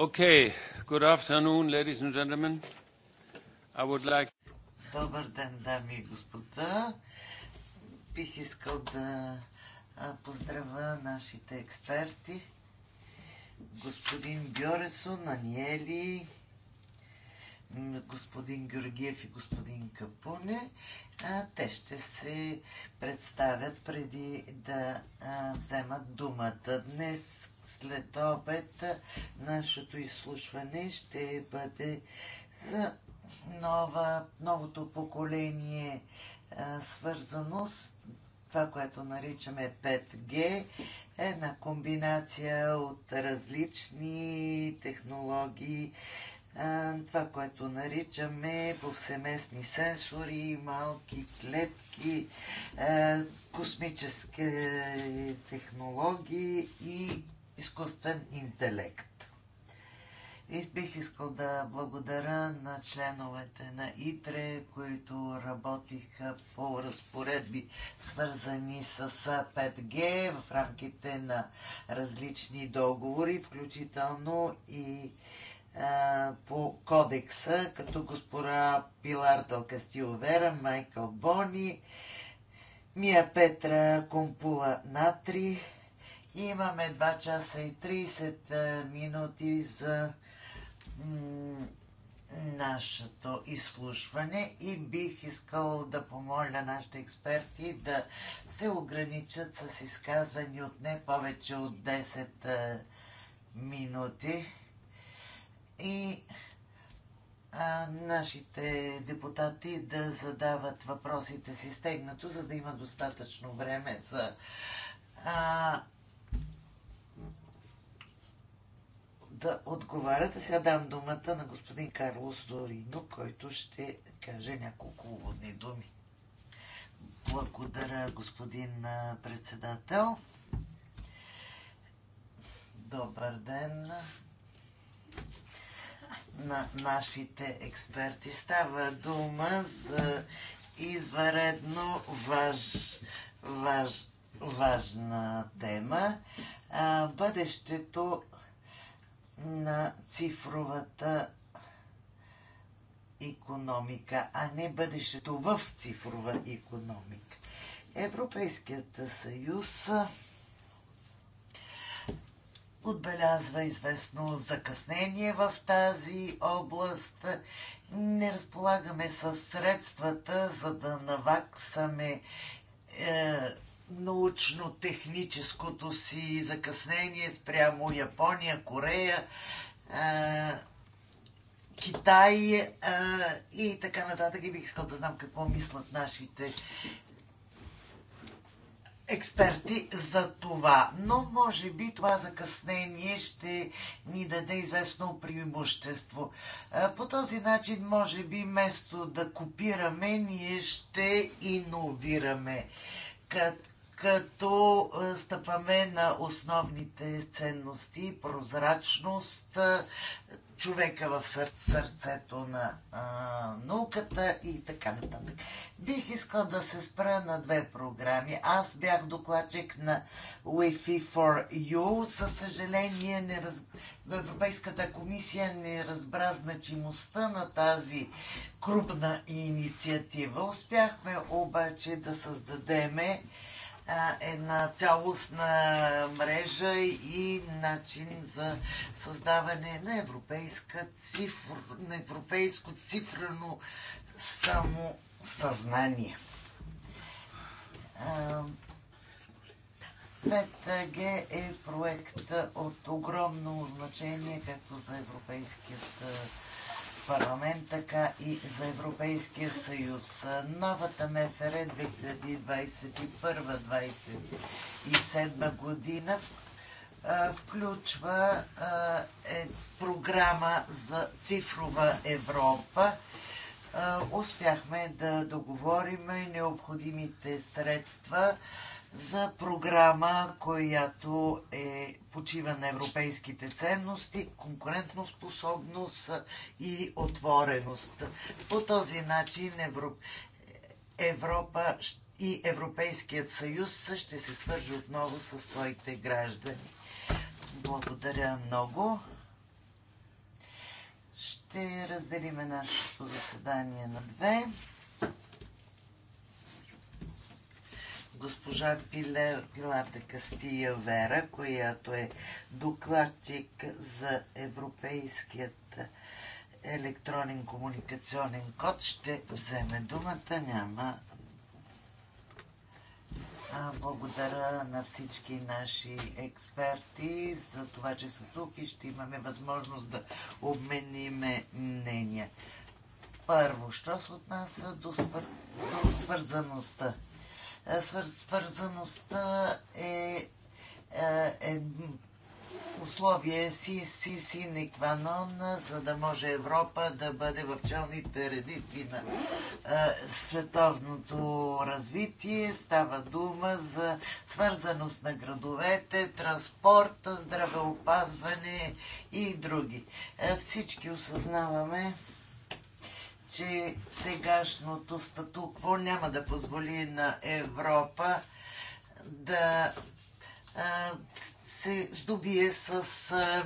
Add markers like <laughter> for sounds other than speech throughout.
Okay, good afternoon, ladies and gentlemen. I would like... Добър ден, дами и господа. Бих искал да поздравя нашите експерти. Господин Бьоресо, Наниели, господин Георгиев и господин Капуне. Те ще се представят преди да вземат думата. Днес след обед нашето изслушване ще бъде за нова, новото поколение свързано с това, което наричаме 5G, една комбинация от различни технологии, това, което наричаме повсеместни сенсори, малки клетки, космически технологии и изкуствен интелект. И бих искал да благодаря на членовете на ИТРЕ, които работиха по разпоредби, свързани с 5G в рамките на различни договори, включително и по кодекса, като госпора Пилар Вера, Майкъл Бони, Мия Петра Компула Натри. И имаме 2 часа и 30 минути за нашето изслушване и бих искал да помоля нашите експерти да се ограничат с изказвания от не повече от 10 минути и а, нашите депутати да задават въпросите си стегнато, за да има достатъчно време за а, да отговарят. А сега дам думата на господин Карлос Зорино, който ще каже няколко уводни думи. Благодаря, господин председател. Добър ден, на нашите експерти. Става дума за изваредно важ, важ, важна тема. А, бъдещето на цифровата економика, а не бъдещето в цифрова економика. Европейският съюз отбелязва известно закъснение в тази област. Не разполагаме с средствата, за да наваксаме е, научно-техническото си закъснение спрямо Япония, Корея, е, Китай е, и така нататък. И бих искал да знам какво мислят нашите експерти за това. Но може би това закъснение ще ни даде известно преимущество. По този начин, може би, вместо да копираме, ние ще иновираме, като стъпаме на основните ценности, прозрачност, човека в сър... сърцето на а, науката и така нататък. Бих искал да се спра на две програми. Аз бях докладчик на Wi-Fi for You. Със съжаление, не раз... Европейската комисия не разбра значимостта на тази крупна инициатива. Успяхме обаче да създадеме една цялостна мрежа и начин за създаване на, европейска цифр, на европейско цифрено самосъзнание. 5G е проект от огромно значение както за Европейският парламент, така и за Европейския съюз. Новата МФР 2021-2027 година включва е програма за цифрова Европа. Успяхме да договорим необходимите средства за програма, която е почива на европейските ценности, конкурентноспособност и отвореност. По този начин Европ... Европа и Европейският съюз ще се свържи отново със своите граждани. Благодаря много. Ще разделиме нашето заседание на две. госпожа Пилер, де Кастия Вера, която е докладчик за Европейският електронен комуникационен код, ще вземе думата. Няма благодаря на всички наши експерти за това, че са тук и ще имаме възможност да обмениме мнения. Първо, що се отнася до, свър... до свързаността? свързаността е, е, е условие си, си, си, некванон, за да може Европа да бъде в челните редици на е, световното развитие. Става дума за свързаност на градовете, транспорта, здравеопазване и други. Е, всички осъзнаваме, че сегашното статукво няма да позволи на Европа да се здобие с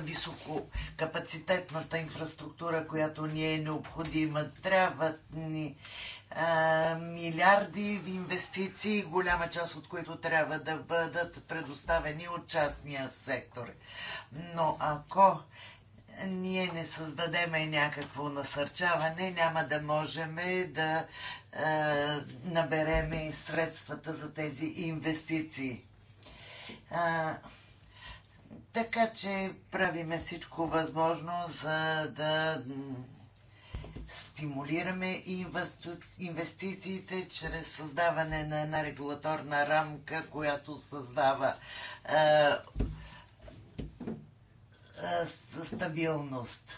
висококапацитетната инфраструктура, която ни е необходима. Трябват ни милиарди в инвестиции, голяма част от които трябва да бъдат предоставени от частния сектор. Но ако ние не създадеме някакво насърчаване, няма да можем да е, набереме средствата за тези инвестиции. А, е, така че правиме всичко възможно, за да стимулираме инвестициите чрез създаване на една регулаторна рамка, която създава е, стабилност.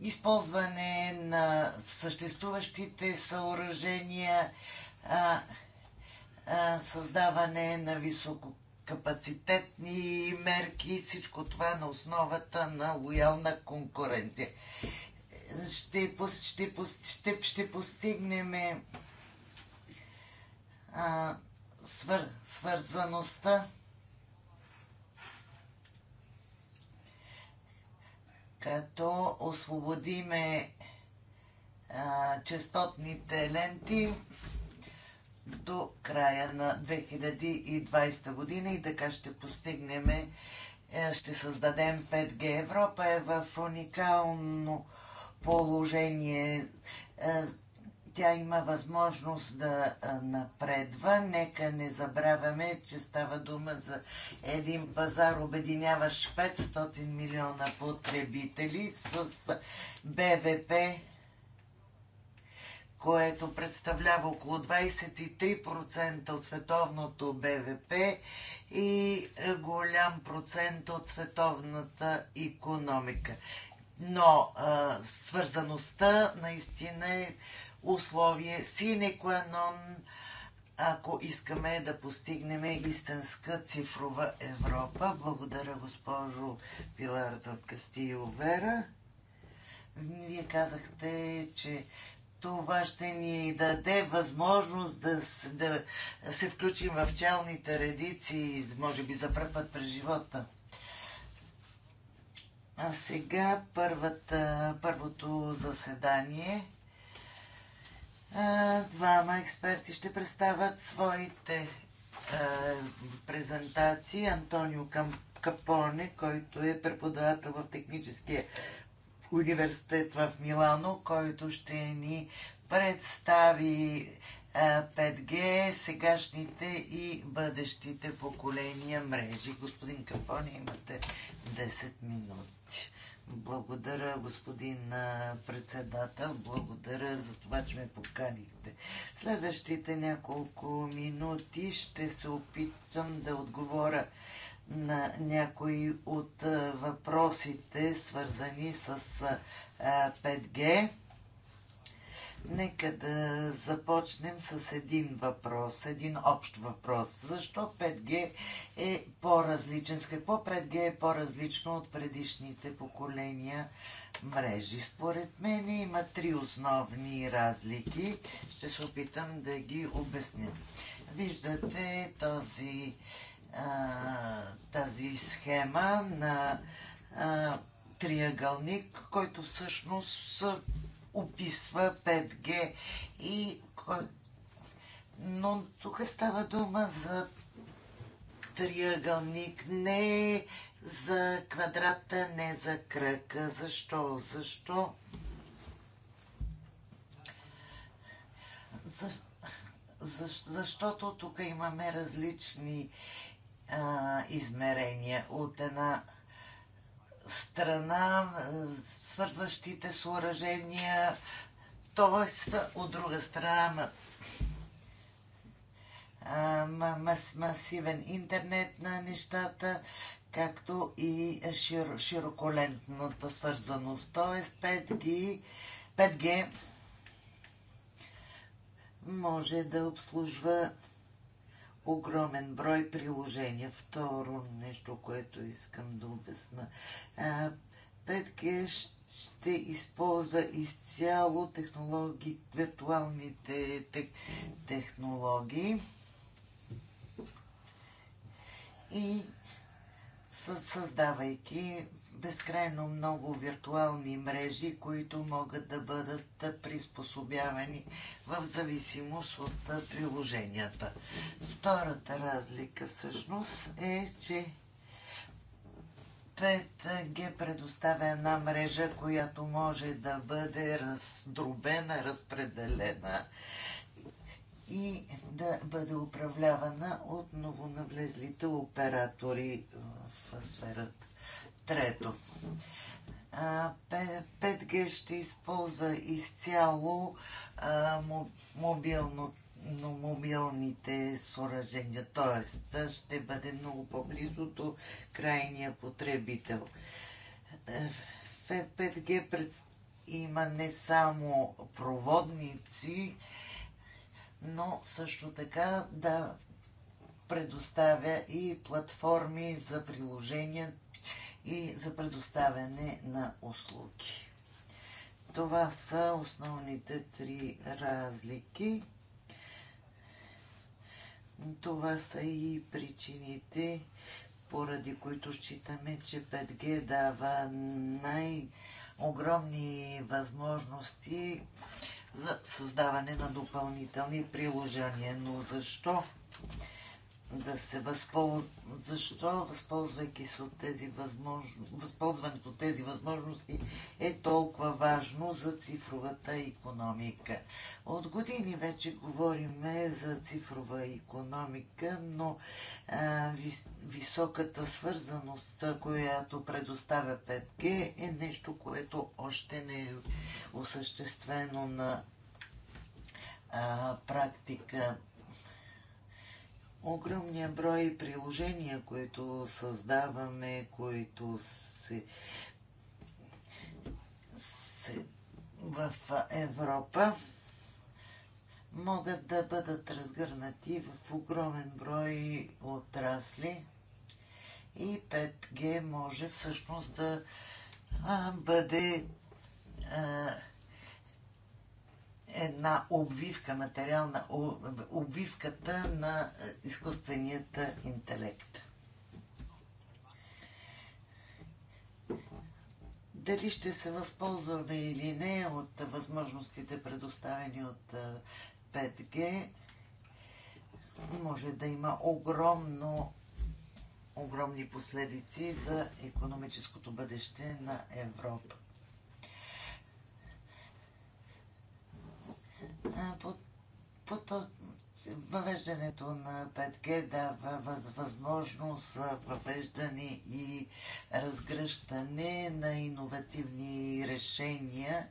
Използване на съществуващите съоръжения, създаване на висококапацитетни мерки, всичко това на основата на лоялна конкуренция. Ще, ще, ще, ще постигнем свър, свързаността Като освободиме а, частотните ленти до края на 2020 година и така ще постигнем, е, ще създадем 5G. Европа е в уникално положение е, тя има възможност да напредва. Нека не забравяме, че става дума за един пазар, обединяваш 500 милиона потребители с БВП, което представлява около 23% от световното БВП и голям процент от световната економика. Но а, свързаността наистина е условие sine qua non, ако искаме да постигнем истинска цифрова Европа. Благодаря, госпожо Пилар от Кастио Вера. Вие казахте, че това ще ни даде възможност да, да се включим в челните редици, може би за първ път през живота. А сега първата, първото заседание Двама експерти ще представят своите презентации. Антонио Капоне, който е преподавател в техническия университет в Милано, който ще ни представи 5G, сегашните и бъдещите поколения мрежи. Господин Капоне, имате 10 минути. Благодаря, господин председател. Благодаря за това, че ме поканихте. Следващите няколко минути ще се опитвам да отговоря на някои от въпросите, свързани с 5G Нека да започнем с един въпрос, един общ въпрос. Защо 5G е по-различен? С какво 5G е по-различно от предишните поколения мрежи? Според мен има три основни разлики. Ще се опитам да ги обясня. Виждате този, а, тази схема на а, триъгълник, който всъщност описва 5G. И, но тук става дума за триъгълник, не за квадрата, не за кръг. Защо? Защо? За, защото тук имаме различни а, измерения. От една страна свързващите съоръжения, т.е. от друга страна мас, масивен интернет на нещата, както и шир, широколентната свързаност, т.е. 5G, 5G може да обслужва огромен брой приложения. Второ нещо, което искам да обясна. 5G ще използва изцяло технологии, виртуалните тех, технологии и създавайки безкрайно много виртуални мрежи, които могат да бъдат приспособявани в зависимост от приложенията. Втората разлика всъщност е, че 5G предоставя една мрежа, която може да бъде раздробена, разпределена и да бъде управлявана от новонавлезлите оператори в сферата. Трето. 5G ще използва изцяло мобилното мобилните съоръжения, т.е. ще бъде много по-близо до крайния потребител. 5G е, има не само проводници, но също така да предоставя и платформи за приложения и за предоставяне на услуги. Това са основните три разлики. Това са и причините, поради които считаме, че 5G дава най-огромни възможности за създаване на допълнителни приложения. Но защо да се възползва. Защо, възползвайки се от тези възможности, възползването от тези възможности е толкова важно за цифровата економика? От години вече говорим за цифрова економика, но а, вис, високата свързаност, която предоставя 5G, е нещо, което още не е осъществено на а, практика огромния брой приложения, които създаваме, които се, се в Европа могат да бъдат разгърнати в огромен брой отрасли и 5G може всъщност да а, бъде а, една обвивка, материална обвивката на е, изкуственият интелект. Дали ще се възползваме или не от възможностите предоставени от 5G, е, може да има огромно огромни последици за економическото бъдеще на Европа. Под, под въвеждането на 5G дава въз, възможност за въвеждане и разгръщане на иновативни решения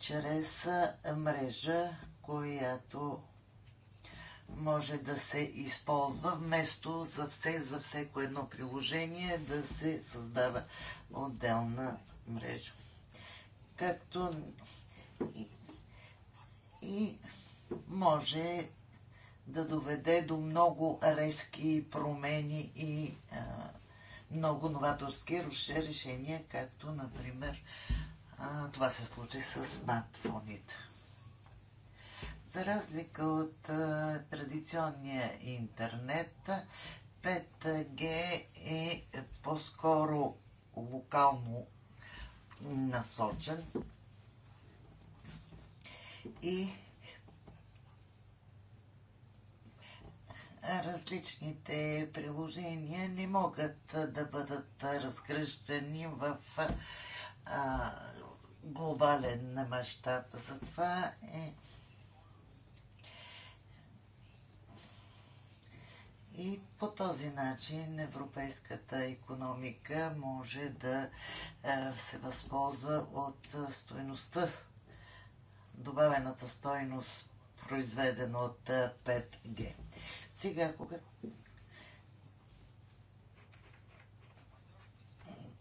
чрез мрежа, която може да се използва вместо за, все, за всеко едно приложение да се създава отделна мрежа. Както и може да доведе до много резки промени и а, много новаторски решения, както, например, а, това се случи с смартфоните. За разлика от а, традиционния интернет, 5G е по-скоро вокално насочен и различните приложения не могат да бъдат разгръщани в а, глобален мащаб. Затова е И по този начин европейската економика може да се възползва от стоеността добавената стойност, произведена от 5G. Е, Сега, кога...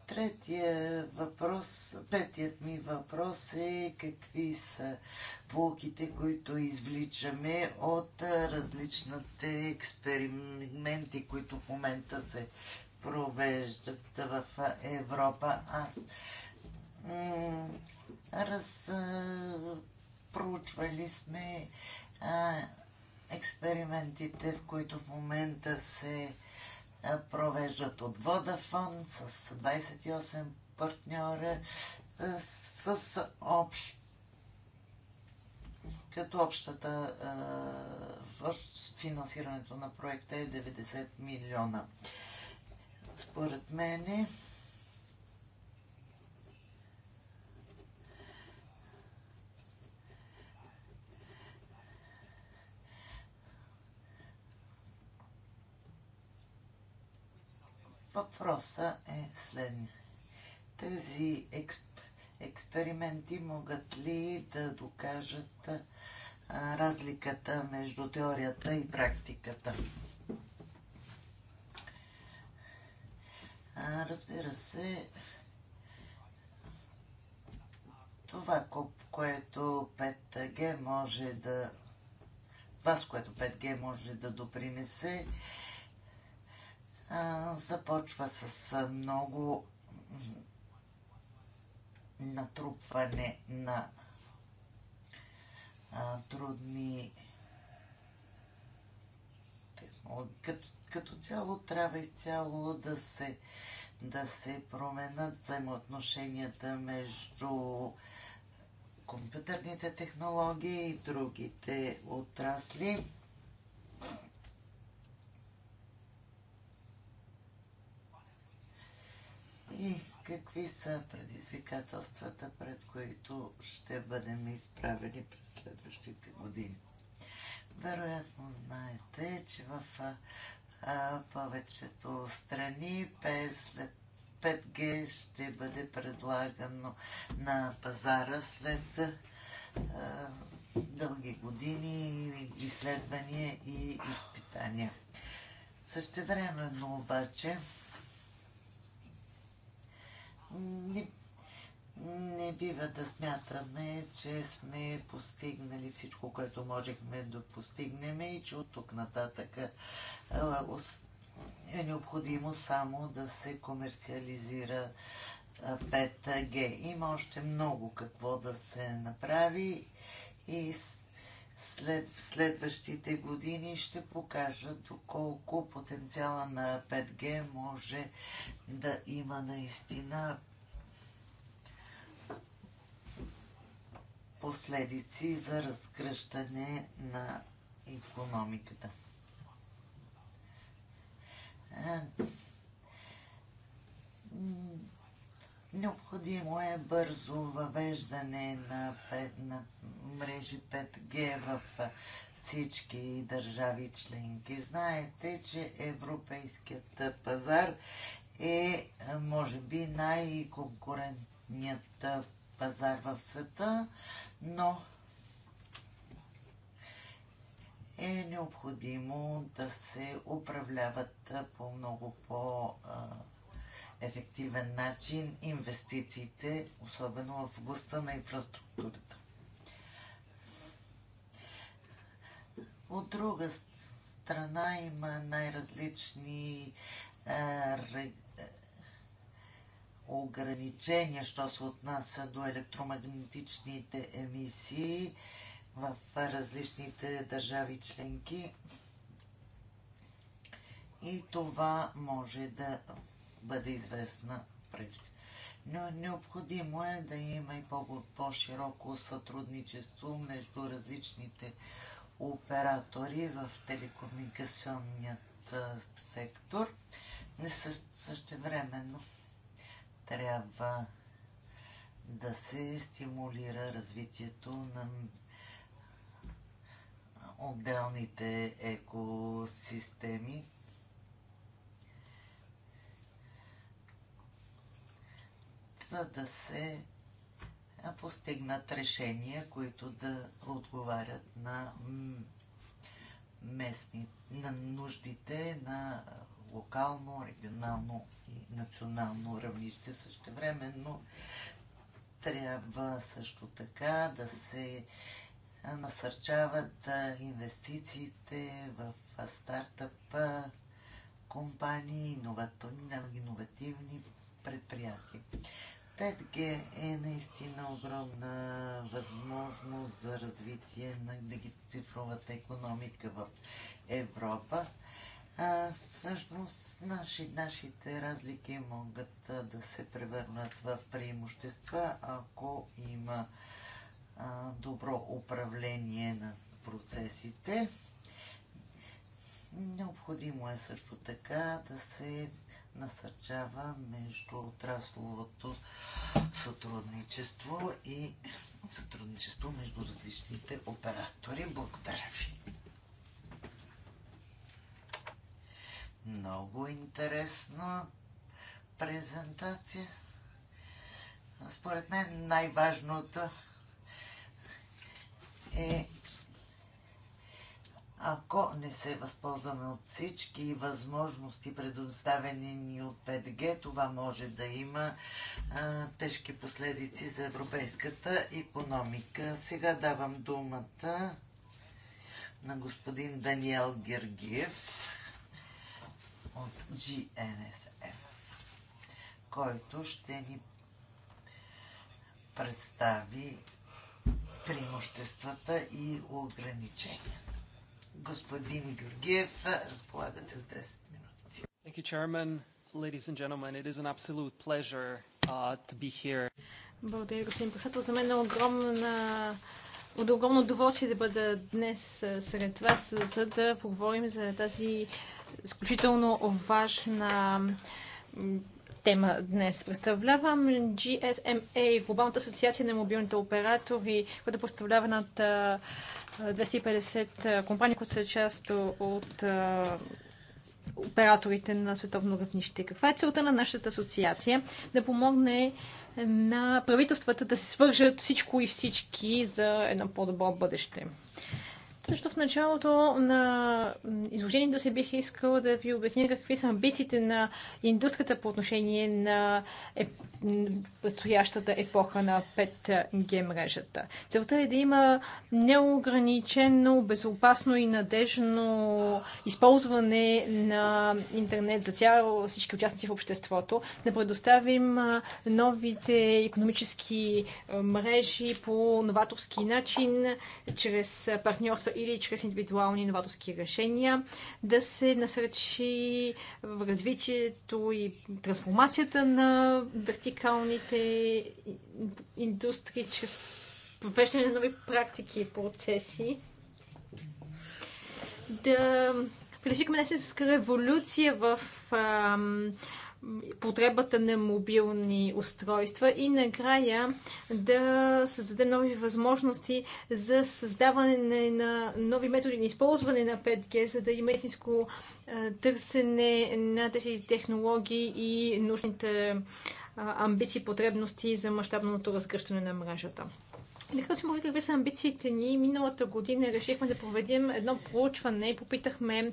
Третия въпрос, петият ми въпрос е какви са полките, които извличаме от е, различните експерименти, които в момента се провеждат в е, Европа. Аз раз, проучвали сме а, експериментите, в които в момента се а, провеждат от Водафон с 28 партньора, с, с общ като общата а, финансирането на проекта е 90 милиона. Според мене Въпросът е следния. Тези експ... експерименти могат ли да докажат а, разликата между теорията и практиката? А, разбира се, това, което 5G може да. Това, с което 5G може да допринесе, започва с много натрупване на трудни като, като цяло трябва изцяло да се, да се променят взаимоотношенията между компютърните технологии и другите отрасли. и какви са предизвикателствата, пред които ще бъдем изправени през следващите години. Вероятно знаете, че в а, повечето страни след 5G ще бъде предлагано на пазара след а, дълги години изследвания и изпитания. Същевременно обаче не, не бива да смятаме, че сме постигнали всичко, което можехме да постигнем и че от тук нататък е необходимо само да се комерциализира 5G. Има още много какво да се направи и след, в следващите години ще покажат доколко потенциала на 5G може да има наистина последици за разкръщане на економиката. Е, Необходимо е бързо въвеждане на, 5, на мрежи 5G в всички държави членки. Знаете, че европейският пазар е, може би, най-конкурентният пазар в света, но е необходимо да се управляват по много по- ефективен начин инвестициите, особено в областта на инфраструктурата. От друга страна има най-различни е, е, ограничения, що се отнася до електромагнетичните емисии в различните държави членки. И това може да бъде известна прежде. Но необходимо е да има и по-широко сътрудничество между различните оператори в телекомуникационният сектор. Не същевременно трябва да се стимулира развитието на отделните екосистеми за да се постигнат решения, които да отговарят на местни, на нуждите на локално, регионално и национално равнище. Същевременно трябва също така да се насърчават инвестициите в стартъп компании, иновативни предприятия. 5G е наистина огромна възможност за развитие на цифровата економика в Европа. А, всъщност наши, нашите разлики могат да се превърнат в преимущества, ако има а, добро управление на процесите. Необходимо е също така да се насърчава между отрасловото сътрудничество и сътрудничество между различните оператори. Благодаря ви. Много интересна презентация. Според мен най-важното е ако не се възползваме от всички възможности, предоставени ни от 5G, това може да има а, тежки последици за европейската економика. Сега давам думата на господин Даниел Гергиев от GNSF, който ще ни представи преимуществата и ограниченията. Господин Георгиев, разполагате с 10 минути. Thank you, Chairman. Ladies and gentlemen, it is an absolute pleasure uh, to be here. Благодаря, господин председател. За мен е огромна от огромно удоволствие да бъда днес сред вас, за да поговорим за тази изключително важна тема днес. Представлявам GSMA, Глобалната асоциация на мобилните оператори, която представлява над 250 компании, които са част от операторите на световно равнище. Каква е целта на нашата асоциация? Да помогне на правителствата да се свържат всичко и всички за едно по-добро бъдеще. Също в началото на изложението си бих искала да ви обясня какви са амбициите на индустрията по отношение на предстоящата епоха на 5G мрежата. Целта е да има неограничено, безопасно и надежно използване на интернет за цяло всички участници в обществото, да предоставим новите економически мрежи по новаторски начин, чрез партньорства или чрез индивидуални новаторски решения, да се насърчи в развитието и трансформацията на вертикалните индустрии чрез въвеждане на нови практики и процеси, да предизвикаме днес с революция в ам, потребата на мобилни устройства и накрая да създадем нови възможности за създаване на нови методи на използване на 5G, за да има истинско търсене на тези технологии и нужните амбиции, потребности за мащабното разгръщане на мрежата. Нека да си какви са амбициите ни. Миналата година решихме да проведем едно проучване и попитахме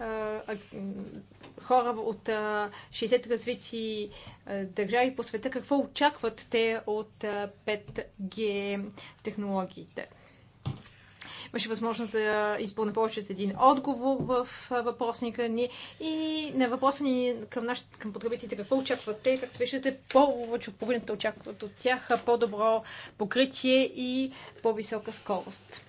а, а, хора от а, 60 развити а, държави по света какво очакват те от а, 5G технологиите. Имаше възможност да изпълня повече от един отговор в въпросника ни и на въпроса ни към, нашите, към потребителите какво очакват те, както виждате, повече от половината очакват от тях по-добро покритие и по-висока скорост.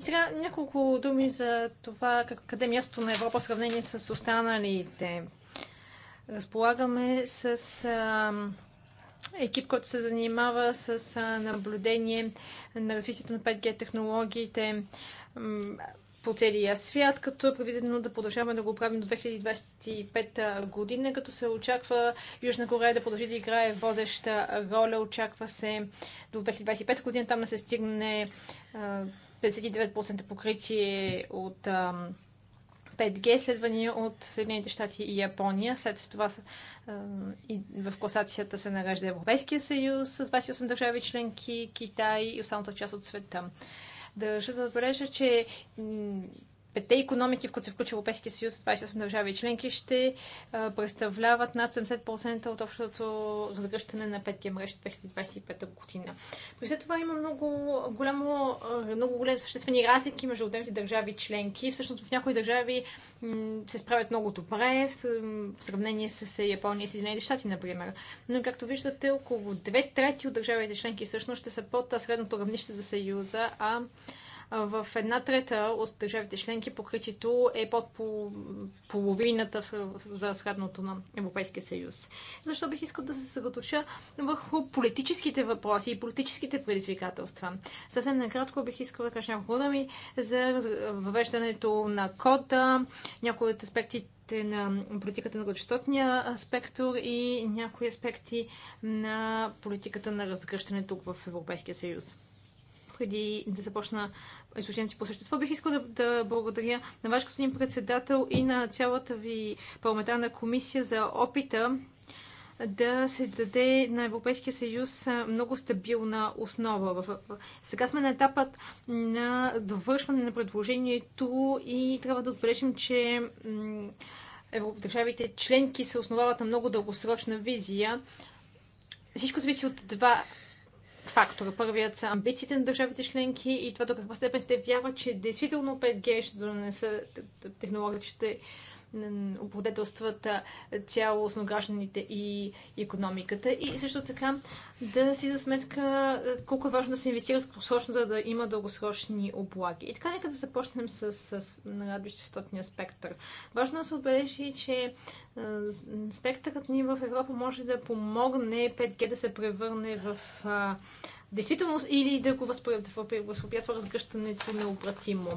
И сега няколко думи за това как, къде е мястото на Европа в сравнение с останалите. Разполагаме с а, екип, който се занимава с наблюдение на развитието на 5G технологиите по целия свят, като е предвидено да продължаваме да го правим до 2025 година, като се очаква Южна Корея да продължи да играе водеща роля. Очаква се до 2025 година там да се стигне 59% покритие от 5G, следвани от Съединените щати и Япония. След това е, в класацията се нарежда Европейския съюз с 28 държави членки, Китай и останалата част от света. Държа да отбележа, че пете економики, в които се включи Европейския съюз, 28 държави и членки, ще представляват над 70% от общото разгръщане на 5G мрежа 2025 година. При след това има много, голямо, много големи съществени разлики между отделните държави и членки. Всъщност в някои държави се справят много добре в сравнение с Япония и Съединените щати, например. Но както виждате, около 2 трети от държавите членки всъщност ще са под средното равнище за Съюза, а в една трета от държавите членки покритието е под половината за средното на Европейския съюз. Защо бих искал да се съсредоточа върху политическите въпроси и политическите предизвикателства? Съвсем накратко бих искал да кажа няколко думи за въвеждането на кода, някои от аспектите на политиката на гладчестотния спектър и някои аспекти на политиката на разгръщането в Европейския съюз преди да започна изложението си по същество, бих искала да, да благодаря на ваш господин председател и на цялата ви парламентарна комисия за опита да се даде на Европейския съюз много стабилна основа. Сега сме на етапът на довършване на предложението и трябва да отбележим, че държавите членки се основават на много дългосрочна визия. Всичко зависи от два фактора. Първият са амбициите на държавите членки и това до каква степен те вярват, че действително 5G ще донесе технологията, ще обладетелстват цялостно гражданите и економиката. И също така да си за сметка колко е важно да се инвестират краткосрочно, за да има дългосрочни облаги. И така нека да започнем с, с радиочастотния спектър. Важно е да се отбележи, че спектърът ни в Европа може да помогне 5G да се превърне в а, действителност или да го възпрепятства разгръщането необратимо.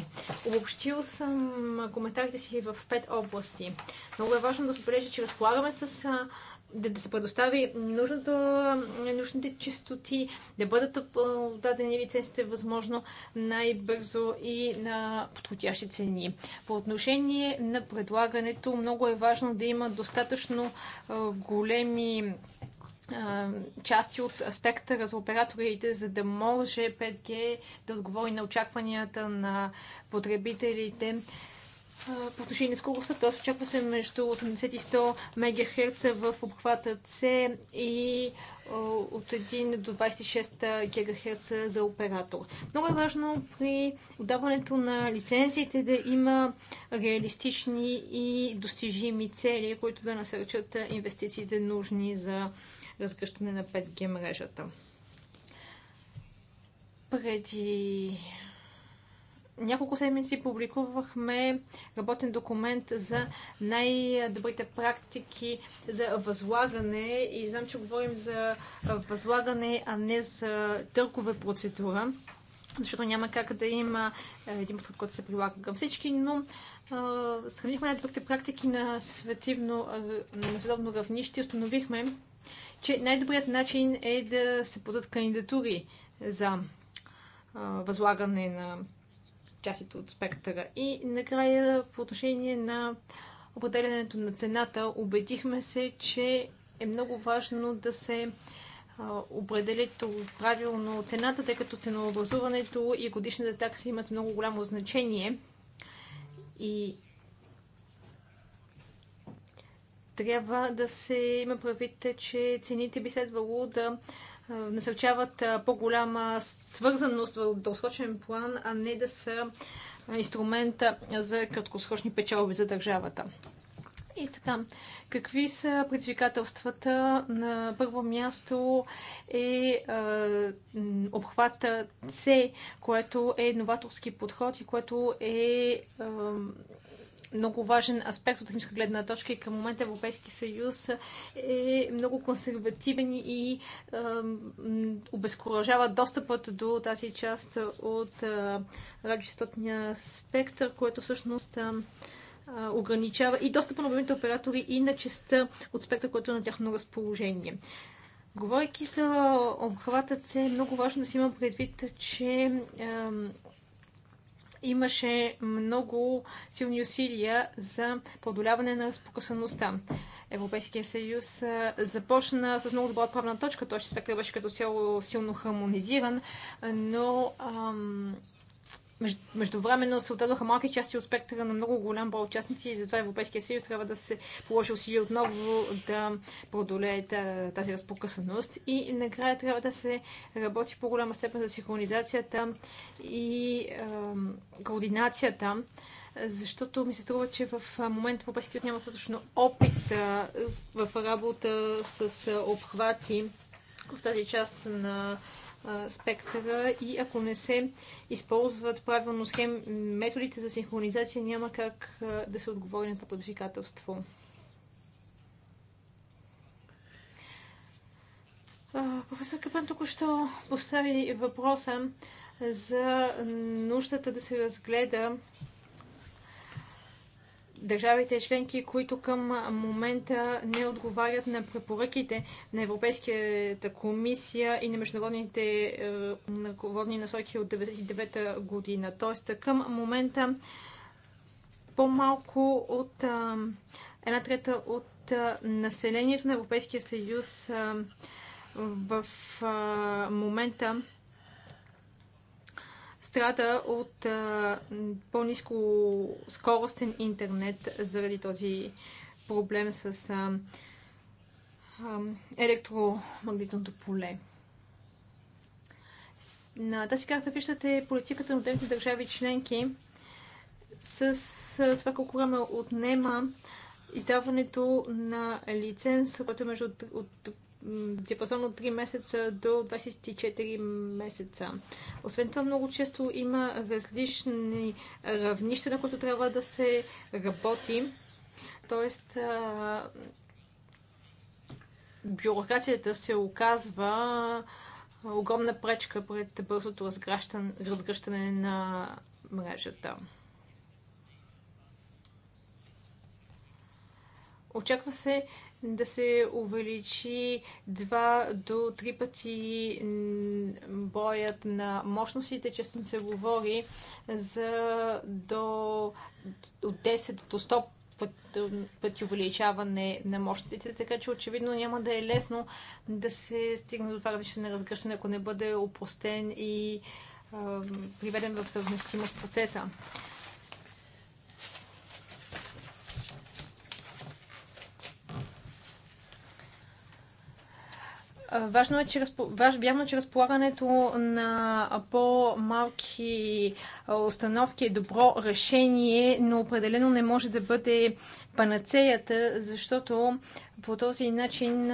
Обобщил съм коментарите си в пет области. Много е важно да се отбележи, че разполагаме с да, да се предостави нужното, нужните чистоти, да бъдат дадени лицензите възможно най-бързо и на подходящи цени. По отношение на предлагането, много е важно да има достатъчно големи части от спектъра за операторите, за да може 5G да отговори на очакванията на потребителите по отношение на скоростта, т.е. очаква се между 80 и 100 МГц в обхвата C и от 1 до 26 ГГц за оператор. Много е важно при отдаването на лицензиите да има реалистични и достижими цели, които да насърчат инвестициите нужни за разгръщане на 5G мрежата. Преди няколко седмици публикувахме работен документ за най-добрите практики за възлагане и знам, че говорим за възлагане, а не за търкове процедура, защото няма как да има е, един подход, който се прилага към всички, но е, сравнихме най-добрите практики на, светивно, на световно равнище и установихме, че най-добрият начин е да се подат кандидатури за възлагане на частите от спектъра. И накрая по отношение на определенето на цената, убедихме се, че е много важно да се определят правилно цената, тъй като ценообразуването и годишната такса имат много голямо значение. И трябва да се има правит, че цените би следвало да насърчават по-голяма свързаност в дългосрочен план, а не да са инструмента за краткосрочни печалби за държавата. И така, какви са предизвикателствата? На първо място е, е обхвата С, което е новаторски подход и което е, е много важен аспект от техническа гледна точка и към момента Европейски съюз е много консервативен и е, обезкуражава достъпът до тази част от е, радиочастотния спектър, което всъщност е, ограничава и достъпа на мобилните оператори и на частта от спектъра, който е на тяхно разположение. Говорейки за обхватът е много важно да си има предвид, че е, имаше много силни усилия за преодоляване на разпокъсаността. Европейския съюз започна с много добра отправна точка. Той ще беше като цяло силно хармонизиран, но ам, Междувременно се отдадоха малки части от спектъра на много голям брой участници и затова Европейския съюз трябва да се положи усилия отново да продолее тази разпокъсаност. И накрая трябва да се работи по голяма степен за синхронизацията и е, координацията, защото ми се струва, че в момента в Европейския съюз няма достатъчно опит в работа с обхвати в тази част на спектъра и ако не се използват правилно схем, методите за синхронизация, няма как да се отговори на това предизвикателство. Професор Капан току-що постави въпроса за нуждата да се разгледа държавите членки, които към момента не отговарят на препоръките на Европейската комисия и на международните е, ръководни насоки от 1999 година. Тоест към момента по-малко от е, една трета от е, населението на Европейския съюз в момента страда от по-низко скоростен интернет заради този проблем с а, а, електромагнитното поле. На тази карта виждате политиката на отделните държави членки с, с това колко време отнема издаването на лиценз, който е между от, от диапазон от 3 месеца до 24 месеца. Освен това, много често има различни равнища, на които трябва да се работи. Тоест, бюрокрацията се оказва огромна пречка пред бързото разгръщане, разгръщане на мрежата. Очаква се да се увеличи 2 до 3 пъти боят на мощностите. Често се говори за до, от 10 до 100 пъти увеличаване на мощностите, така че очевидно няма да е лесно да се стигне до това равнище на разгръщане, ако не бъде опростен и приведен в съвместимост процеса. Важно е, че, важ, вярно, е, че разполагането на по-малки установки е добро решение, но определено не може да бъде панацеята, защото по този начин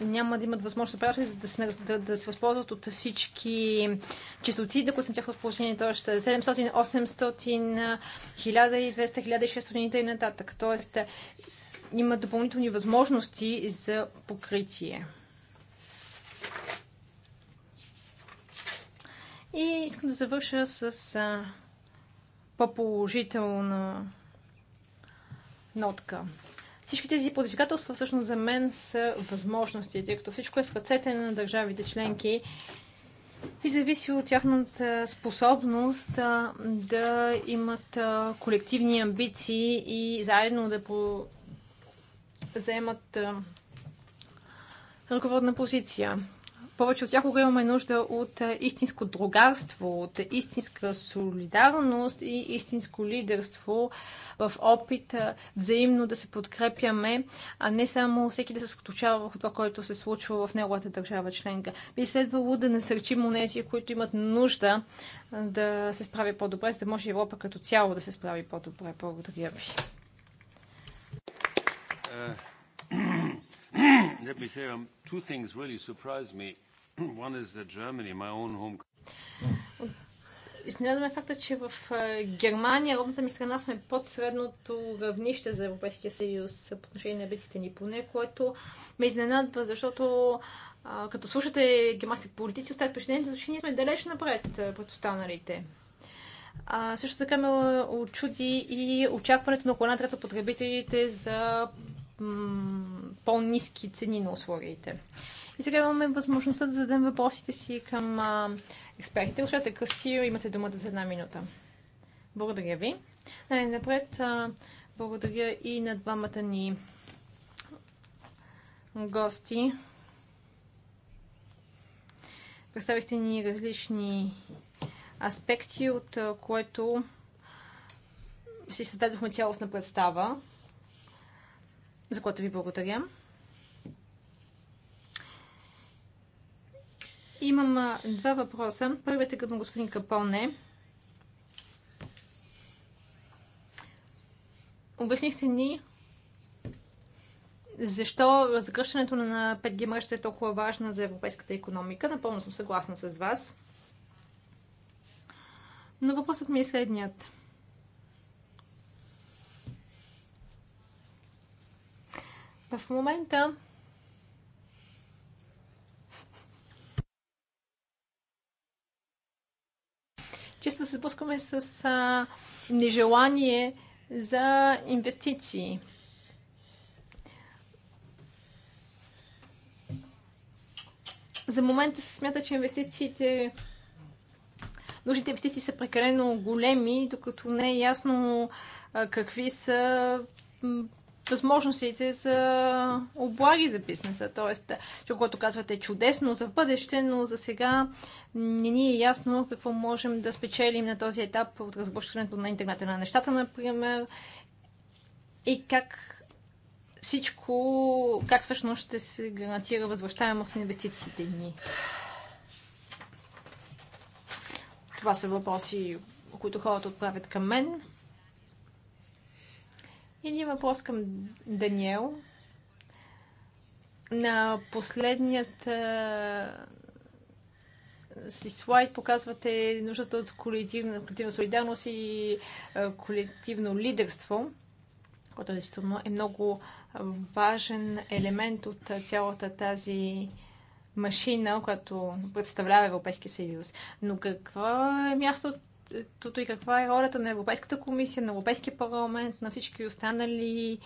няма да имат възможност операторите да се, да, да се възползват от всички чистоти, да които са на тяхно разположение, т.е. 700, 800, 1200, 1600 и нататък. Тоест има допълнителни възможности за покритие. И искам да завърша с а, по-положителна нотка. Всички тези предизвикателства всъщност за мен са възможности, тъй като всичко е в ръцете на държавите членки и зависи от тяхната способност а, да имат а, колективни амбиции и заедно да по... заемат а, ръководна позиция повече от всякога имаме нужда от е, истинско другарство, от истинска солидарност и истинско лидерство в опит е, взаимно да се подкрепяме, а не само всеки да се скоточава върху това, което се случва в неговата държава членка. Би следвало да насърчим онези, които имат нужда е, да се справи по-добре, за да може Европа като цяло да се справи по-добре. Благодаря ви. <clears throat> <clears throat> Let me say, um, two things really surprised me Изненадаме факта, че в Германия, родната ми страна, сме под средното равнище за Европейския съюз по отношение на биците ни поне, което ме изненадва, защото а, като слушате германски политици, оставят впечатлението, че ние сме далеч напред пред останалите. А, също така ме очуди и очакването на колена трета потребителите за по-низки цени на условиите. И сега имаме възможността да зададем въпросите си към експертите. Госпожата Къстио, имате думата за една минута. Благодаря ви. Най-напред благодаря и на двамата ни гости. Представихте ни различни аспекти, от което си създадохме цялостна представа, за което ви благодаря. Имам два въпроса. Първият е към господин Капоне. Обяснихте ни защо разгръщането на 5G мрежата е толкова важна за европейската економика. Напълно съм съгласна с вас. Но въпросът ми е следният. В момента често се сблъскваме с а, нежелание за инвестиции. За момента се смята, че инвестициите нужните инвестиции са прекалено големи, докато не е ясно какви са възможностите за облаги за бизнеса. Тоест, това, което казвате е чудесно за бъдеще, но за сега не ни е ясно какво можем да спечелим на този етап от разгръщането на интернета на нещата, например, и как всичко, как всъщност ще се гарантира възвръщаемост на инвестициите ни. Това са въпроси, които хората отправят към мен. Един въпрос към Даниел. На последният си слайд показвате нуждата от колективна, колективна солидарност и колективно лидерство, което действително е много важен елемент от цялата тази машина, която представлява Европейския съюз. Но какво е мястото и каква е ролята на Европейската комисия, на Европейския парламент, на всички останали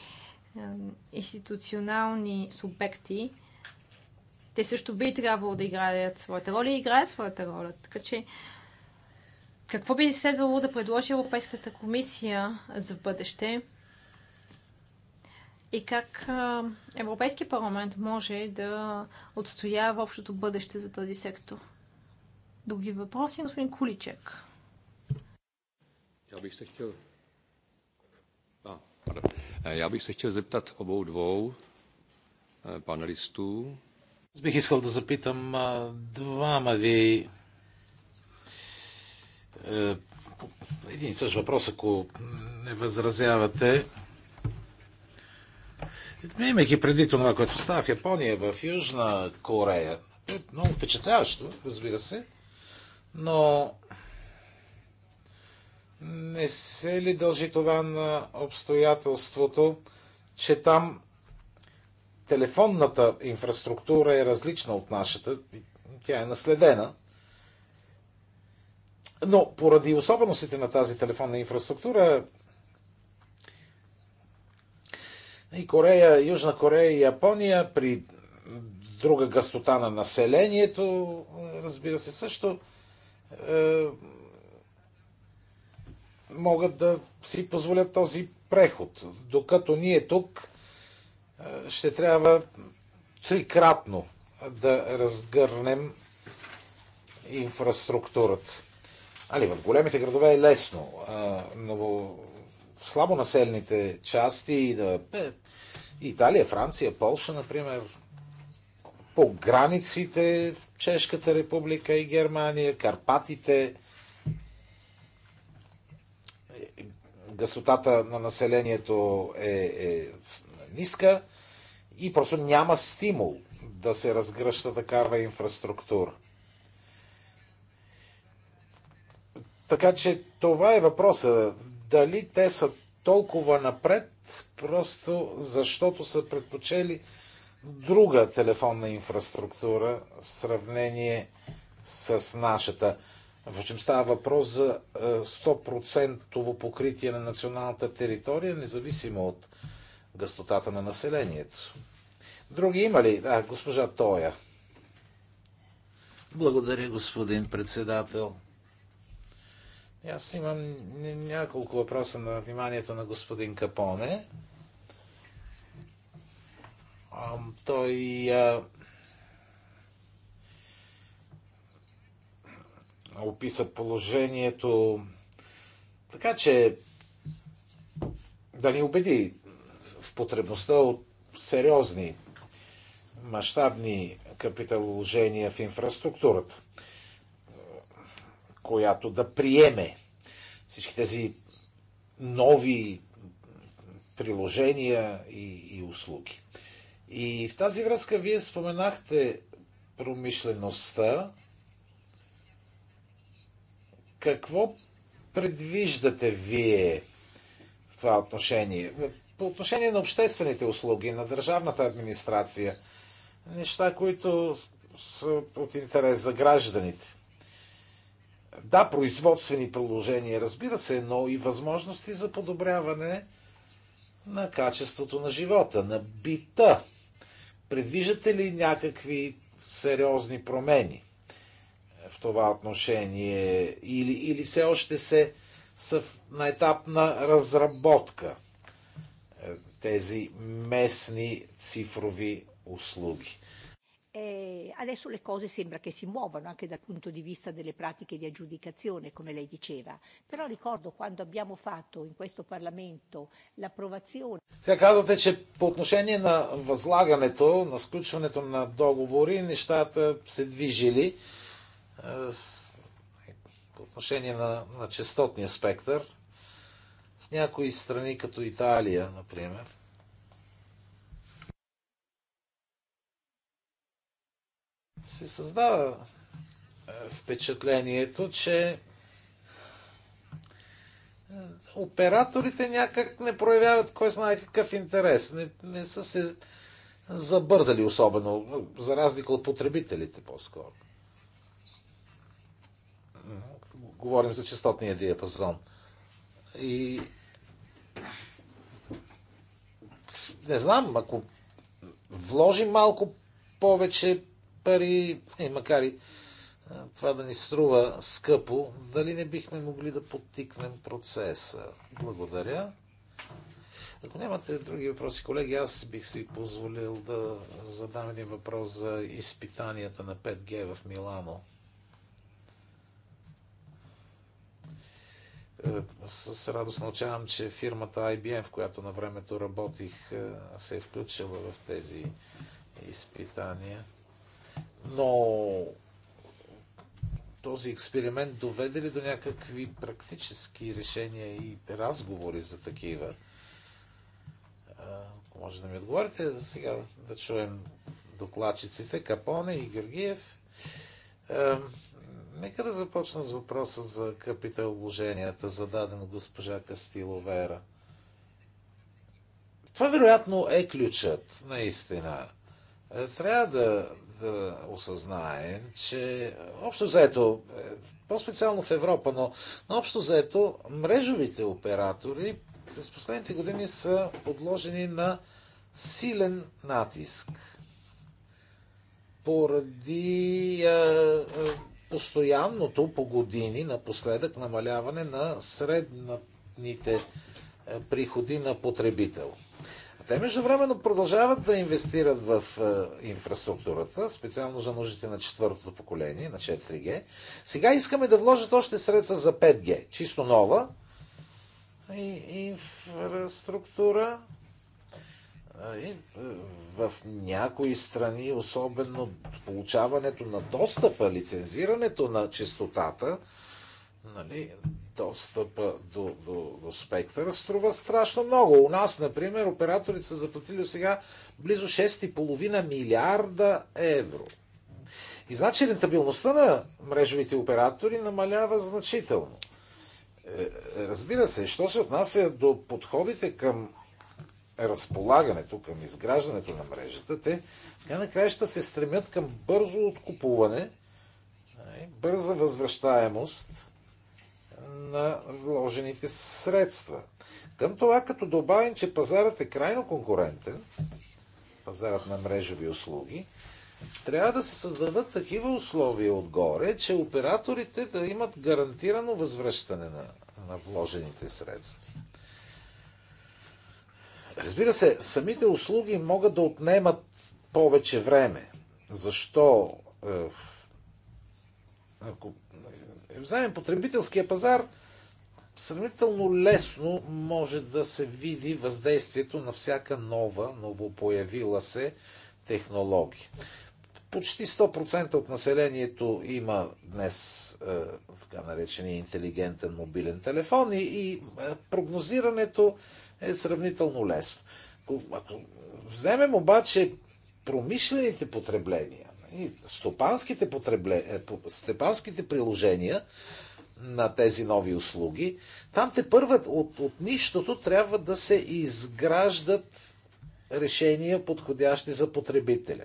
институционални субекти. Те също би трябвало да играят своята роля и играят своята роля. Така че, какво би следвало да предложи Европейската комисия за бъдеще? и как Европейския парламент може да отстоява общото бъдеще за този сектор. Други въпроси, господин Куличек. Já bych se chtěl... A, pardon. Eh, já zeptat obou dvou eh, panelistů. Бих искал да запитам двама ви един и същ въпрос, ако не възразявате. Имайки преди това, което става в Япония, в Южна Корея, е много впечатляващо, разбира се, но не се ли дължи това на обстоятелството, че там телефонната инфраструктура е различна от нашата, тя е наследена, но поради особеностите на тази телефонна инфраструктура и Корея, Южна Корея и Япония при друга гъстота на населението, разбира се, също е, могат да си позволят този преход. Докато ние тук е, ще трябва трикратно да разгърнем инфраструктурата. Али, в големите градове е лесно, е, но в слабо населените части и да... Е, Италия, Франция, Полша, например, по границите в Чешката република и Германия, Карпатите, гъстотата на населението е, е ниска и просто няма стимул да се разгръща такава инфраструктура. Така че това е въпроса. Дали те са толкова напред, просто защото са предпочели друга телефонна инфраструктура в сравнение с нашата. Впрочем, става въпрос за 100% е, покритие на националната територия, независимо от гъстотата на населението. Други има ли? А, госпожа Тоя. Благодаря, господин председател. Аз имам няколко въпроса на вниманието на господин Капоне. Той описа положението. Така че да ни убеди в потребността от сериозни мащабни капиталовложения в инфраструктурата, която да приеме всички тези нови приложения и, и услуги. И в тази връзка вие споменахте промишлеността какво предвиждате вие в това отношение? По отношение на обществените услуги, на държавната администрация, неща, които са от интерес за гражданите. Да, производствени приложения, разбира се, но и възможности за подобряване на качеството на живота, на бита. Предвиждате ли някакви сериозни промени? в това отношение или, или все още се са на етап на разработка тези местни цифрови услуги. adesso le cose sembra che si muovano anche dal punto di vista delle pratiche di aggiudicazione, come lei diceva, però ricordo quando abbiamo fatto in questo Parlamento l'approvazione. Сега казвате, че по отношение на възлагането, на сключването на договори, нещата се движили. Е, по отношение на, на частотния спектър. В някои страни, като Италия, например, се създава е, впечатлението, че е, операторите някак не проявяват кой знае какъв интерес. Не, не са се забързали особено, за разлика от потребителите по-скоро. Говорим за частотния диапазон. И не знам, ако вложим малко повече пари, е, макар и това да ни струва скъпо, дали не бихме могли да подтикнем процеса? Благодаря. Ако нямате други въпроси, колеги, аз бих си позволил да задам един въпрос за изпитанията на 5G в Милано. Е, с радост научавам, че фирмата IBM, в която на времето работих, е, се е включила в тези изпитания. Но този експеримент доведе ли до някакви практически решения и разговори за такива? Е, ако може да ми отговорите, сега да чуем докладчиците Капоне и Георгиев. Нека да започна с въпроса за капиталовложенията, зададен госпожа Кастиловера. Това вероятно е ключът, наистина. Е, трябва да, да осъзнаем, че общо заето, е, по-специално в Европа, но, но общо заето, мрежовите оператори през последните години са подложени на силен натиск поради а, е, а, постоянното по години напоследък намаляване на средните е, приходи на потребител. Те междувременно продължават да инвестират в е, инфраструктурата, специално за нуждите на четвъртото поколение, на 4G. Сега искаме да вложат още средства за 5G, чисто нова инфраструктура. Е, в някои страни, особено получаването на достъпа, лицензирането на частотата, нали, достъпа до, до, до спектъра струва страшно много. У нас, например, операторите са заплатили сега близо 6,5 милиарда евро. И значи рентабилността на мрежовите оператори намалява значително. Е, е, разбира се, що се отнася до подходите към разполагането, към изграждането на мрежата, те така накрая ще се стремят към бързо откупуване, бърза възвръщаемост на вложените средства. Към това, като добавим, че пазарът е крайно конкурентен, пазарът на мрежови услуги, трябва да се създадат такива условия отгоре, че операторите да имат гарантирано възвръщане на, на вложените средства. Разбира се, самите услуги могат да отнемат повече време. Защо? Е, ако е, вземем потребителския пазар, сравнително лесно може да се види въздействието на всяка нова, новопоявила се технология. Почти 100% от населението има днес е, така наречения интелигентен мобилен телефон и прогнозирането е сравнително лесно. Ако вземем обаче промишлените потребления, стопанските, потребле, е, стопанските приложения на тези нови услуги, там те първат от, от нищото трябва да се изграждат решения, подходящи за потребителя.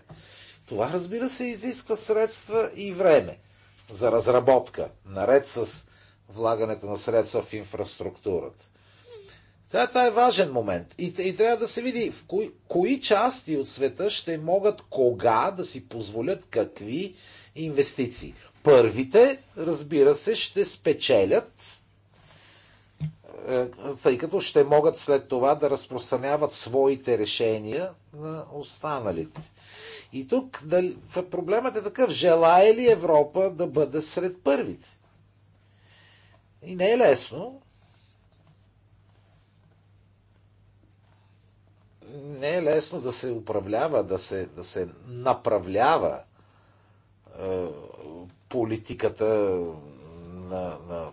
Това, разбира се, изисква средства и време за разработка, наред с влагането на средства в инфраструктурата. Това, това е важен момент. И, и трябва да се види в кои, кои части от света ще могат кога да си позволят какви инвестиции. Първите, разбира се, ще спечелят, е, тъй като ще могат след това да разпространяват своите решения на останалите. И тук дали, проблемът е такъв. Желая ли Европа да бъде сред първите? И не е лесно, не е лесно да се управлява, да се, да се направлява е, политиката на, на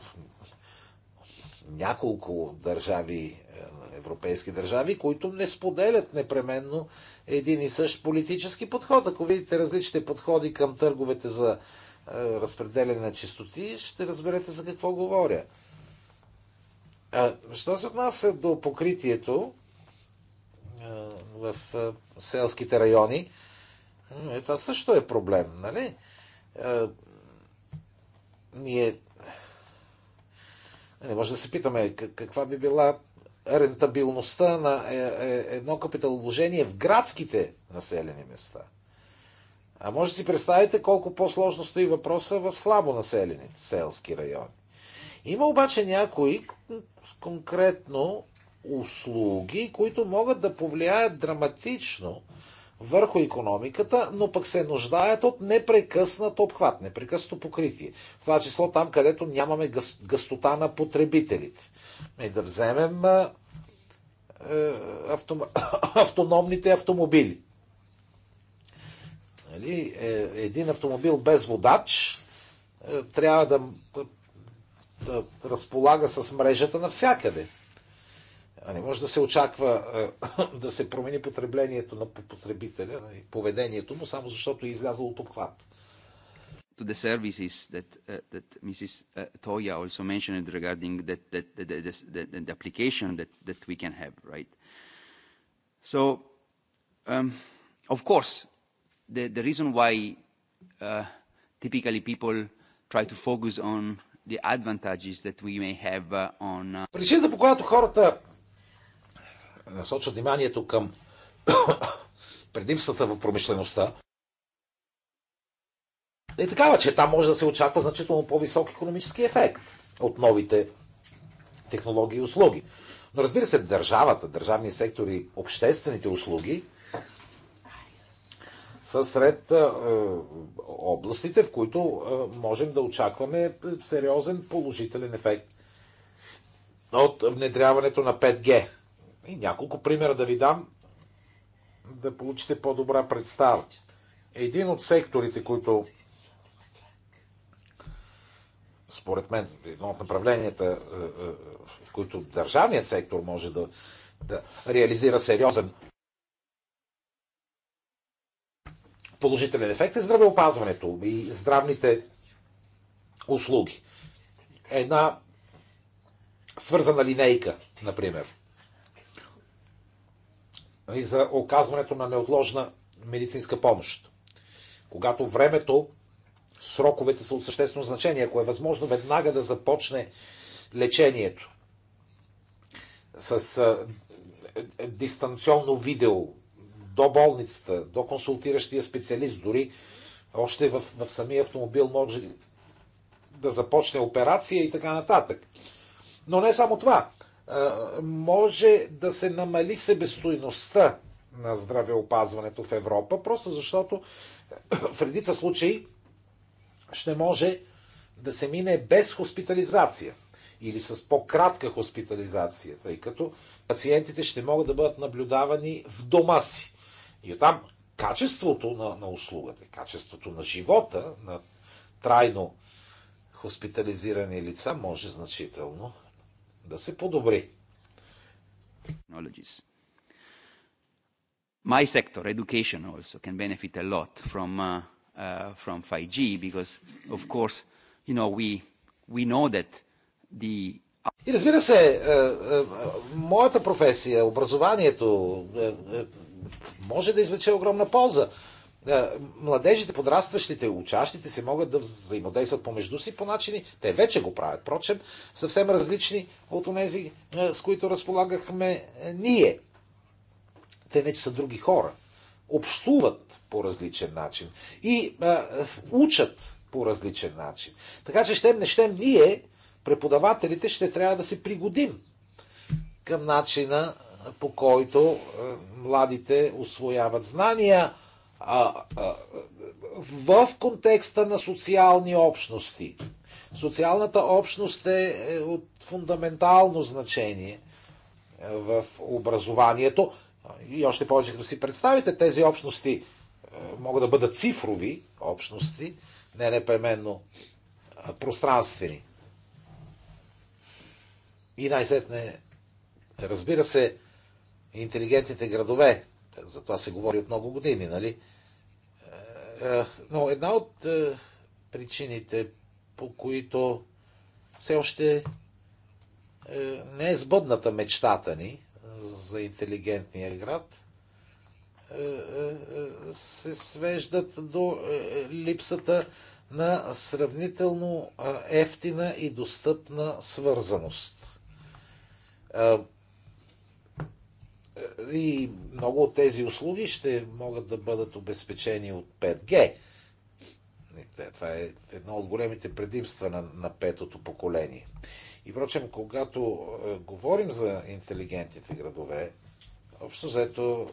няколко държави, е, европейски държави, които не споделят непременно един и същ политически подход. Ако видите различните подходи към търговете за е, разпределяне на чистоти, ще разберете за какво говоря. Е, що се отнася до покритието, в селските райони. И ами, това също е проблем, нали? Ние не нали, може да се питаме каква би била рентабилността на е, е, едно капиталовложение в градските населени места. А може да си представите колко по-сложно стои въпроса в слабо населените селски райони. Има обаче някои конкретно услуги, които могат да повлияят драматично върху економиката, но пък се нуждаят от непрекъснат обхват, непрекъснато покритие. В това число там, където нямаме гъс, гъстота на потребителите. И ами да вземем е, авто, <coughs> автономните автомобили. Нали? Е, един автомобил без водач е, трябва да, да, да разполага с мрежата навсякъде. А не може да се очаква да се промени потреблението на потребителя и поведението му, само защото е излязъл от обхват. To the services that, uh, that Mrs. Uh, Toya also mentioned regarding that, that, that, that, that, that the application that, that we can have, right? So, um, of course, the, the reason why uh, typically people try to focus on the advantages that we may have uh, on... Причината, по която хората насочат вниманието към <coughs> предимствата в промишлеността, е такава, че там може да се очаква значително по-висок економически ефект от новите технологии и услуги. Но разбира се, държавата, държавни сектори, обществените услуги са сред е, областите, в които е, можем да очакваме сериозен положителен ефект от внедряването на 5G и няколко примера да ви дам, да получите по-добра представа. Един от секторите, които според мен, едно от направленията, е, е, в които държавният сектор може да, да реализира сериозен положителен ефект е здравеопазването и здравните услуги. Една свързана линейка, например и за оказването на неотложна медицинска помощ. Когато времето, сроковете са от съществено значение, ако е възможно веднага да започне лечението с е, дистанционно видео до болницата, до консултиращия специалист, дори още в, в самия автомобил може да започне операция и така нататък. Но не само това може да се намали себестойността на здравеопазването в Европа, просто защото е, в редица случаи ще може да се мине без хоспитализация или с по-кратка хоспитализация, тъй като пациентите ще могат да бъдат наблюдавани в дома си. И оттам качеството на, на услугата, качеството на живота на трайно хоспитализирани лица може значително да се подобри. My sector, education, also can benefit a lot from uh, uh, from 5G because, of course, you know we we know that the и разбира се, моята професия, образованието, може да извлече огромна полза. Е, младежите, подрастващите, учащите се могат да взаимодействат помежду си по начини, те вече го правят, прочем, съвсем различни от тези, е, с които разполагахме е, ние. Те вече са други хора. Общуват по различен начин и а, учат по различен начин. Така че, щем не щем, ние, преподавателите, ще трябва да се пригодим към начина по който младите освояват знания – в контекста на социални общности. Социалната общност е, е от фундаментално значение е, в образованието. И още повече, като си представите, тези общности е, могат да бъдат цифрови общности, не непременно пространствени. И най-сетне, разбира се, интелигентните градове, за това се говори от много години, нали? Е, но една от е, причините, по които все още е, не е сбъдната мечтата ни за интелигентния град, се свеждат до липсата на сравнително ефтина и достъпна свързаност. И много от тези услуги ще могат да бъдат обезпечени от 5G. Това е едно от големите предимства на, на петото поколение. И впрочем, когато е, говорим за интелигентните градове, общо взето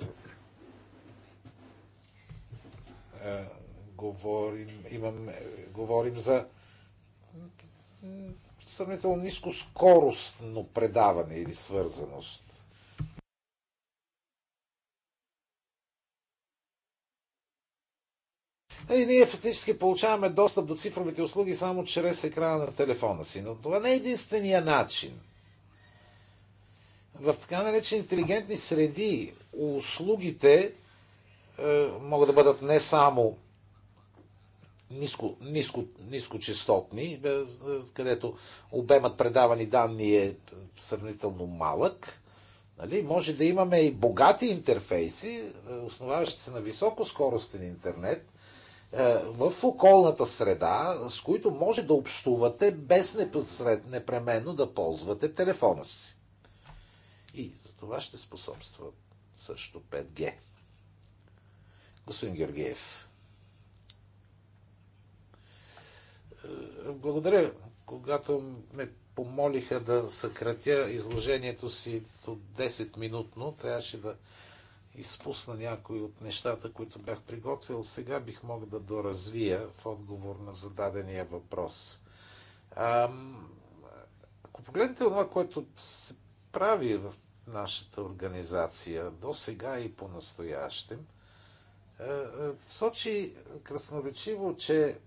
е, говорим, имам, е, говорим за сравнително ниско скоростно предаване или свързаност. Нали, ние фактически получаваме достъп до цифровите услуги само чрез екрана на телефона си. Но това не е единствения начин. В така наречени интелигентни среди услугите е, могат да бъдат не само ниско, ниско, нискочастотни, е, където обемът предавани данни е сравнително малък. Нали? Може да имаме и богати интерфейси, е, основаващи се на високоскоростен интернет, е, в околната среда, с които може да общувате без непременно да ползвате телефона си. И за това ще способства също 5G. Господин Георгиев. Е, благодаря. Когато ме помолиха да съкратя изложението си до 10-минутно, трябваше да изпусна някои от нещата, които бях приготвил, сега бих мог да доразвия в отговор на зададения въпрос. Ам, ако погледнете това, което се прави в нашата организация до сега и по-настоящем, е, е, сочи красноречиво, че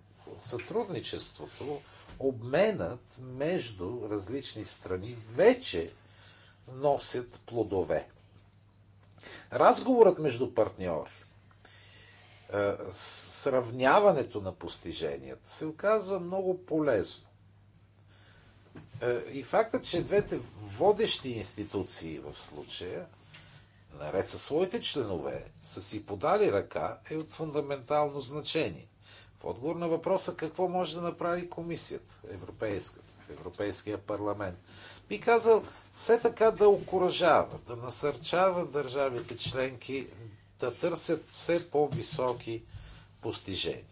сътрудничеството, обменът между различни страни вече носят плодове. Разговорът между партньори, е, сравняването на постиженията се оказва много полезно. Е, и фактът, че двете водещи институции в случая, наред със своите членове, са си подали ръка, е от фундаментално значение. В отговор на въпроса какво може да направи комисията, европейската, Европейския парламент, би казал, все така да окоръжава, да насърчава държавите членки да търсят все по-високи постижения.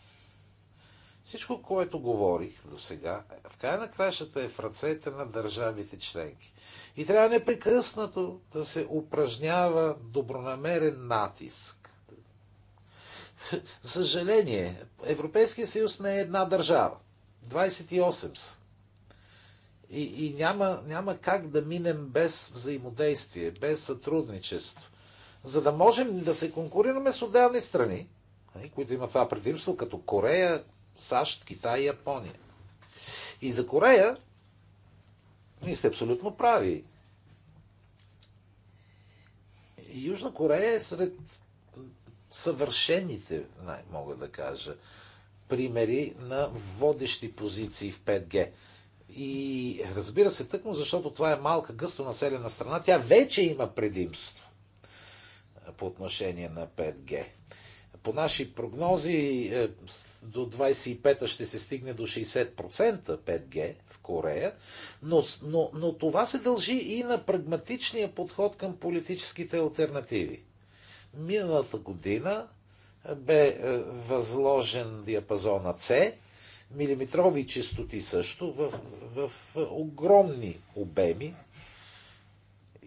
Всичко, което говорих до сега, в края на кращата е в ръцете на държавите членки. И трябва непрекъснато да се упражнява добронамерен натиск. <laughs> Съжаление, Европейския съюз не е една държава. 28 са. И, и няма, няма как да минем без взаимодействие, без сътрудничество. За да можем да се конкурираме с отделни страни, нали, които имат това предимство, като Корея, САЩ, Китай и Япония. И за Корея, ние сте абсолютно прави. Южна Корея е сред съвършените, мога да кажа, примери на водещи позиции в 5G. И разбира се, тъкмо, защото това е малка, гъсто населена страна, тя вече има предимство по отношение на 5G. По наши прогнози е, до 25-та ще се стигне до 60% 5G в Корея, но, но, но това се дължи и на прагматичния подход към политическите альтернативи. Миналата година бе е, възложен диапазона C, милиметрови частоти също, в, в огромни обеми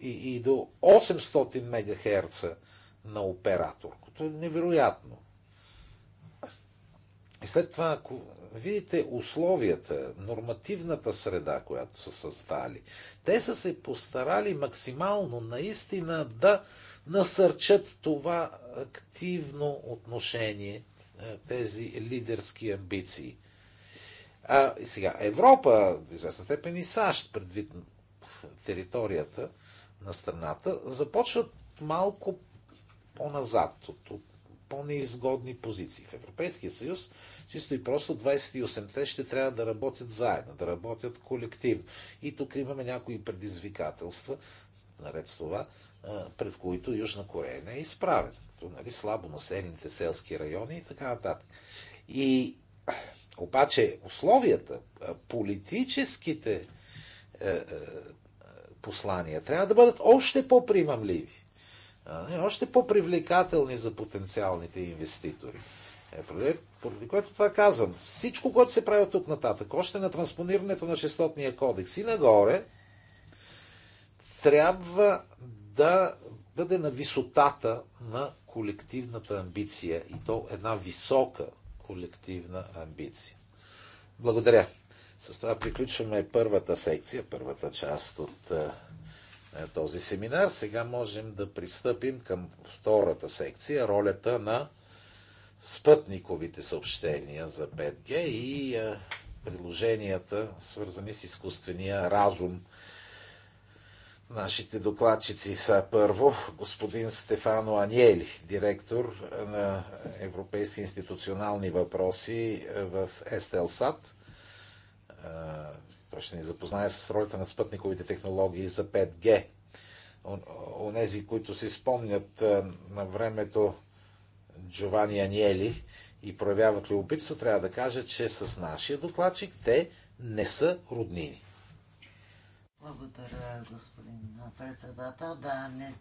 и, и до 800 МГц на оператор, което е невероятно. И след това, ако видите условията, нормативната среда, която са създали, те са се постарали максимално наистина да насърчат това активно отношение, е, тези лидерски амбиции. А, сега, Европа, в известна степен и САЩ, предвид територията на страната, започват малко по-назад, от, от по-неизгодни позиции. В Европейския съюз чисто и просто 28-те ще трябва да работят заедно, да работят колективно. И тук имаме някои предизвикателства, наред с това, пред които Южна Корея не е изправена. нали, слабо населените селски райони и така нататък. И обаче условията, политическите е, е, послания трябва да бъдат още по-примамливи, още по-привлекателни за потенциалните инвеститори. Е, поради което това казвам. Всичко, което се прави от тук нататък, още на транспонирането на частотния кодекс и нагоре, трябва да бъде на висотата на колективната амбиция. И то една висока колективна амбиция. Благодаря. С това приключваме първата секция, първата част от е, е, този семинар. Сега можем да пристъпим към втората секция, ролята на спътниковите съобщения за 5G и е, приложенията, свързани с изкуствения разум Нашите докладчици са първо господин Стефано Аниели, директор на Европейски институционални въпроси в Естелсат. Той ще ни запознае с ролята на спътниковите технологии за 5G. Онези, които си спомнят на времето Джовани Аниели и проявяват любопитство, трябва да кажа, че с нашия докладчик те не са роднини. Благодаря, господин председател. Да, не,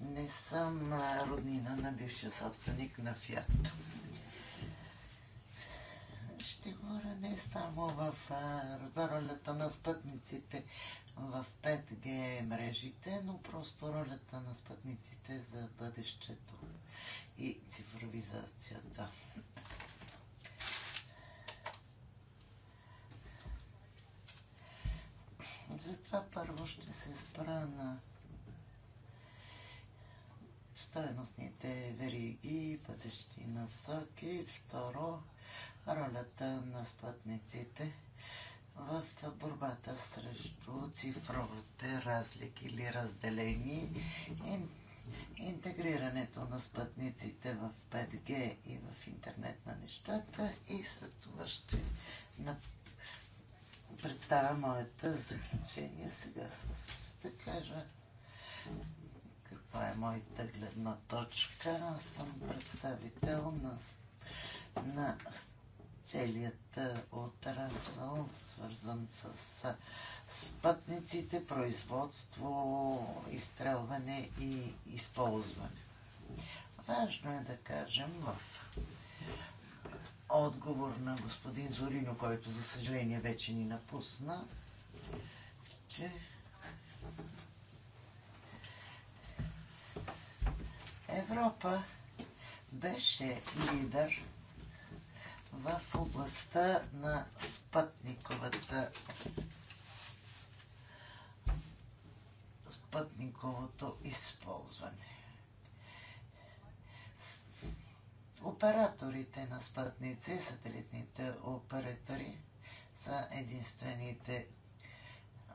не съм роднина на бившия собственик на Фиат. Ще говоря не само в, за ролята на спътниците в 5G мрежите, но просто ролята на спътниците за бъдещето и цифровизацията. Затова първо ще се спра на стоеностните вериги, бъдещи насоки. Второ, ролята на спътниците в борбата срещу цифровите разлики или разделени и интегрирането на спътниците в 5G и в интернет на нещата и след това ще представя моята заключение сега с да кажа каква е моята гледна точка. Аз съм представител на, на целият отрасъл, свързан с, с пътниците, производство, изстрелване и използване. Важно е да кажем в отговор на господин Зорино, който за съжаление вече ни напусна, че Европа беше лидер в областта на спътниковата спътниковото използване. Операторите на спътници, сателитните оператори, са единствените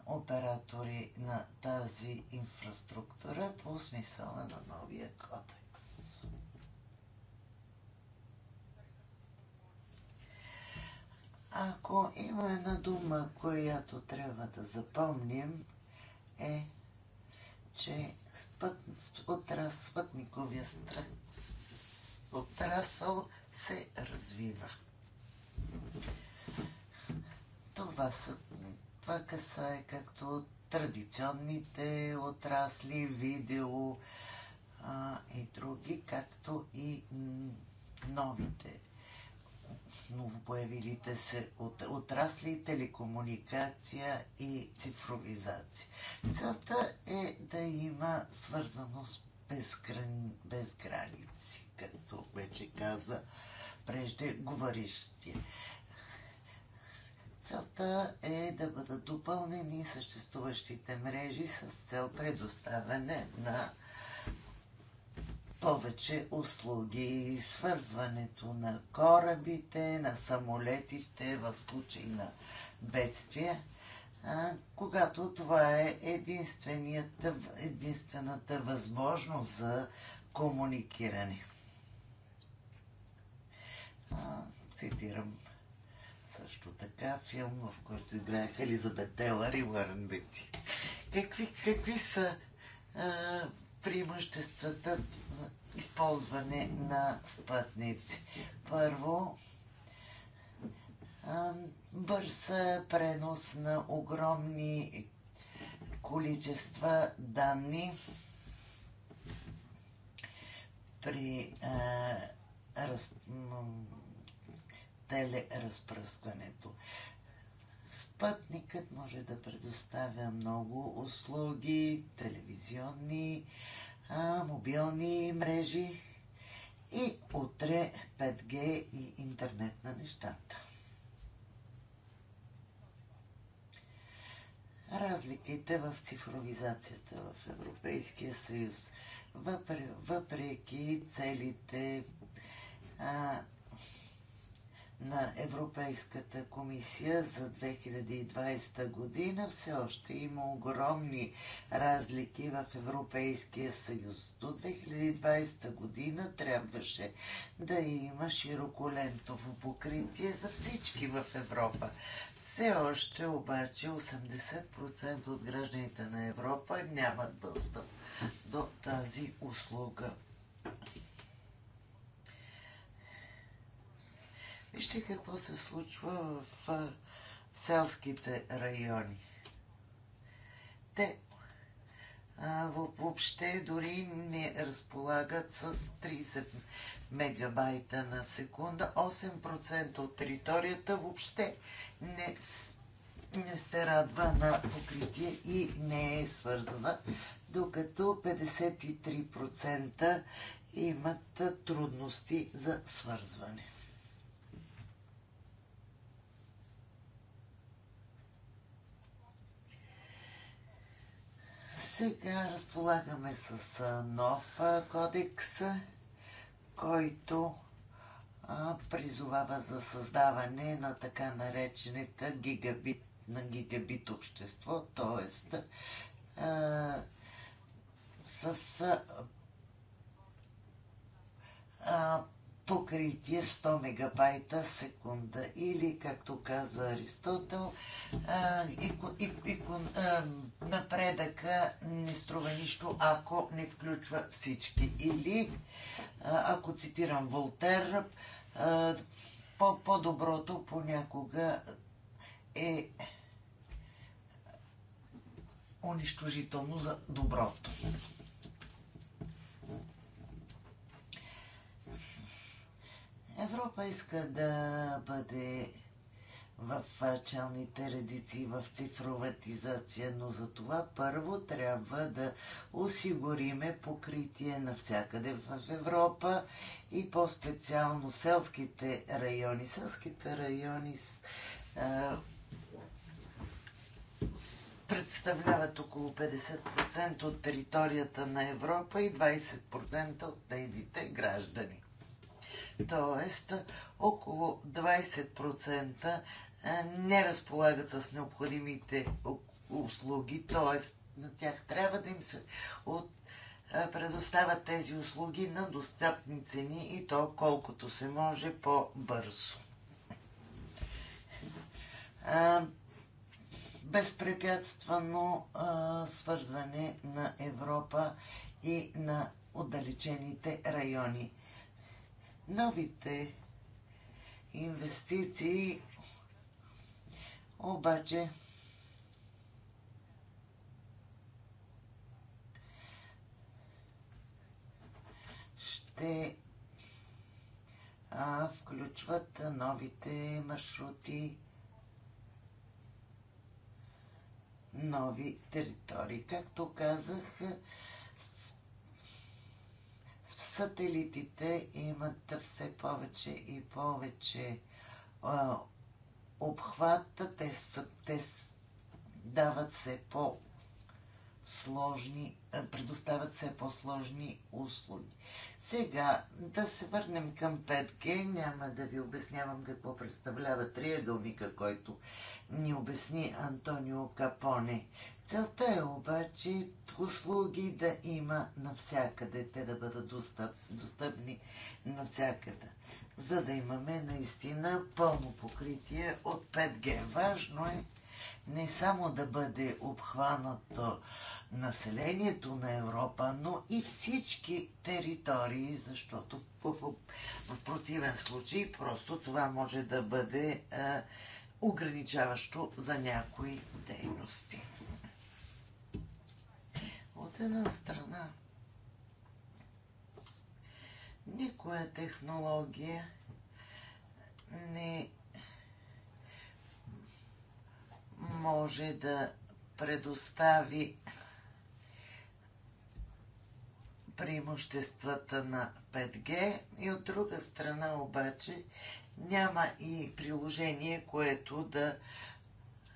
оператори на тази инфраструктура по смисъла на новия кодекс. Ако има една дума, която трябва да запомним, е, че спът, отраз, спътниковия страх отрасъл се развива. Това, са, това касае както традиционните отрасли, видео а, и други, както и новите, новопоявилите се от, отрасли, телекомуникация и цифровизация. Целта е да има свързаност без, без граници, както вече каза преждеговорищия. Целта е да бъдат допълнени съществуващите мрежи с цел предоставяне на повече услуги, свързването на корабите, на самолетите в случай на бедствия когато това е единствената възможност за комуникиране. цитирам също така филм, в който играеха Елизабет Телър и Уърн Бити. Какви, какви са а, преимуществата за използване на спътници? Първо, бърз пренос на огромни количества данни при раз, телеразпръскването. Спътникът може да предоставя много услуги, телевизионни, мобилни мрежи и утре 5G и интернет на нещата. разликите в цифровизацията в Европейския съюз. Въпреки целите а, на Европейската комисия за 2020 година все още има огромни разлики в Европейския съюз. До 2020 година трябваше да има широколентово покритие за всички в Европа. Все още обаче 80% от гражданите на Европа нямат достъп до тази услуга. Вижте какво се случва в селските райони. Те въобще дори не разполагат с 30 мегабайта на секунда. 8% от територията въобще не, не се радва на покритие и не е свързана, докато 53% имат трудности за свързване. Сега разполагаме с нов кодекс, който призовава за създаване на така наречената гигабит, на гигабит общество, т.е. с покритие 100 мегабайта секунда или, както казва Аристотел, напредъка не струва нищо, ако не включва всички. Или, ако цитирам Волтер, по-доброто понякога е унищожително за доброто. Европа иска да бъде в челните редици в цифроватизация, но за това първо трябва да осигуриме покритие навсякъде в Европа и по-специално селските райони. Селските райони представляват около 50% от територията на Европа и 20% от нейните граждани. Тоест, около 20% е, не разполагат с необходимите услуги, т.е. на тях трябва да им се от, е, предоставят тези услуги на достъпни цени и то колкото се може по-бързо. Е, Безпрепятствано свързване на Европа и на отдалечените райони. Новите инвестиции обаче ще а, включват новите маршрути, нови територии. Както казах, с сателитите имат все повече и повече обхвата. Те, те дават все по-сложни е, предоставят все по-сложни услуги. Сега да се върнем към 5G. Няма да ви обяснявам какво представлява триъгълника, който ни обясни Антонио Капоне. Целта е обаче услуги да има навсякъде, те да бъдат достъп, достъпни навсякъде за да имаме наистина пълно покритие от 5G. Важно е не само да бъде обхванато населението на Европа, но и всички територии, защото в, в, в противен случай просто това може да бъде ограничаващо за някои дейности. От една страна, никоя технология не може да предостави преимуществата на 5G и от друга страна обаче няма и приложение, което да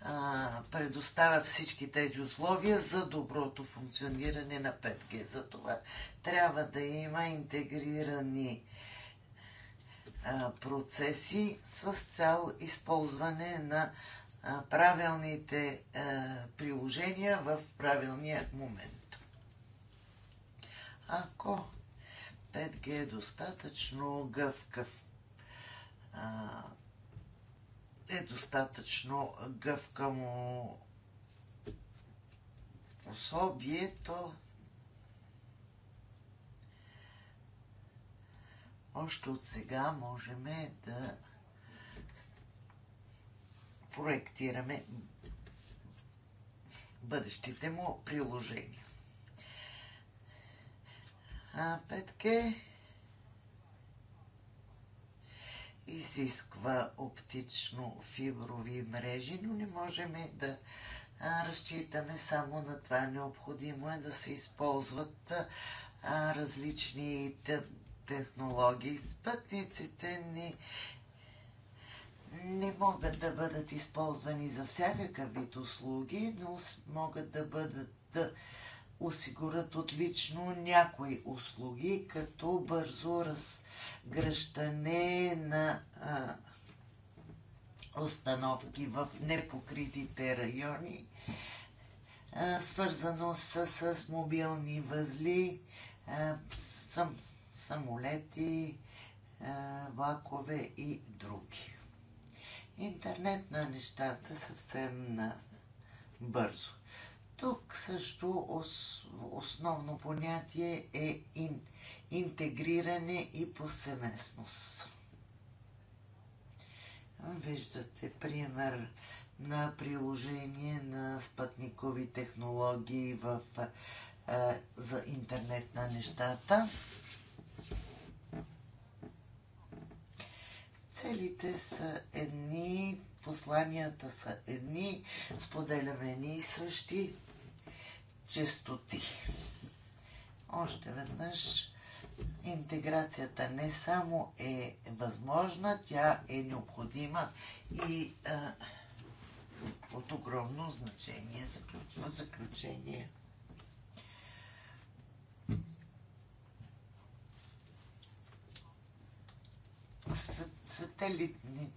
а, предоставя всички тези условия за доброто функциониране на 5G. Затова трябва да има интегрирани а, процеси с цял използване на правилните приложения в правилния момент. Ако 5G е достатъчно гъвкав, е достатъчно гъвкаво особие, то още от сега можем да проектираме бъдещите му приложения. А петке изисква оптично фиброви мрежи, но не можем да разчитаме само на това. Необходимо е да се използват различни технологии. Спътниците ни не могат да бъдат използвани за всякакъв вид услуги, но могат да бъдат да осигурят отлично някои услуги, като бързо разгръщане на а, установки в непокритите райони, а, свързано с, с мобилни възли, а, сам, самолети, а, влакове и други интернет на нещата съвсем на бързо. Тук също ос, основно понятие е ин, интегриране и повсеместност. Виждате пример на приложение на спътникови технологии в, а, за интернет на нещата. Целите са едни, посланията са едни, споделяме едни и същи честоти. Още веднъж интеграцията не само е възможна, тя е необходима и а, от огромно значение заключва заключение. С сателитни,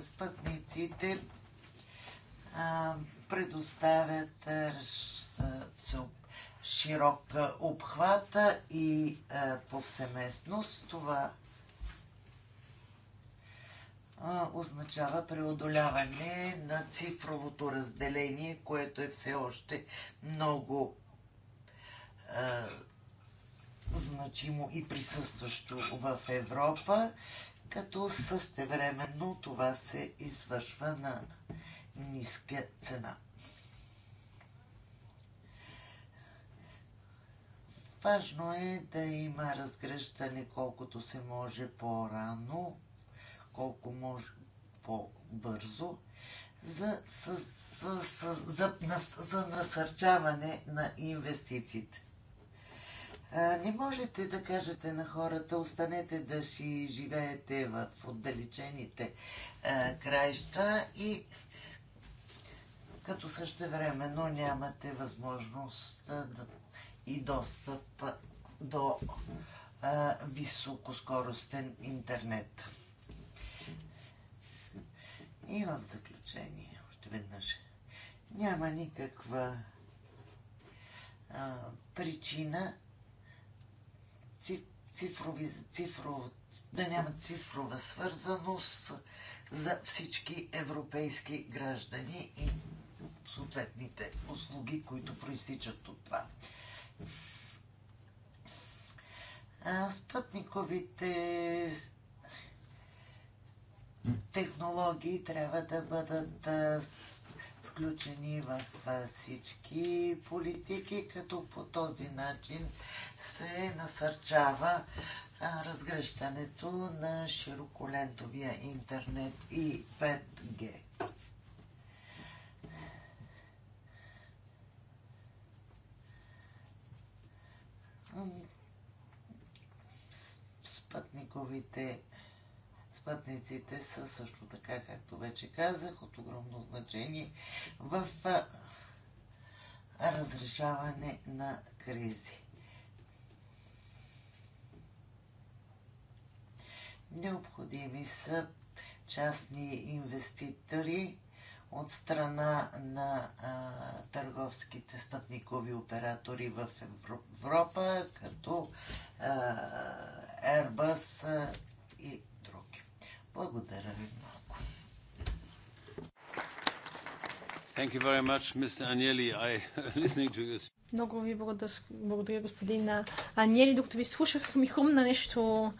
спътниците предоставят широк обхвата и повсеместност. Това означава преодоляване на цифровото разделение, което е все още много значимо и присъстващо в Европа като същевременно това се извършва на ниска цена. Важно е да има разгръщане колкото се може по-рано, колко може по-бързо, за, за, за, за насърчаване на инвестициите. Не можете да кажете на хората, останете да си живеете в отдалечените краища и като но нямате възможност да, и достъп до а, високоскоростен интернет. И в заключение, още веднъж, няма никаква а, причина цифрови, цифро, да няма цифрова свързаност за всички европейски граждани и съответните услуги, които проистичат от това. Спътниковите технологии трябва да бъдат включени в всички политики, като по този начин се насърчава разгръщането на широколентовия интернет и 5G. Ами, Спътниковите Пътниците са също така, както вече казах, от огромно значение в разрешаване на кризи. Необходими са частни инвеститори от страна на а, търговските спътникови оператори в Европа, като а, Airbus и благодаря ви много. Thank you very much, Mr. I, <laughs> listening to this... Много ви благодаря, господин Аниели. Докато ви слушах, ми хрумна нещо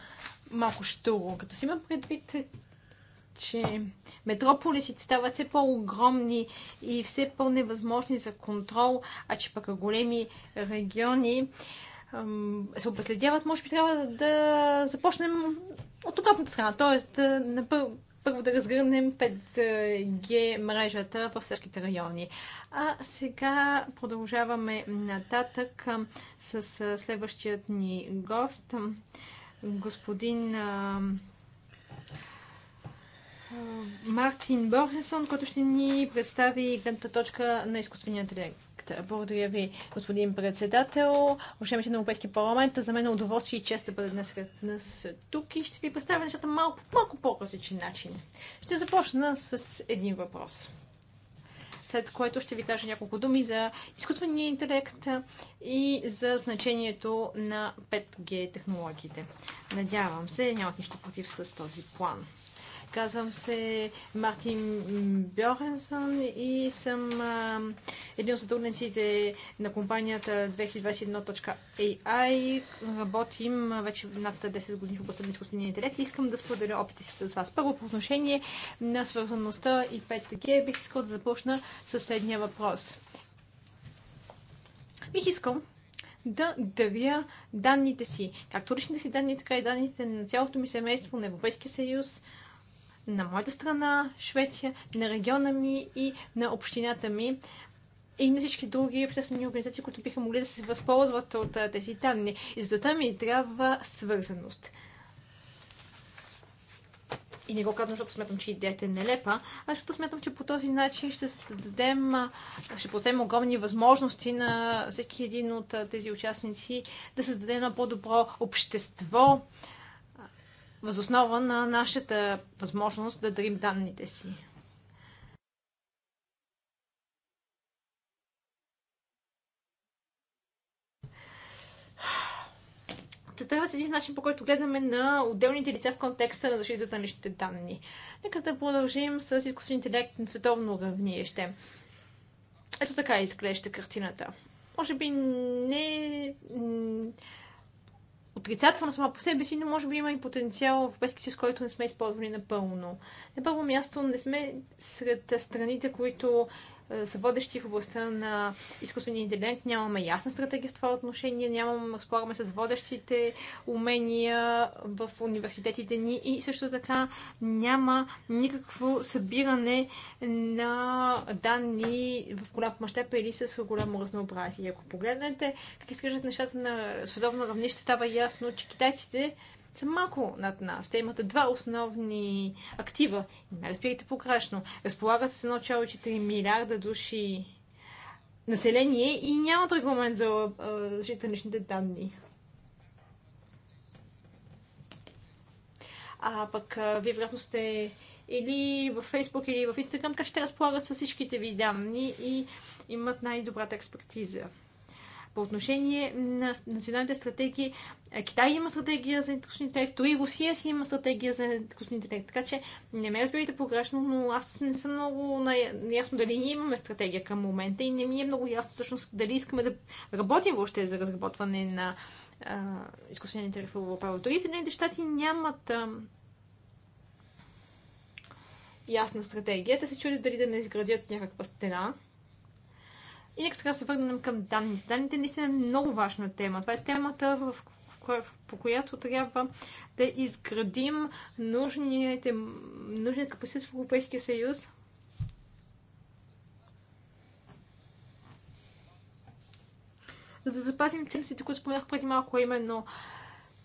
малко штуро. Като си имам предвид, че метрополисите стават все по-огромни и все по-невъзможни за контрол, а че пък големи региони се обезледяват, може би трябва да започнем от обратната страна, т.е. на първо да разгърнем 5G мрежата в всичките райони. А сега продължаваме нататък с следващият ни гост, господин Мартин Борхенсон, който ще ни представи гледната точка на изкуствения интелект проекта. Благодаря ви, господин председател. Уважаемите на Европейския парламент, за мен е удоволствие и чест да бъда днес сред нас тук и ще ви представя нещата малко, малко по-различен начин. Ще започна с един въпрос след което ще ви кажа няколко думи за изкуствения интелект и за значението на 5G технологиите. Надявам се, нямат нищо против с този план. Казвам се Мартин Бьоренсон и съм а, един от сътрудниците на компанията 2021.ai. Работим вече над 10 години в областта на изкуствения интелект и искам да споделя опита си с вас. Първо по отношение на свързаността и 5G бих искал да започна с следния въпрос. Бих искал да даря данните си, както личните си данни, така и данните на цялото ми семейство на Европейския съюз, на моята страна, Швеция, на региона ми и на общината ми и на всички други обществени организации, които биха могли да се възползват от тези данни. И за това ми трябва свързаност. И не го казвам, защото смятам, че идеята е нелепа, а защото смятам, че по този начин ще дадем, ще подадем огромни възможности на всеки един от тези участници да създаде едно по-добро общество, възоснова на нашата възможност да дарим данните си. Та трябва да се един начин, по който гледаме на отделните лица в контекста на защитата на личните данни. Нека да продължим с изкуствен интелект на световно равнище. Ето така изглежда картината. Може би не отрицателна сама по себе си, но може би има и потенциал в Европейския съюз, който не сме използвали напълно. На първо място не сме сред страните, които са водещи в областта на изкуствения интелект. Нямаме ясна стратегия в това отношение, нямаме, разполагаме с водещите умения в университетите ни и също така няма никакво събиране на данни в голям мащаб или с голямо разнообразие. Ако погледнете как изглеждат нещата на световно равнище, става ясно, че китайците са малко над нас. Те имат два основни актива. И не разбирайте погрешно. Разполагат с 1,4 милиарда души население и нямат регламент за защита личните данни. А пък вие вероятно сте или в Фейсбук, или в Инстаграм, така ще разполагат с всичките ви данни и имат най-добрата експертиза. По отношение на националните стратегии, е, Китай има стратегия за изкуствените интелект, дори Русия си има стратегия за изкуствен интелект. Така че не ме разбирайте погрешно, но аз не съм много ясно дали ние имаме стратегия към момента и не ми е много ясно всъщност дали искаме да работим въобще за разработване на изкуствения интелект в Европа. Дори Съединените щати нямат а, ясна стратегия. Те се чудят дали да не изградят някаква стена и нека сега се върнем към данните. Данните наистина е много важна тема. Това е темата, в по която трябва да изградим нужните, нужните капацитет в Европейския съюз. За да запазим ценностите, които споменах преди малко, именно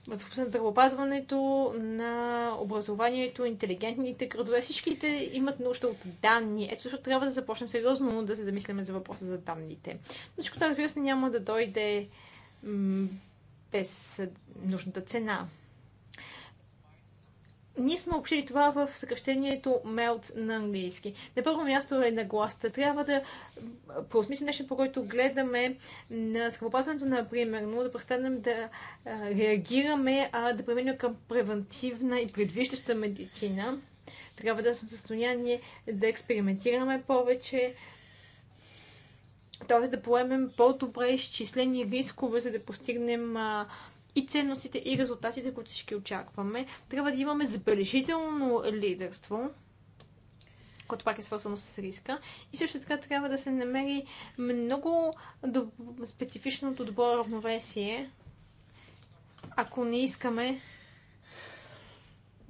възможността здравеопазването, на образованието, интелигентните градове, всичките имат нужда от данни. Ето също трябва да започнем сериозно да се замисляме за въпроса за данните. Всичко това, разбира се, няма да дойде без нужната цена. Ние сме общили това в съкръщението Melt на английски. На първо място е нагласта. Трябва да преосмислим нещо, по който гледаме на скъпопазването, например, но да престанем да реагираме, а да преминем към превентивна и предвиждаща медицина. Трябва да сме в състояние да експериментираме повече, т.е. да поемем по-добре изчислени рискове, за да постигнем и ценностите и резултатите, които всички очакваме. Трябва да имаме забележително лидерство, което пак е свързано с риска. И също така трябва да се намери много доб... специфичното добро равновесие, ако не искаме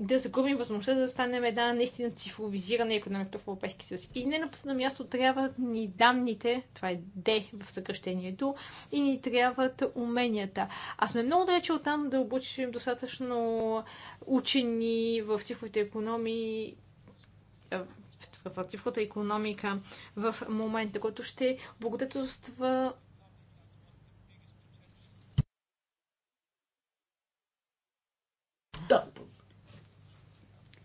да загубим възможността да станем една наистина цифровизирана економика в Европейския съюз. И не на последно място трябват ни данните, това е Д в съкръщението, и ни трябват уменията. Аз сме много далече от там да обучим достатъчно учени в цифровите економии, в цифровата економика в момента, който ще благодетелства да,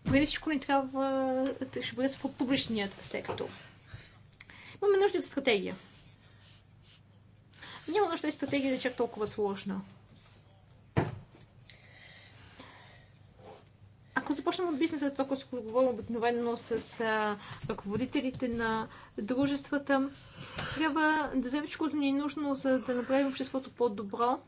преди нали всичко не трябва, да е, ще бъде в публичният сектор. Имаме нужда от стратегия. Няма нужда и стратегия да е чак толкова сложна. Ако започнем от бизнеса, това, което говорим обикновено с а, ръководителите на дружествата, трябва да вземем всичко, което ни е нужно, за да направим обществото по-добро,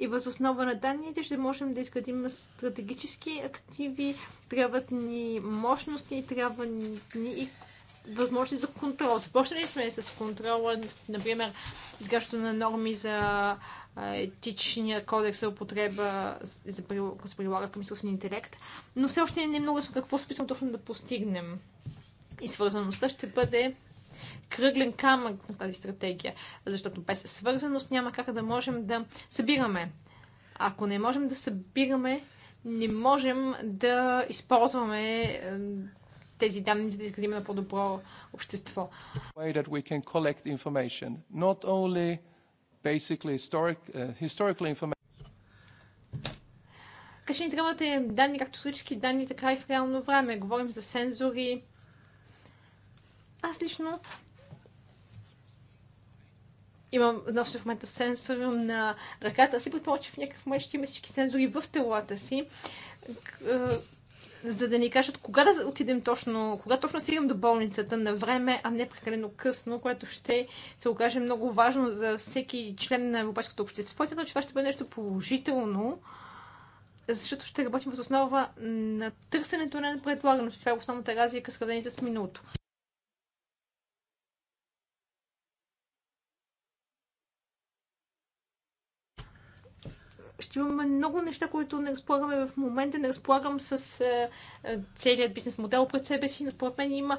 и въз основа на данните ще можем да изградим стратегически активи, трябват ни мощности, трябва ни и възможности за контрол. Започнали сме с контрола, например, изграждането на норми за етичния кодекс за употреба, за, се прилага към изкуствения интелект, но все още не е много какво списвам точно да постигнем. И свързаността ще бъде кръглен камък на тази стратегия, защото без свързаност няма как да можем да събираме. Ако не можем да събираме, не можем да използваме е, тези данни, за да изградим на по-добро общество. Така че ни трябват е данни, както исторически данни, така и в реално време. Говорим за сензори. Аз лично имам, нося в момента сенсор на ръката си, предполагам, че в някакъв момент ще има всички сензори в телата си, е, за да ни кажат кога да отидем точно, кога точно стигам до болницата на време, а не прекалено късно, което ще се окаже много важно за всеки член на европейското общество. И смятам, че това ще бъде нещо положително, защото ще работим в основа на търсенето, не на предлагането. Това е основната разлика, сравнение с миналото. ще имаме много неща, които не разполагаме в момента. Не разполагам с е, е, целият бизнес модел пред себе си, но според мен има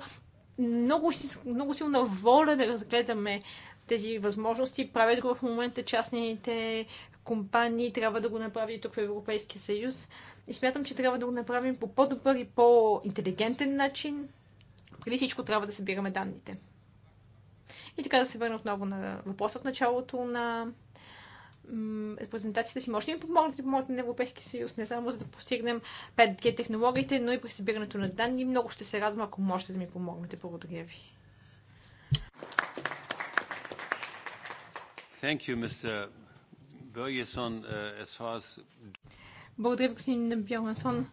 много, много силна воля да разгледаме тези възможности. Правят го в момента частните компании, трябва да го направи тук в Европейския съюз. И смятам, че трябва да го направим по по-добър и по-интелигентен начин. Преди всичко трябва да събираме данните. И така да се върна отново на въпроса в началото на репрезентацията си може да им помогнат и помогнат на Европейския съюз, не само за да постигнем 5G технологиите, но и при събирането на данни. Много ще се радвам, ако можете да ми помогнете. Благодаря ви. Thank you, Mr. uh, as far as... Благодаря, господин Бьорнсон.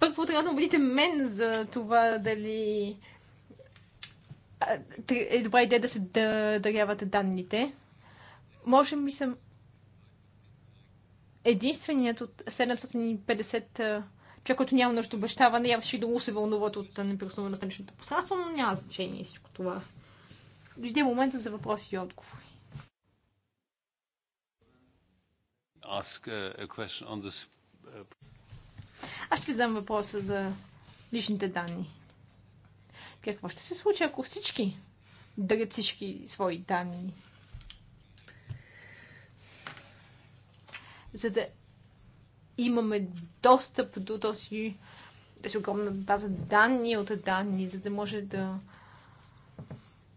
Първо трябва да убедите мен за това дали е добра идея да се дарявате данните. Може би съм единственият от 750 човек, който няма нужда обещаване, ще и да му се вълнуват от неприкосновеността на личното но няма значение всичко това. Дойде момента за въпроси и отговори. Uh, this... Uh, Аз ще ви задам въпроса за личните данни. Какво ще се случи, ако всички дадат всички свои данни за да имаме достъп до този тази огромна база данни от данни, за да може да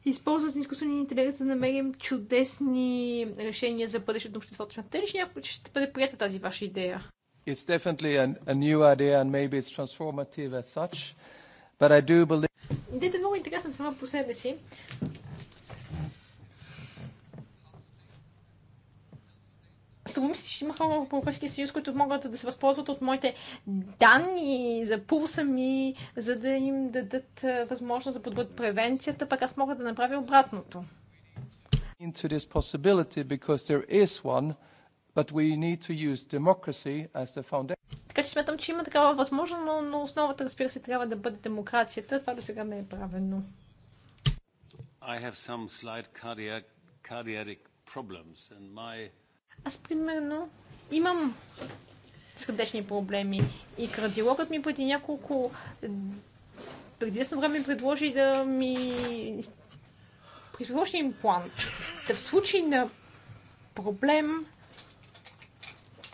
използват изкуствения интелект, за да намерим чудесни решения за бъдещето на обществото. Смятате ли, че някой ще бъде прията тази ваша идея? It's definitely a, a new idea and maybe it's transformative as such, but I do believe... Идеята е много интересна сама по себе си, Струва ми се, че има хора в Европейския съюз, които могат да се възползват от моите данни за пулса ми, за да им дадат възможност да подбъдат превенцията, пък аз мога да направя обратното. Into this possibility because there is one, but we need to use democracy as the foundation. Така че смятам, че има такава възможност, но, но основата, разбира се, трябва да бъде демокрацията. Това до сега не е правено. I have some slight cardiac, cardiac problems and my аз, примерно, имам сърдечни проблеми и кардиологът ми преди няколко преди известно време предложи да ми предложи имплант. Да в случай на проблем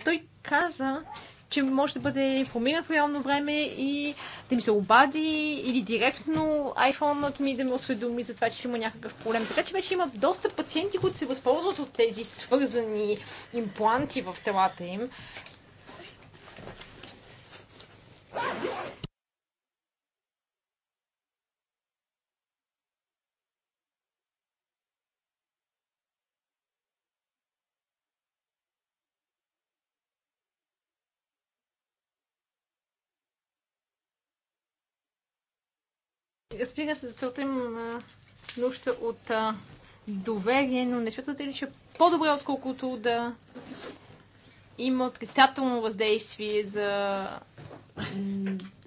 той каза, че може да бъде информиран в реално време и да ми се обади или директно iphone от ми да ме осведоми за това, че има някакъв проблем. Така че вече има доста пациенти, които се възползват от тези свързани импланти в телата им. разбира се, за целта им нужда от доверие, но не смятате ли, че е по-добре, отколкото да има отрицателно въздействие за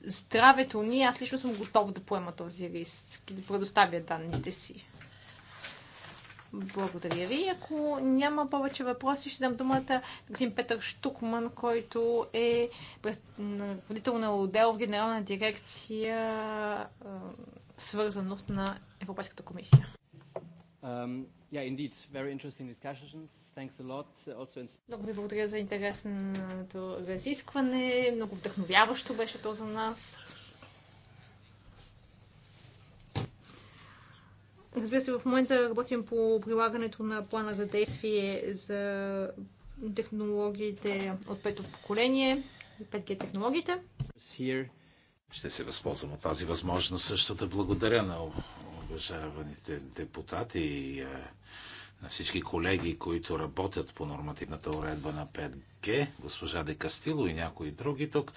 здравето ни, аз лично съм готов да поема този риск и да предоставя данните си. Благодаря ви. Ако няма повече въпроси, ще дам думата на господин Петър Штукман, който е водител на отдел в Генерална дирекция свързаност на Европейската комисия. Um, yeah, indeed, very interesting discussions. Thanks a lot. Also in... Много ви благодаря за интересното разискване. Много вдъхновяващо беше то за нас. Разбира се, в момента работим по прилагането на плана за действие за технологиите от пето поколение, 5G технологиите. Here. Ще се възползвам от тази възможност също да благодаря на уважаваните депутати и е, на всички колеги, които работят по нормативната уредба на 5G, госпожа Де Кастило и някои други тук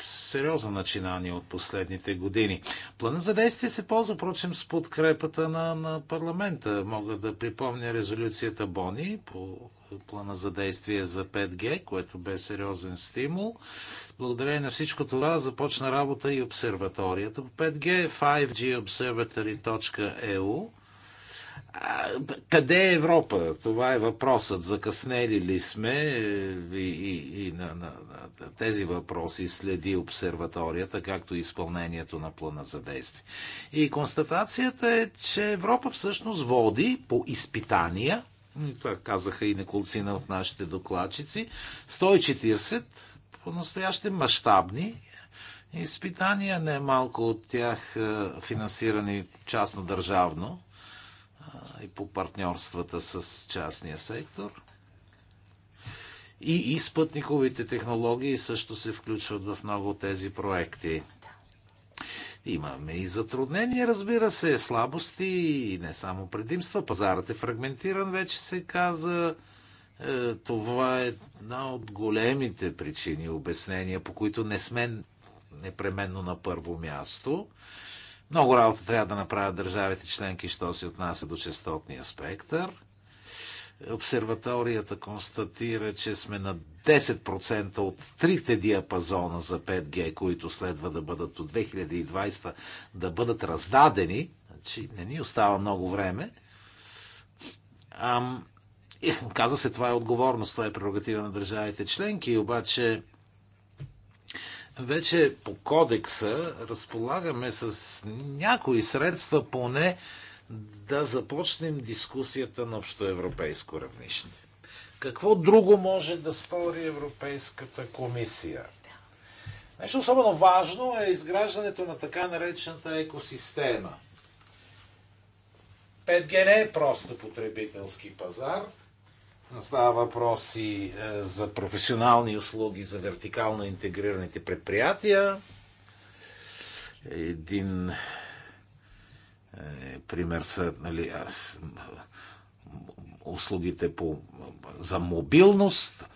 сериозно начинание от последните години. Плана за действие се ползва, впрочем, с подкрепата на, на парламента. Мога да припомня резолюцията Бони по плана за действие за 5G, което бе сериозен стимул. Благодарение на всичко това започна работа и обсерваторията по 5G, 5gobservatory.eu къде е Европа? Това е въпросът. Закъснели ли сме? И, и, и на, на, на тези въпроси следи обсерваторията, както и изпълнението на плана за действие. И констатацията е, че Европа всъщност води по изпитания, и това казаха и неколцина от нашите докладчици, 140 по-настояще мащабни изпитания, не малко от тях е, финансирани частно-държавно и по партньорствата с частния сектор. И, и спътниковите технологии също се включват в много от тези проекти. Имаме и затруднения, разбира се, слабости и не само предимства. Пазарът е фрагментиран, вече се каза. Е, това е една от големите причини, обяснения, по които не сме непременно на първо място. Много работа трябва да направят държавите членки, що се отнася до частотния спектър. Обсерваторията констатира, че сме на 10% от трите диапазона за 5G, които следва да бъдат от 2020 да бъдат раздадени. Значи не ни остава много време. Ам, каза се, това е отговорност, това е прерогатива на държавите членки, обаче вече по кодекса разполагаме с някои средства поне да започнем дискусията на общоевропейско равнище. Какво друго може да стори Европейската комисия? Нещо особено важно е изграждането на така наречената екосистема. 5G не е просто потребителски пазар – Става въпроси е, за професионални услуги за вертикално интегрираните предприятия. Един е, пример са нали, услугите по, за мобилност.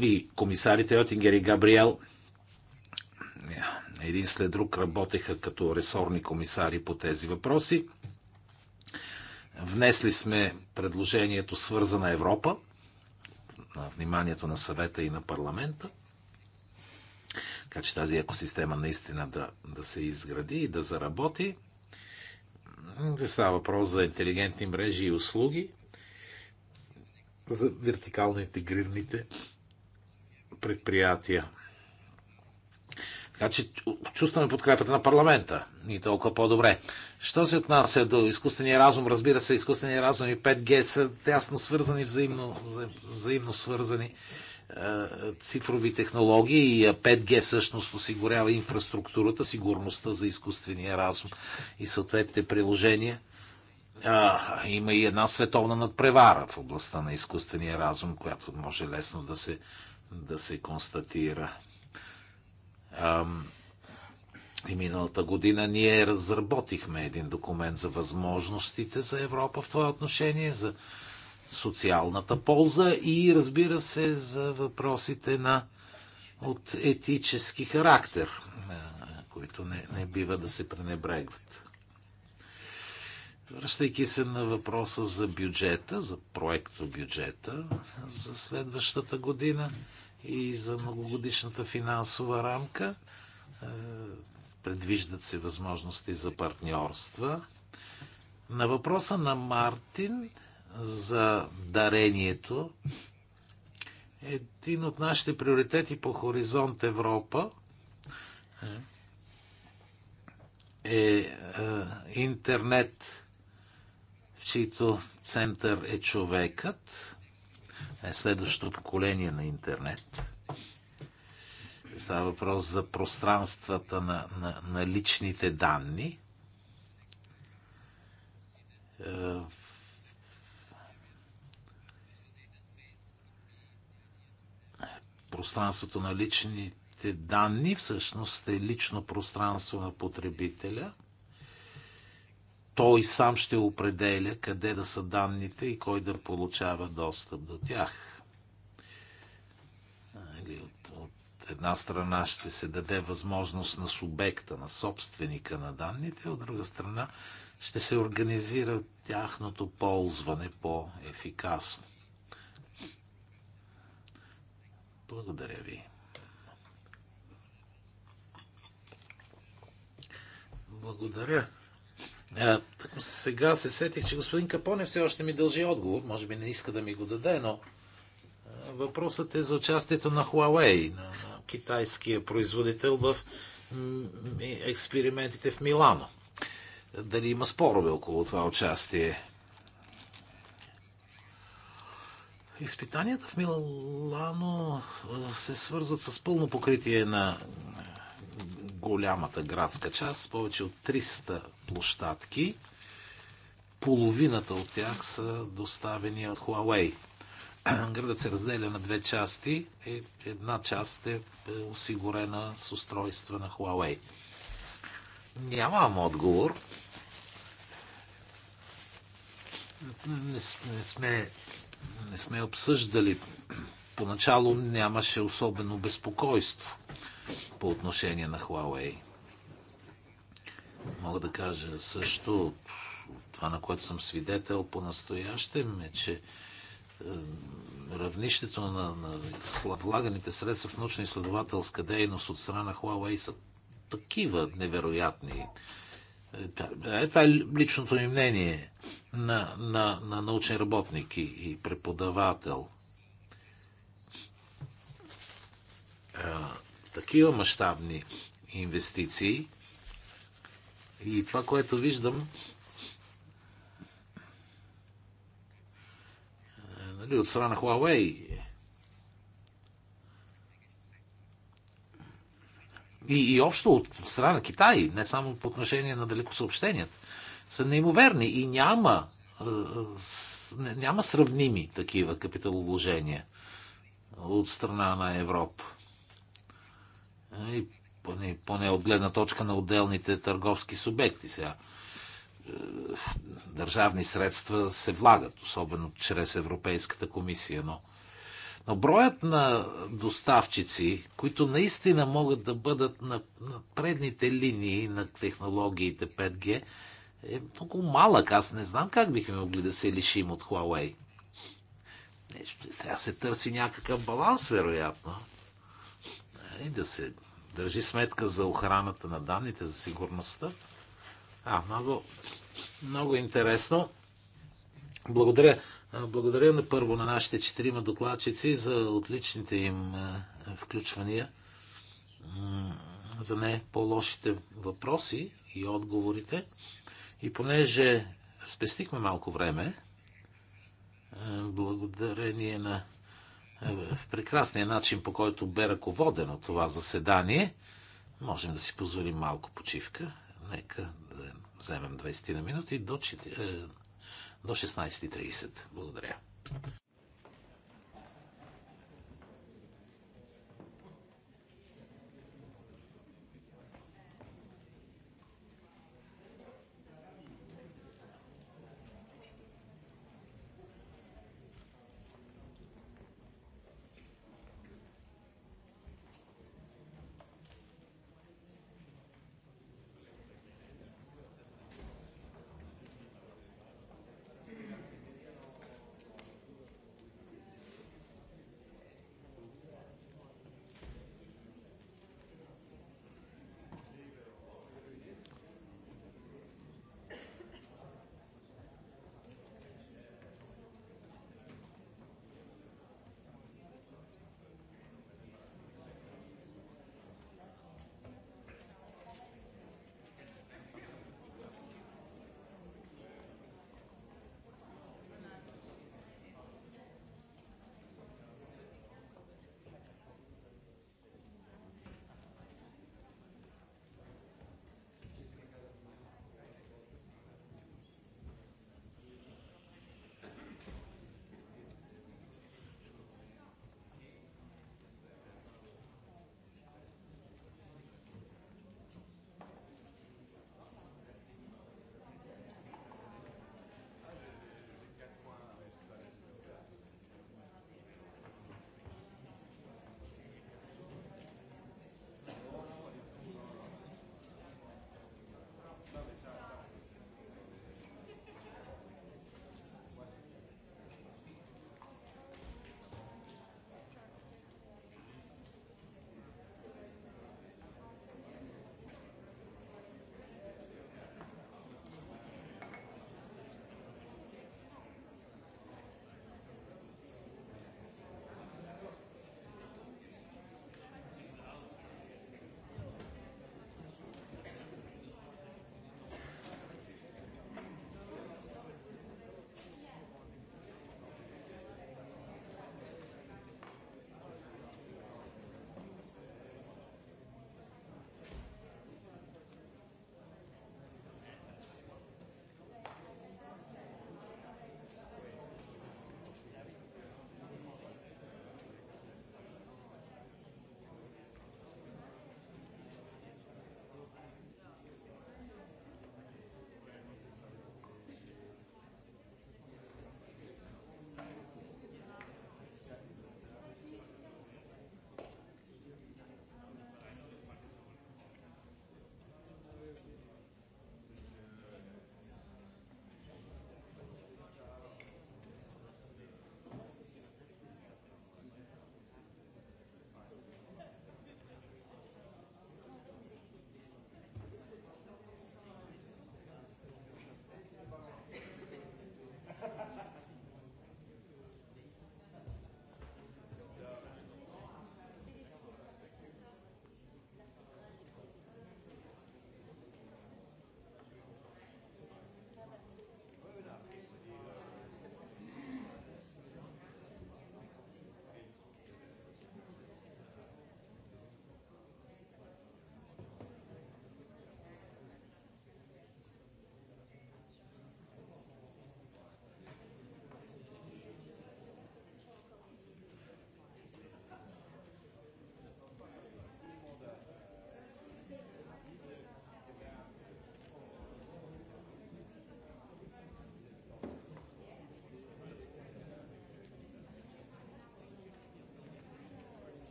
И комисарите Отингер и Габриел е, един след друг работеха като ресорни комисари по тези въпроси. Внесли сме предложението Свързана Европа на вниманието на съвета и на парламента. Така че тази екосистема наистина да, да се изгради и да заработи. Да става въпрос за интелигентни мрежи и услуги, за вертикално интегрираните предприятия. Така че чувстваме подкрепата на парламента и толкова по-добре. Що се отнася до изкуствения разум, разбира се, изкуствения разум и 5G са тясно свързани, взаимно, взаимно свързани е, цифрови технологии и 5G е, всъщност осигурява инфраструктурата, сигурността за изкуствения разум и съответните приложения. А, има и една световна надпревара в областта на изкуствения разум, която може лесно да се, да се констатира. И миналата година ние разработихме един документ за възможностите за Европа в това отношение, за социалната полза и разбира се за въпросите на от етически характер, които не, не бива да се пренебрегват. Връщайки се на въпроса за бюджета, за проекто бюджета за следващата година – и за многогодишната финансова рамка. Е, предвиждат се възможности за партньорства. На въпроса на Мартин за дарението, един от нашите приоритети по Хоризонт Европа е, е интернет, в чийто център е човекът е следващото поколение на интернет. Става въпрос за пространствата на, на, на личните данни. Е, пространството на личните данни всъщност е лично пространство на потребителя – той сам ще определя къде да са данните и кой да получава достъп до тях. от, от една страна ще се даде възможност на субекта, на собственика на данните, от друга страна ще се организира тяхното ползване по-ефикасно. Благодаря ви. Благодаря сега се сетих, че господин Капоне все още ми дължи отговор. Може би не иска да ми го даде, но въпросът е за участието на Huawei, на, на китайския производител в експериментите в Милано. Дали има спорове около това участие? Изпитанията в Милано се свързват с пълно покритие на голямата градска част, повече от 300 площадки. Половината от тях са доставени от Huawei. Градът се разделя на две части. Е, една част е, е осигурена с устройства на Huawei. Нямам отговор. Не сме, не сме обсъждали. Поначало нямаше особено безпокойство по отношение на Huawei. Мога да кажа също, това на което съм свидетел по-настоящем е, че равнището на, на влаганите средства в научно-изследователска дейност от страна на Huawei са такива невероятни. Е, това е личното ми мнение на, на, на научен работник и, и преподавател. Е, такива мащабни инвестиции – и това, което виждам, е, нали, от страна на Huawei, и, и общо от страна на Китай, не само по отношение на далекосъобщенията, са неимоверни и няма, е, е, няма сравними такива капиталовложения от страна на Европа. И поне, поне от гледна точка на отделните търговски субекти сега. Е, държавни средства се влагат, особено чрез Европейската комисия, но, но броят на доставчици, които наистина могат да бъдат на, на предните линии на технологиите 5G, е много малък. Аз не знам как бихме могли да се лишим от Huawei. трябва да се търси някакъв баланс, вероятно. И е, да се държи сметка за охраната на данните, за сигурността. А, много, много интересно. Благодаря. Благодаря на първо на нашите четирима докладчици за отличните им включвания, за не по-лошите въпроси и отговорите. И понеже спестихме малко време, благодарение на в прекрасния начин, по който бе ръководено това заседание, можем да си позволим малко почивка. Нека да вземем 20 на минути до, е, до 16.30. Благодаря.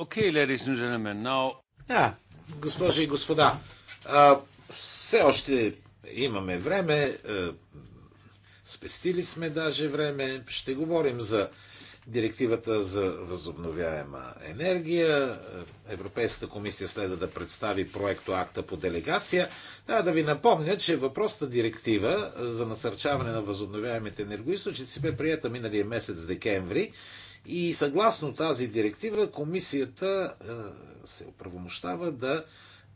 Okay, ladies and gentlemen, now... Да, госпожи и господа, а, все още имаме време, а, спестили сме даже време, ще говорим за директивата за възобновяема енергия. Европейската комисия следва да представи проекто акта по делегация. Трябва да ви напомня, че въпросната директива за насърчаване на възобновяемите енергоисточници бе прията миналия месец декември и съгласно тази директива, комисията е, се оправомощава да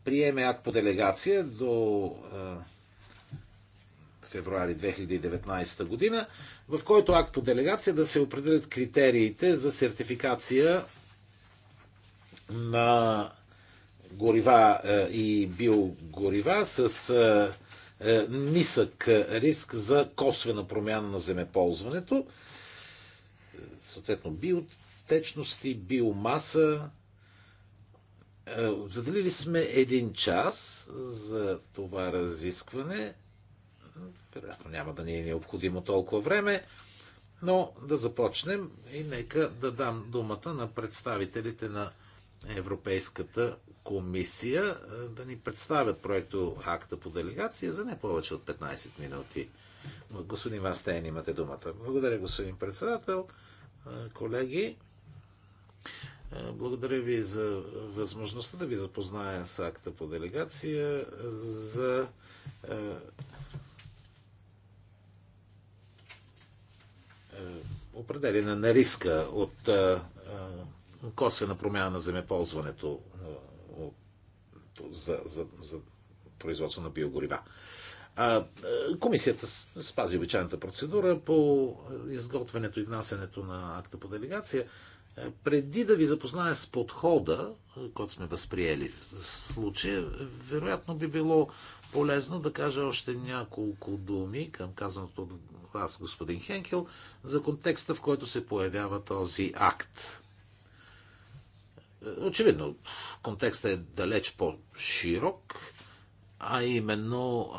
приеме акт по делегация до е, февруари 2019 година, в който акт по делегация да се определят критериите за сертификация на горива е, и биогорива с нисък риск за косвена промяна на земеползването съответно биотечности, биомаса. Е, заделили сме един час за това разискване. Вероятно няма да ни е необходимо толкова време, но да започнем и нека да дам думата на представителите на Европейската комисия е, да ни представят проекто акта по делегация за не повече от 15 минути. Господин Вастейн, имате думата. Благодаря, господин председател колеги. Благодаря ви за възможността да ви запозная с акта по делегация за определена на риска от косвена промяна на земеползването за, за, за производство на биогорива комисията спази обичайната процедура по изготвянето и внасянето на акта по делегация. Е, преди да ви запозная с подхода, е, който сме възприели в случая, вероятно би било полезно да кажа още няколко думи към казаното от вас, господин Хенкел, за контекста, в който се появява този акт. Е, очевидно, контекстът е далеч по-широк а именно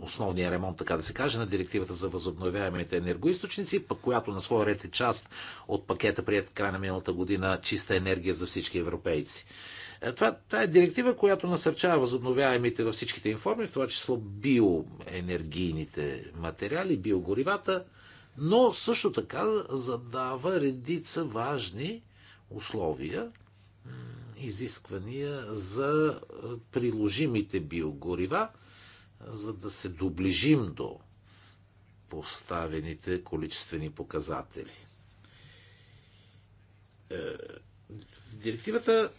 основния ремонт, така да се каже, на директивата за възобновяемите енергоисточници, пък която на своя ред е част от пакета, прият край на миналата година, чиста енергия за всички европейци. Е, това, това е директива, която насърчава възобновяемите във всичките информи, в това число биоенергийните материали, биогоривата, но също така задава редица важни условия изисквания за приложимите биогорива, за да се доближим до поставените количествени показатели. Е, директивата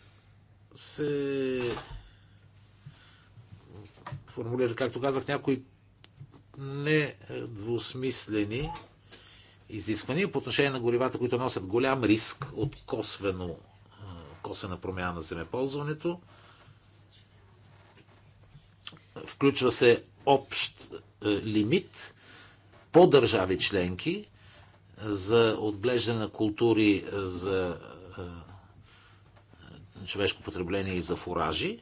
се формулира, както казах, някои не двусмислени изисквания по отношение на горивата, които носят голям риск от косвено косвена промяна на земеползването. Включва се общ е, лимит по държави членки за отглеждане на култури за е, е, човешко потребление и за фуражи.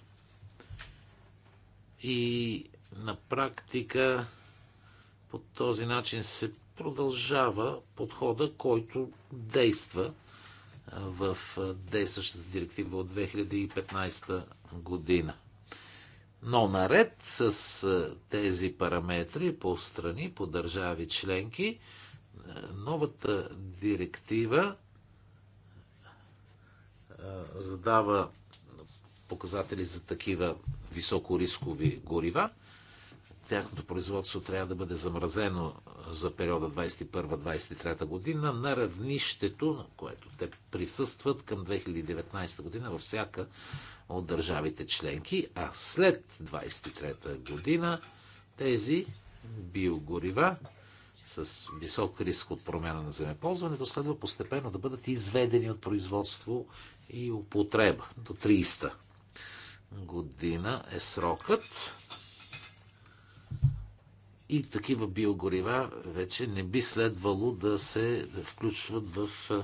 И на практика по този начин се продължава подхода, който действа в действащата директива от 2015 година. Но наред с тези параметри по страни, по държави членки, новата директива задава показатели за такива високорискови горива. Тяхното производство трябва да бъде замразено за периода 2021-2023 година на равнището, на което те присъстват към 2019 година във всяка от държавите членки, а след 2023 година тези биогорива с висок риск от промяна на земеползването следва постепенно да бъдат изведени от производство и употреба до 30 година е срокът. И такива биогорива вече не би следвало да се включват в е,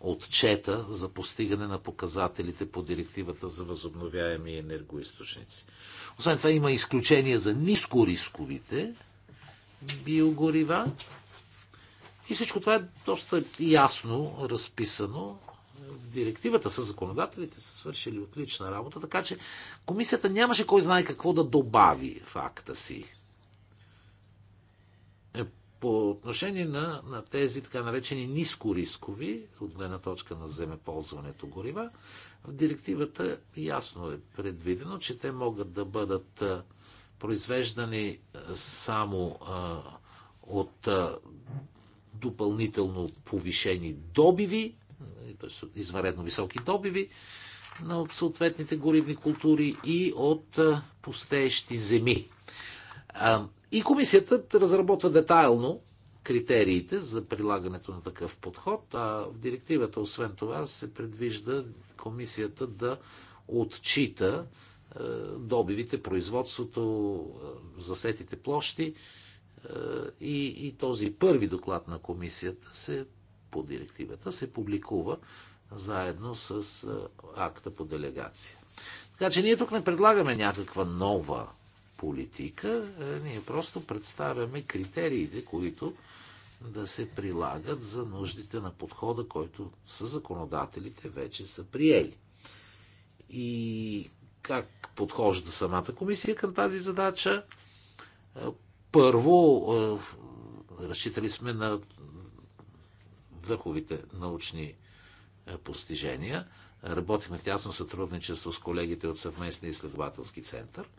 отчета за постигане на показателите по директивата за възобновяеми енергоисточници. Освен това има изключения за нискорисковите биогорива. И всичко това е доста ясно разписано. Директивата с законодателите са свършили отлична работа, така че комисията нямаше кой знае какво да добави факта си. По отношение на, на тези така наречени нискорискови, от гледна точка на земеползването горива, в директивата ясно е предвидено, че те могат да бъдат произвеждани само а, от а, допълнително повишени добиви, изваредно високи добиви на съответните горивни култури и от а, пустеещи земи. И комисията разработва детайлно критериите за прилагането на такъв подход, а в директивата, освен това, се предвижда комисията да отчита е, добивите, производството, е, засетите площи е, и, и този първи доклад на комисията се, по директивата се публикува заедно с акта по делегация. Така че ние тук не предлагаме някаква нова политика, е, ние просто представяме критериите, които да се прилагат за нуждите на подхода, който са законодателите вече са приели. И как подхожда самата комисия към тази задача? Е, първо, е, разчитали сме на върховите научни постижения. Работихме в тясно сътрудничество с колегите от съвместния изследователски център –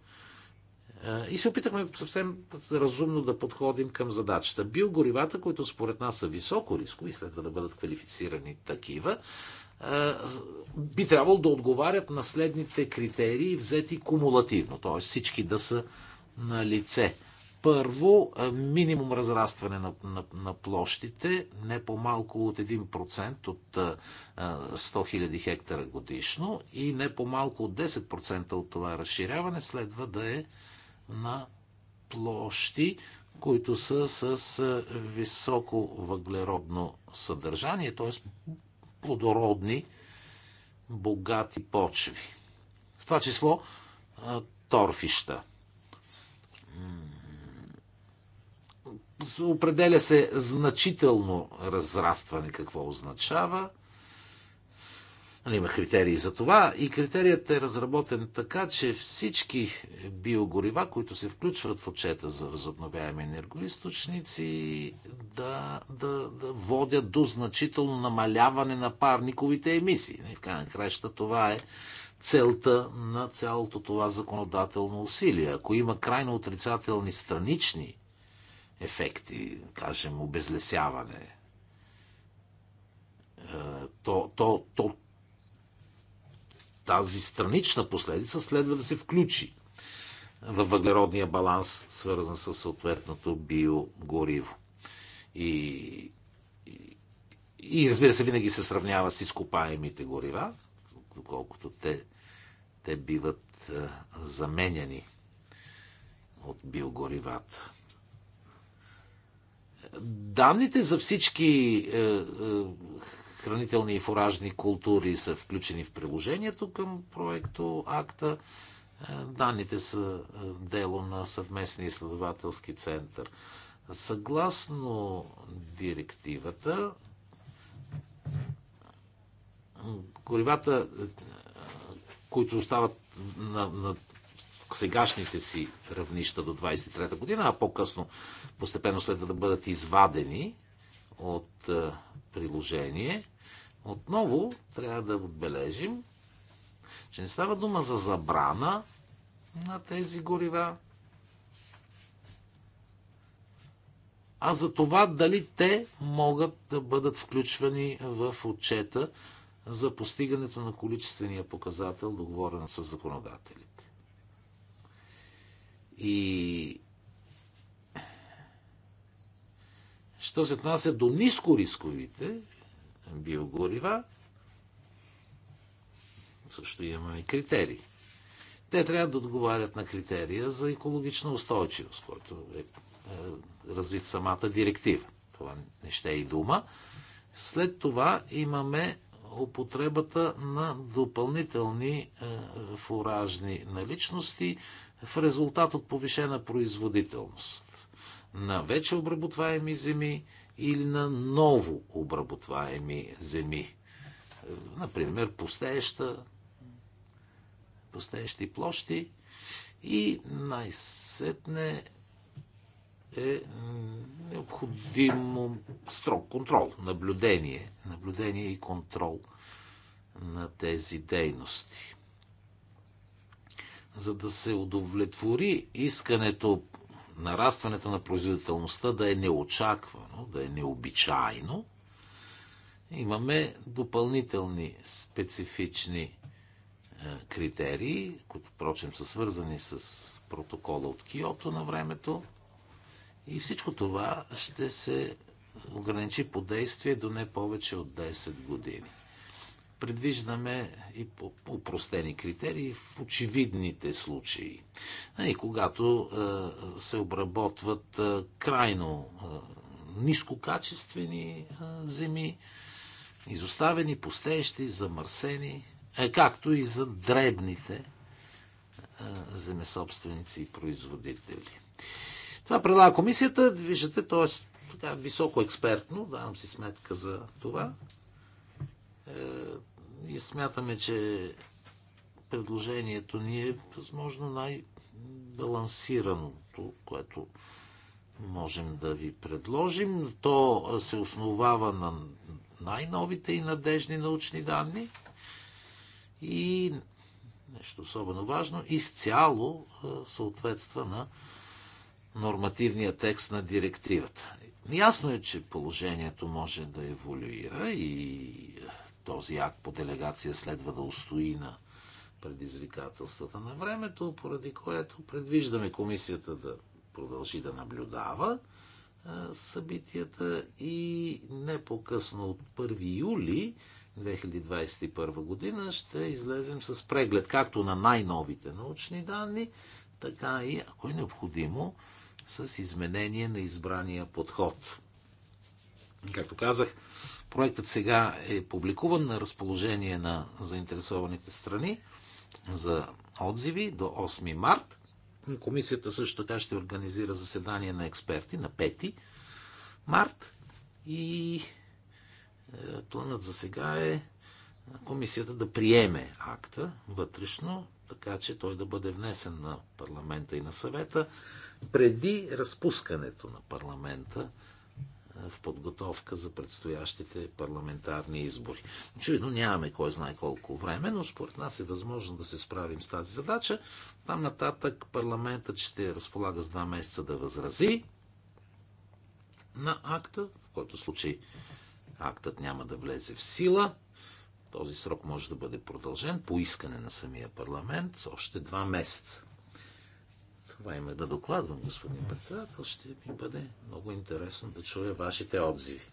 и се опитахме съвсем разумно да подходим към задачата. Биогоривата, които според нас са високо риско и следва да бъдат квалифицирани такива, би трябвало да отговарят на следните критерии, взети кумулативно, т.е. всички да са на лице. Първо, минимум разрастване на, на, на площите, не по-малко от 1% от 100 000 хектара годишно и не по-малко от 10% от това разширяване следва да е на площи, които са с е, високо въглеродно съдържание, т.е. плодородни, богати почви. В това число е, торфища. Определя се значително разрастване, какво означава – Нали, има критерии за това и критерият е разработен така, че всички биогорива, които се включват в отчета за възобновяеми енергоисточници, да, да, да водят до значително намаляване на парниковите емисии. И нали, в крайна краща това е целта на цялото това законодателно усилие. Ако има крайно отрицателни странични ефекти, кажем обезлесяване, е, то, то, то тази странична последица следва да се включи във въглеродния баланс, свързан с съответното биогориво. И, и, и разбира се, винаги се сравнява с изкопаемите горива, доколкото те, те биват е, заменяни от биогоривата. Данните за всички е, е, хранителни и фуражни култури са включени в приложението към проекто акта. Е, данните са е, дело на съвместния изследователски център. Съгласно директивата, горивата, е, които остават на, на сегашните си равнища до 23-та година, а по-късно постепенно следва да бъдат извадени от приложение, отново трябва да отбележим, че не става дума за забрана на тези горива, а за това дали те могат да бъдат включвани в отчета за постигането на количествения показател, договорен с законодателите. И що се отнася до нискорисковите биогорива. Също имаме и критерии. Те трябва да отговарят на критерия за екологична устойчивост, който е, е развит самата директива. Това не ще е и дума. След това имаме употребата на допълнителни е, фуражни наличности в резултат от повишена производителност на вече обработваеми земи, или на ново обработваеми земи. Е, например, пустееща, пустеещи площи и най-сетне е необходимо строг контрол, наблюдение, наблюдение и контрол на тези дейности. За да се удовлетвори искането нарастването на производителността да е неочаквано, да е необичайно, имаме допълнителни специфични е, критерии, които, впрочем, са свързани с протокола от Киото на времето. И всичко това ще се ограничи по действие до не повече от 10 години предвиждаме и по упростени критерии в очевидните случаи. И когато е, се обработват е, крайно е, нискокачествени земи, изоставени, пустеещи, замърсени, както и за дребните земесобственици и производители. Това предлага комисията, виждате, т.е. високо експертно, давам си сметка за това и смятаме, че предложението ни е възможно най-балансираното, което можем да ви предложим. То се основава на най-новите и надежни научни данни и нещо особено важно, изцяло съответства на нормативния текст на директивата. Ясно е, че положението може да еволюира и този акт по делегация следва да устои на предизвикателствата на времето, поради което предвиждаме комисията да продължи да наблюдава събитията и не по-късно от 1 юли 2021 година ще излезем с преглед както на най-новите научни данни, така и, ако е необходимо, с изменение на избрания подход. Както казах, Проектът сега е публикуван на разположение на заинтересованите страни за отзиви до 8 март. Комисията също така ще организира заседание на експерти на 5 март и е, планът за сега е комисията да приеме акта вътрешно, така че той да бъде внесен на парламента и на съвета преди разпускането на парламента в подготовка за предстоящите парламентарни избори. Очевидно нямаме кой знае колко време, но според нас е възможно да се справим с тази задача. Там нататък парламентът ще разполага с два месеца да възрази на акта, в който случай актът няма да влезе в сила. Този срок може да бъде продължен по искане на самия парламент с още два месеца. Това има да докладвам, господин председател. Ще ми бъде много интересно да чуя вашите отзиви.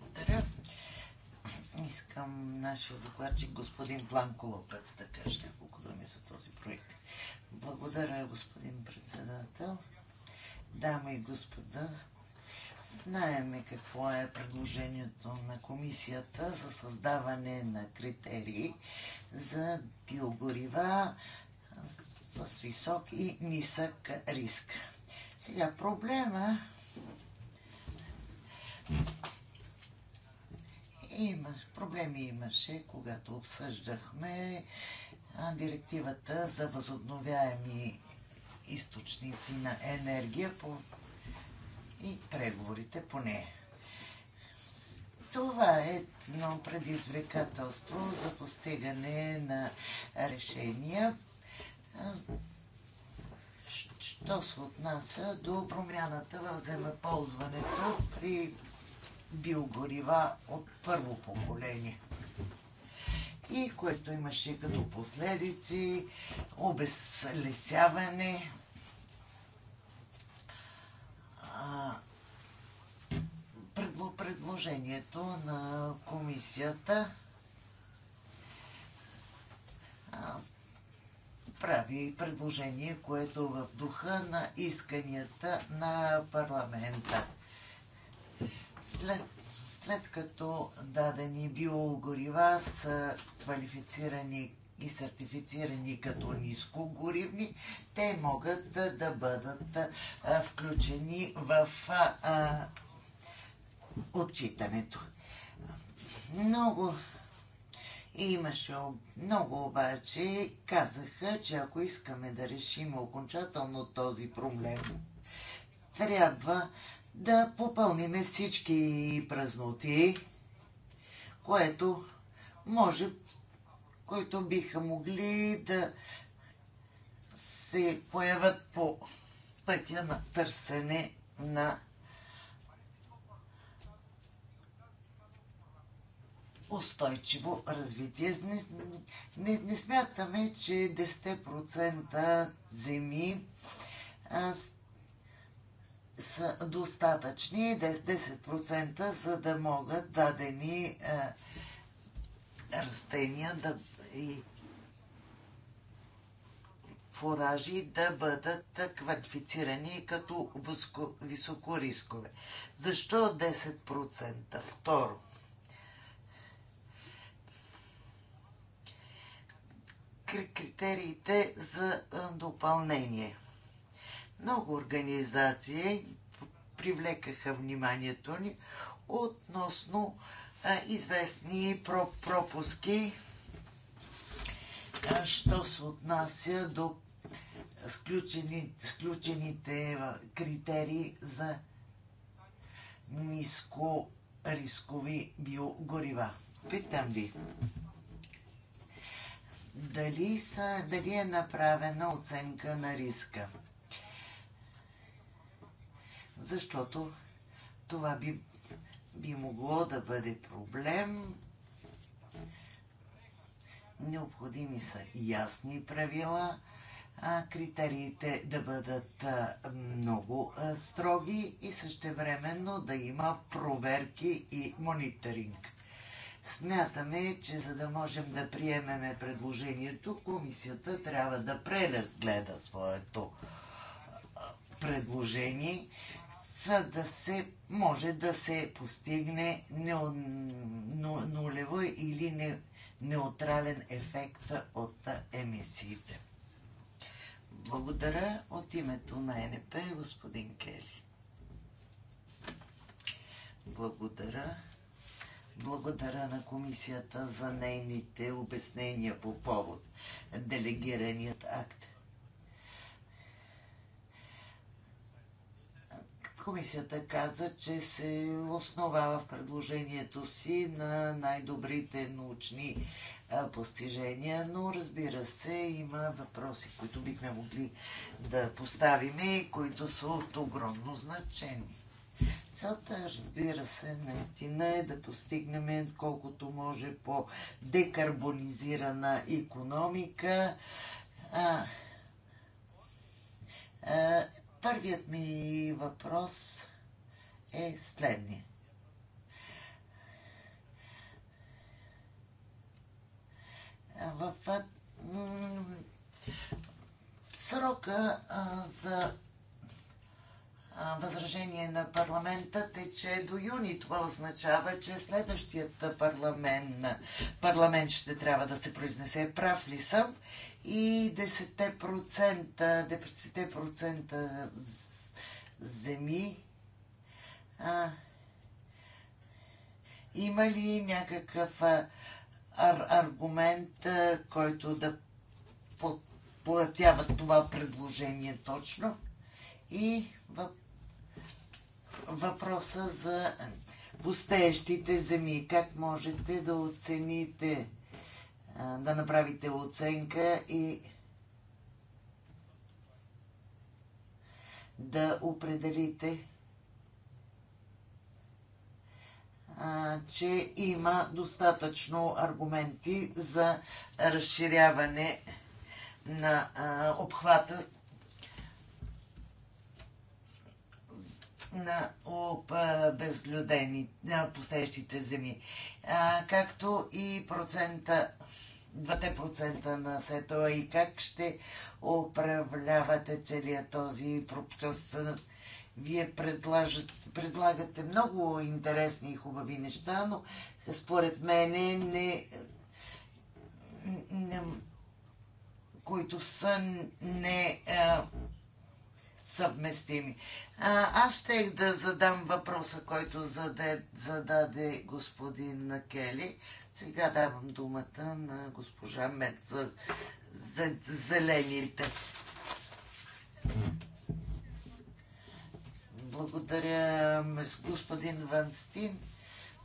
Благодаря. Искам нашия докладчик господин Бланко Лопец да каже няколко думи за този проект. Благодаря, господин председател. Дами и господа, знаеме какво е предложението на комисията за създаване на критерии за биогорива, с, с висок и нисък риск. Сега проблема има, проблеми имаше, когато обсъждахме директивата за възобновяеми източници на енергия по, и преговорите по нея. Това е едно предизвикателство за постигане на решения що се отнася до промяната в земеползването при биогорива от първо поколение. И което имаше като последици обезлесяване, предложението на комисията прави предложение, което е в духа на исканията на парламента. След, след като дадени биогорива са квалифицирани и сертифицирани като нискогоривни, те могат да бъдат включени в отчитането. Много и Имаше много обаче, казаха, че ако искаме да решим окончателно този проблем, трябва да попълниме всички празноти, което може, които биха могли да се появят по пътя на търсене на устойчиво развитие. Не, не, не смятаме, че 10% земи а, са достатъчни, 10% за да могат дадени а, растения да, и фуражи да бъдат квалифицирани като високорискове. Защо 10%? Второ, критериите за допълнение. Много организации привлекаха вниманието ни относно известни пропуски, що се отнася до сключени, сключените критерии за ниско рискови биогорива. Питам ви, дали, са, дали е направена оценка на риска. Защото това би, би могло да бъде проблем. Необходими са ясни правила, а критериите да бъдат много строги и същевременно да има проверки и мониторинг. Смятаме, че за да можем да приемеме предложението, комисията трябва да преразгледа своето предложение, за да се може да се постигне нулево или не, неутрален ефект от емисиите. Благодаря от името на НП господин Кели. Благодаря. Благодаря на комисията за нейните обяснения по повод делегираният акт. Комисията каза, че се основава в предложението си на най-добрите научни постижения, но разбира се, има въпроси, които бихме могли да поставим и които са от огромно значение. Целта, разбира се, наистина е да постигнем колкото може по декарбонизирана економика. А, а, първият ми въпрос е следния. В срока а, за възражение на парламента е, че до юни това означава, че следващият парламент, парламент ще трябва да се произнесе прав ли съм и 10%, 10% земи. А, има ли някакъв ар- аргумент, който да подплатява това предложение точно? И въп въпроса за пустеещите земи. Как можете да оцените, да направите оценка и да определите, че има достатъчно аргументи за разширяване на обхвата на обезлюдени, на последващите земи, а, както и процента 2% на сетова и как ще управлявате целият този процес. Вие предлагате, много интересни и хубави неща, но според мен, не, не които са не а, съвместими. А, аз щех да задам въпроса, който заде, зададе господин Кели. Сега давам думата на госпожа Мед за, за зелените. Благодаря, господин Ванстин,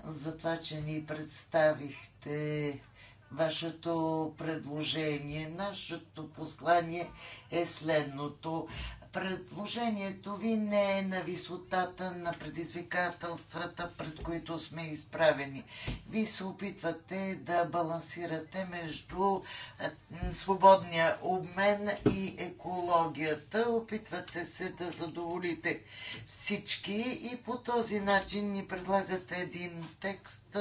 за това, че ни представихте вашето предложение. Нашето послание е следното предложението ви не е на висотата на предизвикателствата, пред които сме изправени. Вие се опитвате да балансирате между е, свободния обмен и екологията. Опитвате се да задоволите всички и по този начин ни предлагате един текст,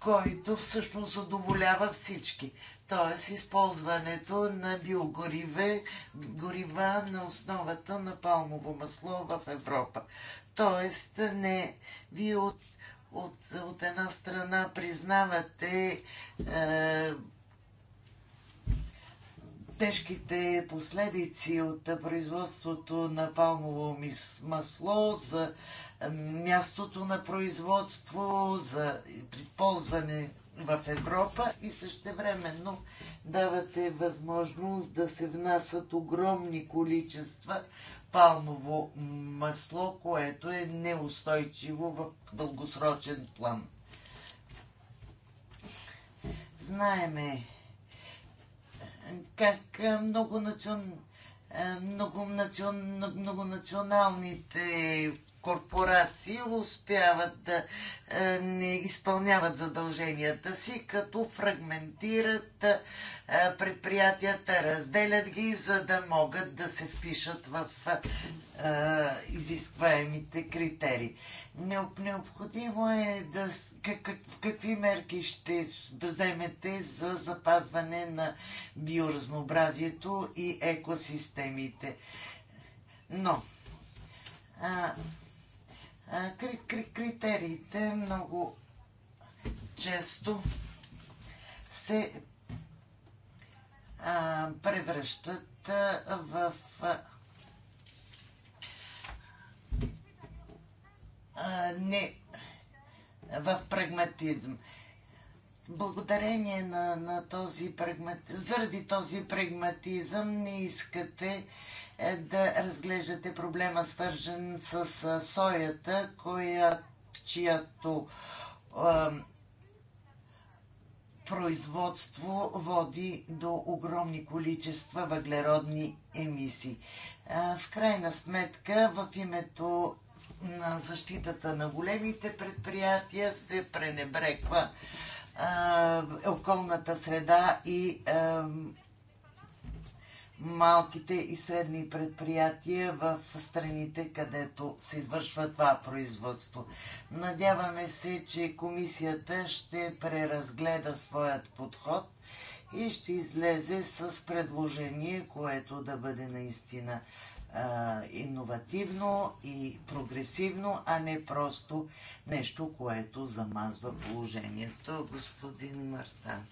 който всъщност задоволява всички т.е. използването на биогориве, горива на основата на палмово масло в Европа. Тоест, не, вие от, от, от една страна признавате е, тежките последици от производството на палмово масло за е, мястото на производство, за използване в Европа и същевременно давате възможност да се внасят огромни количества палмово масло, което е неустойчиво в дългосрочен план. Знаеме как много, национ... много, национ... много националните корпорации успяват да е, не изпълняват задълженията си, като фрагментират е, предприятията, разделят ги, за да могат да се впишат в е, изискваемите критерии. Необходимо е да как, какви мерки ще вземете за запазване на биоразнообразието и екосистемите. Но а, Критериите много често се превръщат в не в прагматизъм. Благодарение на, на този прагматизъм, заради този прагматизъм не искате да разглеждате проблема свържен с соята, коя, чиято производство води до огромни количества въглеродни емисии. В крайна сметка, в името на защитата на големите предприятия се пренебрегва е, околната среда и е, малките и средни предприятия в страните, където се извършва това производство. Надяваме се, че комисията ще преразгледа своят подход и ще излезе с предложение, което да бъде наистина иновативно и прогресивно, а не просто нещо, което замазва положението. Господин Мартан.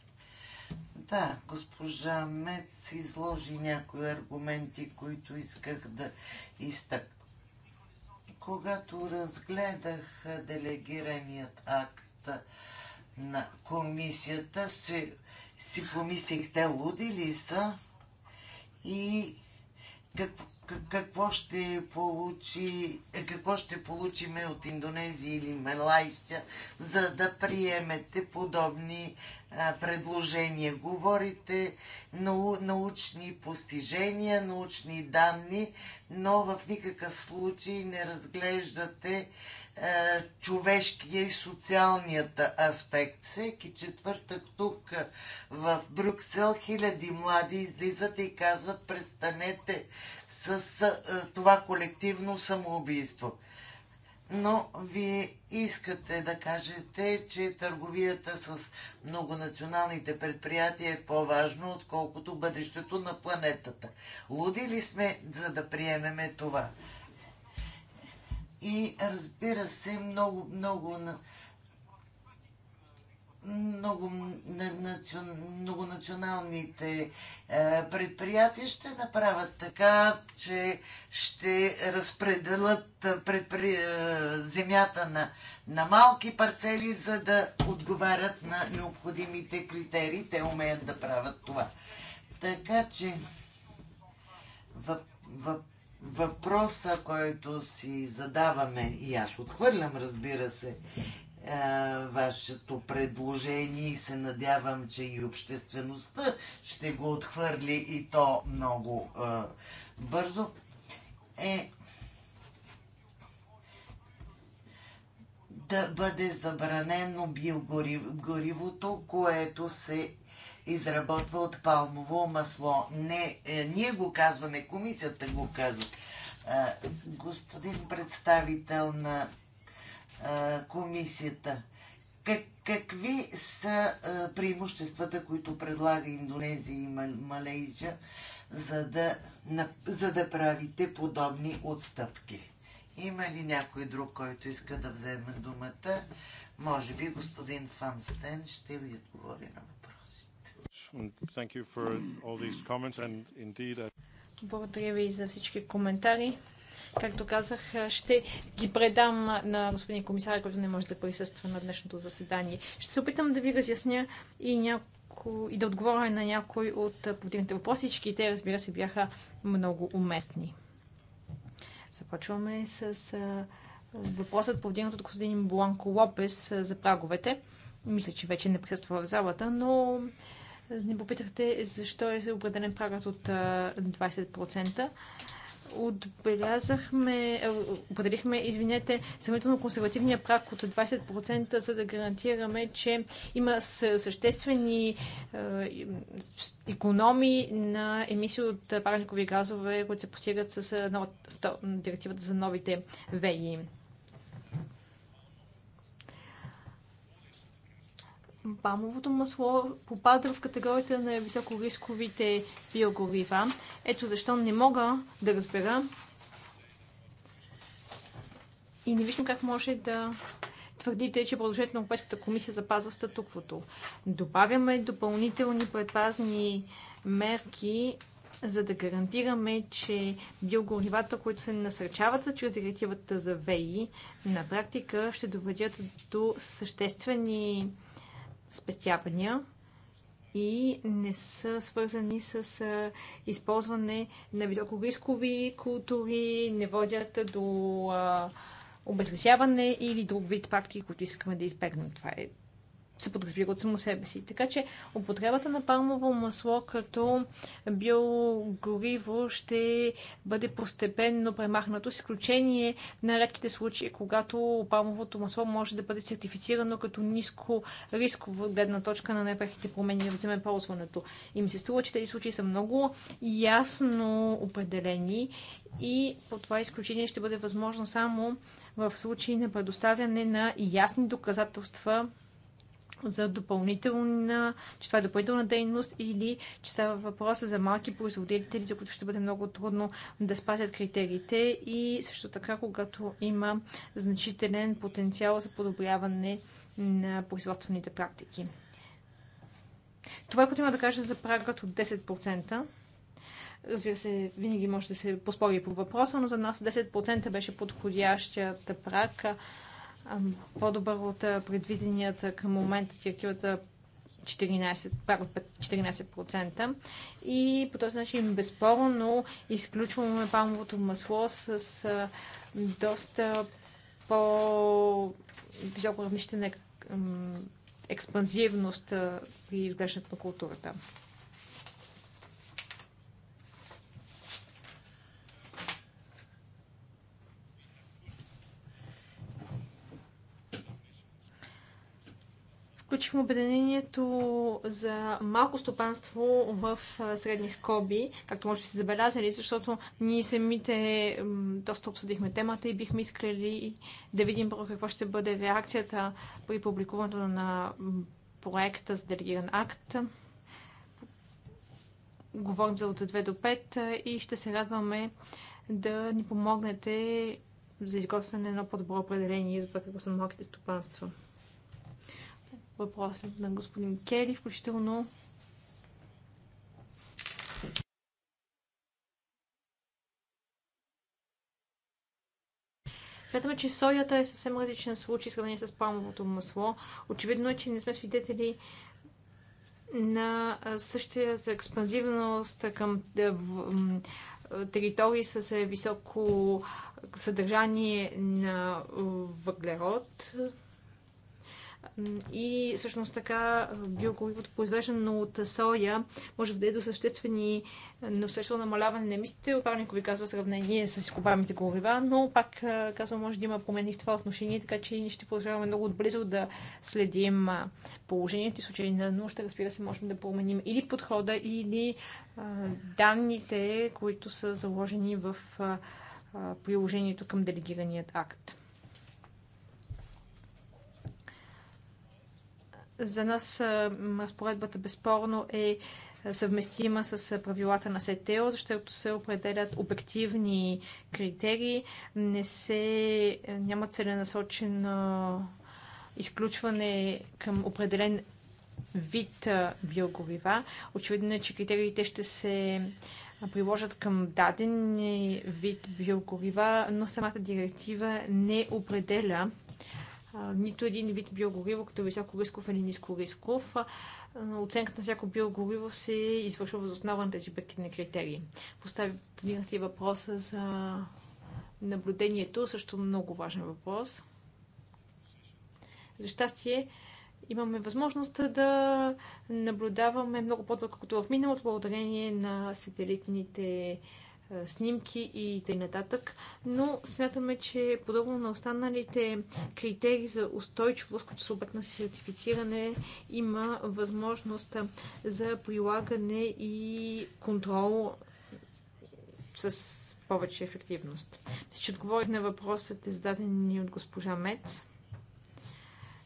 Да, госпожа Мец изложи някои аргументи, които исках да изтък. Когато разгледах делегираният акт на комисията, си, си помислих, те луди ли са и какво, какво ще получи, е, какво ще получиме от Индонезия или Малайсия, за да приемете подобни а, предложения. Говорите нау, научни постижения, научни данни, но в никакъв случай не разглеждате а, човешкия и социалният аспект. Всеки четвъртък тук в Брюксел хиляди млади излизат и казват престанете с това колективно самоубийство. Но вие искате да кажете, че търговията с многонационалните предприятия е по-важно, отколкото бъдещето на планетата. Луди ли сме, за да приемеме това? И разбира се, много, много много, многонационалните е, предприятия ще направят така, че ще разпределят е, предпри... Е, земята на, на малки парцели, за да отговарят на необходимите критерии. Те умеят да правят това. Така че въпроса, който си задаваме, и аз отхвърлям, разбира се, е, вашето предложение и се надявам, че и обществеността ще го отхвърли и то много а, е, бързо, е да бъде забранено биогоривото, което се изработва от палмово масло. Не, е, ние го казваме, комисията го казва. Е, господин представител на комисията. Как, какви са а, преимуществата, които предлага Индонезия и Малейзия, за да, на, за да правите подобни отстъпки? Има ли някой друг, който иска да вземе думата? Може би господин Фанстен ще ви отговори на въпросите. Uh, Благодаря ви за всички коментари. Както казах, ще ги предам на господин комисар, който не може да присъства на днешното заседание. Ще се опитам да ви разясня и няколко и да отговоря на някой от повдигнатите въпроси. Те, разбира се, бяха много уместни. Започваме с въпросът повдигнат от господин Бланко Лопес за праговете. Мисля, че вече не присъства в залата, но не попитахте защо е определен прагът от 20% отбелязахме, определихме, извинете, съмнително консервативния прак от 20%, за да гарантираме, че има съществени економии на емисии от парникови газове, които се постигат с директивата за новите ВЕИ. Памовото масло попада в категорията на високорисковите биогорива. Ето защо не мога да разбера и не виждам как може да твърдите, че продължението на Европейската комисия запазва статуквото. Добавяме допълнителни предпазни мерки, за да гарантираме, че биогоривата, които се насърчават чрез директивата за ВЕИ, на практика ще доведят до съществени спестявания и не са свързани с използване на високорискови култури, не водят до обезлесяване или друг вид практики, които искаме да избегнем. Това е се подразбира от само себе си. Така че употребата на палмово масло като биогориво ще бъде постепенно премахнато, с изключение на редките случаи, когато палмовото масло може да бъде сертифицирано като ниско рисково от гледна точка на непрехите промени в земеползването. И ми се струва, че тези случаи са много ясно определени и по това изключение ще бъде възможно само в случай на предоставяне на ясни доказателства за допълнителна, че това е допълнителна дейност или че става въпроса за малки производители, за които ще бъде много трудно да спазят критериите и също така, когато има значителен потенциал за подобряване на производствените практики. Това, което има да кажа за прагът от 10%, Разбира се, винаги може да се поспори по въпроса, но за нас 10% беше подходящият прак по-добър от предвиденията към момента директивата 14, 14%. И по този начин безспорно изключваме палмовото масло с доста по-високо равнище на експанзивност при изглеждането на културата. включим обединението за малко стопанство в средни скоби, както може би сте забелязали, защото ние самите доста обсъдихме темата и бихме искали да видим какво ще бъде реакцията при публикуването на проекта за делегиран акт. Говорим за от 2 до 5 и ще се радваме да ни помогнете за изготвяне на по-добро определение за това какво са малките стопанства въпросът на господин Кели, включително Смятаме, че соята е съвсем различен случай, сравнение с палмовото масло. Очевидно е, че не сме свидетели на същата експанзивност към територии с високо съдържание на въглерод. И всъщност така биогоривото, произвеждано от соя, може да е до съществени, но също намаляване на емисиите от парникови ви казва сравнение с изкопаемите горива, но пак казвам, може да има промени в това отношение, така че ние ще продължаваме много отблизо да следим положението и случаи на нужда. Разбира се, можем да променим или подхода, или данните, които са заложени в приложението към делегираният акт. За нас разпоредбата безспорно е съвместима с правилата на СТО, защото се определят обективни критерии, не се, няма целенасочено изключване към определен вид биогорива. Очевидно е, че критериите ще се приложат към даден вид биогорива, но самата директива не определя нито един вид биогориво, като високо рисков или ниско рисков. Оценката на всяко биогориво се извършва въз основа на тези обективни критерии. Поставихте ти въпроса за наблюдението, също много важен въпрос. За щастие, имаме възможност да наблюдаваме много по-добре, като в миналото, благодарение на сателитните е, снимки и т.н. Но смятаме, че подобно на останалите критерии за устойчивост, като са обект на сертифициране, има възможност е, за прилагане и контрол с повече ефективност. Мисля, че отговорих на въпросите, зададени от госпожа Мец.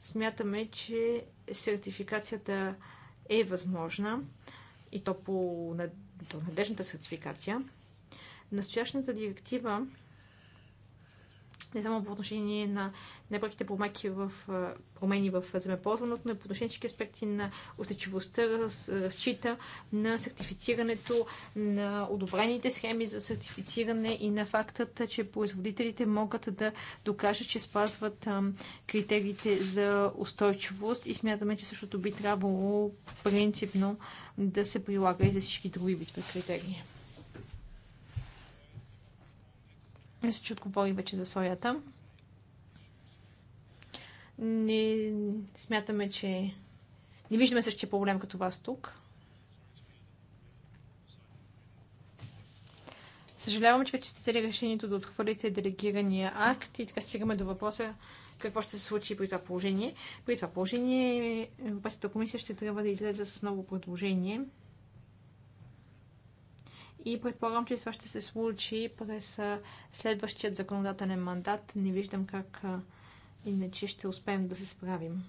Смятаме, че сертификацията е възможна и то по надежната сертификация настоящата директива не само по отношение на непреките промеки в, промени в земеползването, но и по отношение всички аспекти на устойчивостта, разчита на сертифицирането на одобрените схеми за сертифициране и на фактът, че производителите могат да докажат, че спазват критериите за устойчивост и смятаме, че същото би трябвало принципно да се прилага и за всички други видове критерии. Мисля, че отговори вече за соята. Не смятаме, че не виждаме същия проблем като вас тук. Съжалявам, че вече сте взели решението да отхвърлите делегирания акт и така стигаме до въпроса какво ще се случи при това положение. При това положение Европейската комисия ще трябва да излезе с ново предложение и предполагам, че това ще се случи през следващият законодателен мандат. Не виждам как иначе ще успеем да се справим.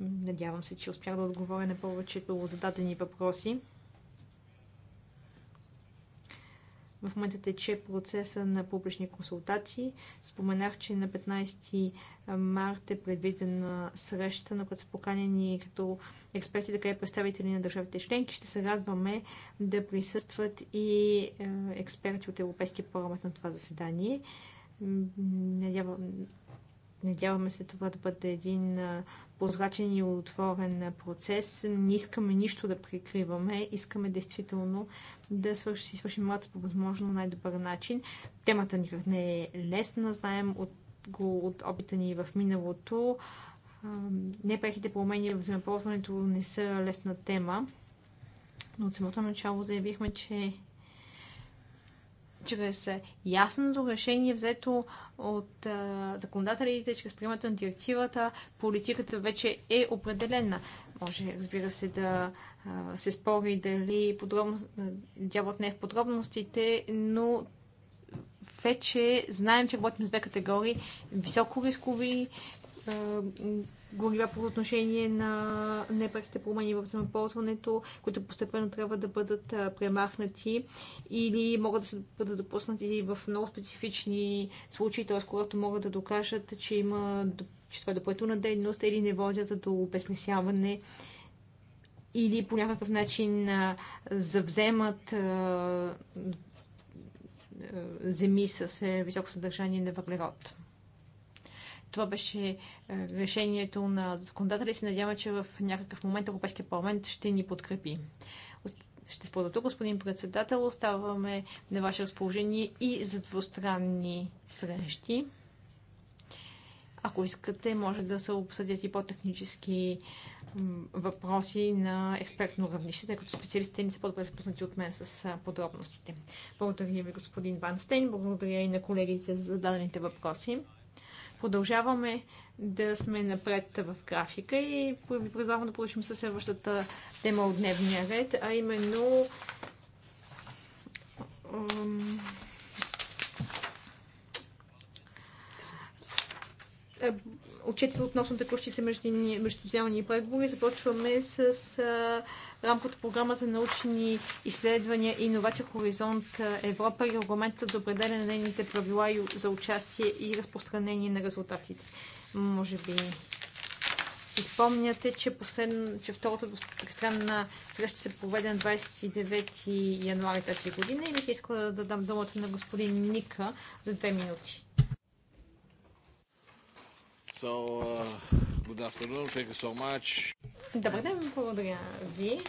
Надявам се, че успях да отговоря на повечето зададени въпроси. В момента тече процеса на публични консултации. Споменах, че на 15 март е предвидена среща, на която са поканени като експерти, така и представители на държавите членки. Ще се радваме да присъстват и експерти от Европейския парламент на това заседание. Надявам, надяваме се това да бъде един прозрачен и отворен процес. Не искаме нищо да прикриваме, искаме действително да свърши, си свършим работа по възможно най-добър начин. Темата никак не е лесна, знаем от, го, от опита ни в миналото. Непреките промени в земеползването не са лесна тема, но от самото начало заявихме, че чрез ясното решение, взето от а, законодателите, чрез приемата на директивата, политиката вече е определена. Може, разбира се, да а, се спори дали подробно, дяволът не е в подробностите, но вече знаем, че работим с две категории високо рискови горива по отношение на непреките промени в самоползването, които постепенно трябва да бъдат премахнати или могат да се бъдат допуснати в много специфични случаи, т.е. когато могат да докажат, че има че това е допълнителна дейност или не водят до обеснесяване или по някакъв начин завземат земи с е, високо съдържание на въглерод. Това беше е, решението на законодателя и се надявам, че в някакъв момент Европейския парламент ще ни подкрепи. Ще спода тук, господин председател. Оставаме на ваше разположение и за двустранни срещи. Ако искате, може да се обсъдят и по-технически въпроси на експертно равнище, тъй като специалистите ни са по-добре запознати от мен с подробностите. Благодаря ви, господин Банстейн, Благодаря и на колегите за зададените въпроси. Продължаваме да сме напред в графика и ви предлагам да получим със следващата тема от дневния ред, а именно отчетите относно текущите междузиални преговори. Започваме с а, рамката програма за научни изследвания и иновация Хоризонт Европа и регламентът за определяне на нейните правила за участие и разпространение на резултатите. Може би си спомняте, че, послед... че втората тристранна среща се проведе на 29 януари тази година и бих искала да дам думата на господин Ника за две минути. So, uh, good afternoon. Thank you so much. Добър ден, благодаря ви.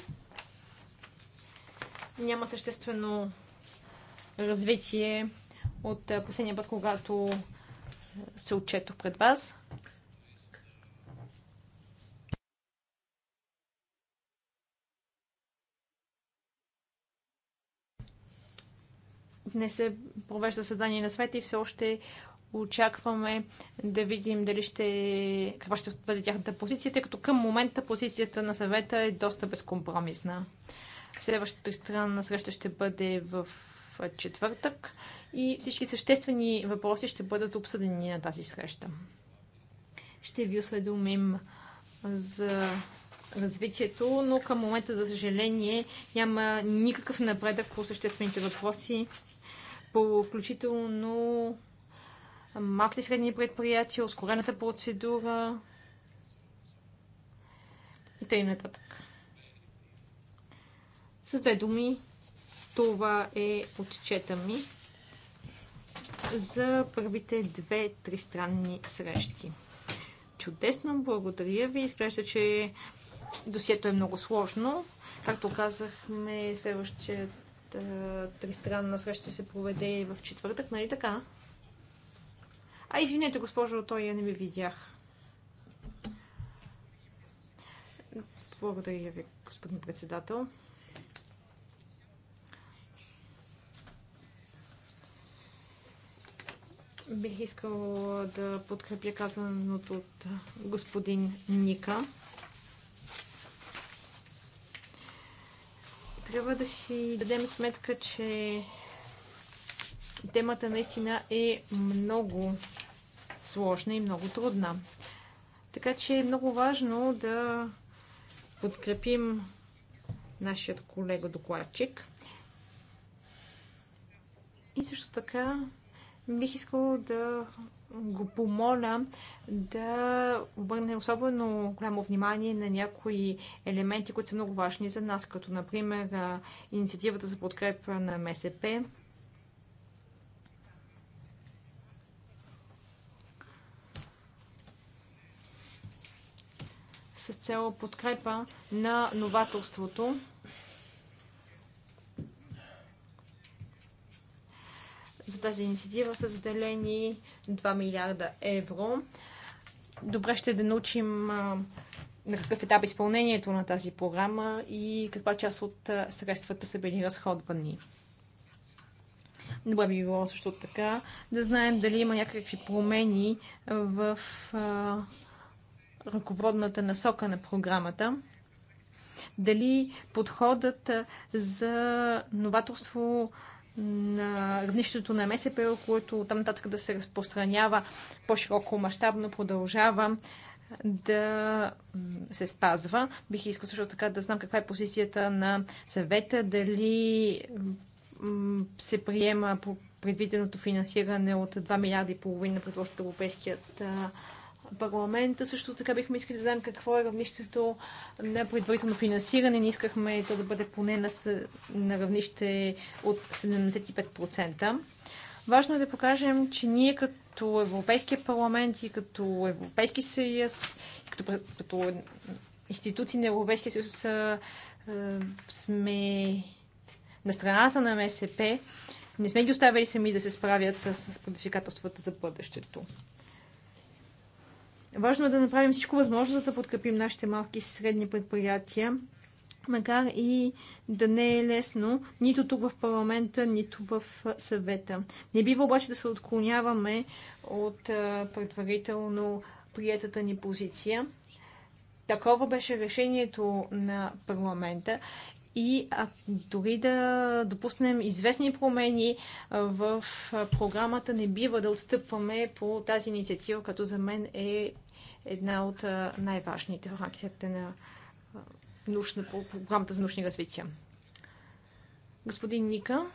Няма съществено развитие от последния път, когато се отчетох пред вас. Днес се провежда съдание на света и все още очакваме да видим дали ще, каква ще бъде тяхната позиция, тъй като към момента позицията на съвета е доста безкомпромисна. Следващата страна среща ще бъде в четвъртък и всички съществени въпроси ще бъдат обсъдени на тази среща. Ще ви осведомим за развитието, но към момента, за съжаление, няма никакъв напредък по съществените въпроси, по включително малките и средни предприятия, ускорената процедура и т.н. нататък. С две думи, това е отчета ми за първите две тристранни срещи. Чудесно, благодаря ви. Изглежда, че досието е много сложно. Както казахме, следващата тристранна среща се проведе в четвъртък, нали така? А, извинете, госпожо, той я не ви видях. Благодаря ви, господин председател. Бих искала да подкрепя казаното от господин Ника. Трябва да си дадем сметка, че Темата наистина е много сложна и много трудна. Така че е много важно да подкрепим нашият колега докладчик. И също така бих искала да го помоля да обърне особено голямо внимание на някои елементи, които са много важни за нас, като например инициативата за подкрепа на МСП, с цел подкрепа на новаторството. За тази инициатива са заделени 2 милиарда евро. Добре ще да научим на какъв етап е изпълнението на тази програма и каква част от средствата са били разходвани. Добре би било също така да знаем дали има някакви промени в ръководната насока на програмата. Дали подходът за новаторство на равнището на МСП, което там нататък да се разпространява по-широко мащабно, продължава да се спазва. Бих искал също така да знам каква е позицията на съвета, дали се приема по предвиденото финансиране от 2 милиарда и половина пред Европейският парламента. Също така бихме искали да знаем какво е равнището на предварително финансиране. Не искахме то да бъде поне на, на равнище от 75%. Важно е да покажем, че ние като Европейския парламент и като Европейски съюз, и като, като институции на Европейския съюз е, сме на страната на МСП, не сме ги оставили сами да се справят с предизвикателствата за бъдещето. Важно е да направим всичко възможно, за да подкрепим нашите малки и средни предприятия, макар и да не е лесно нито тук в парламента, нито в съвета. Не бива обаче да се отклоняваме от предварително приятата ни позиция. Такова беше решението на парламента и а, дори да допуснем известни промени в програмата, не бива да отстъпваме по тази инициатива, като за мен е една от най-важните в рамките на научна, програмата за научни развития. Господин Ника,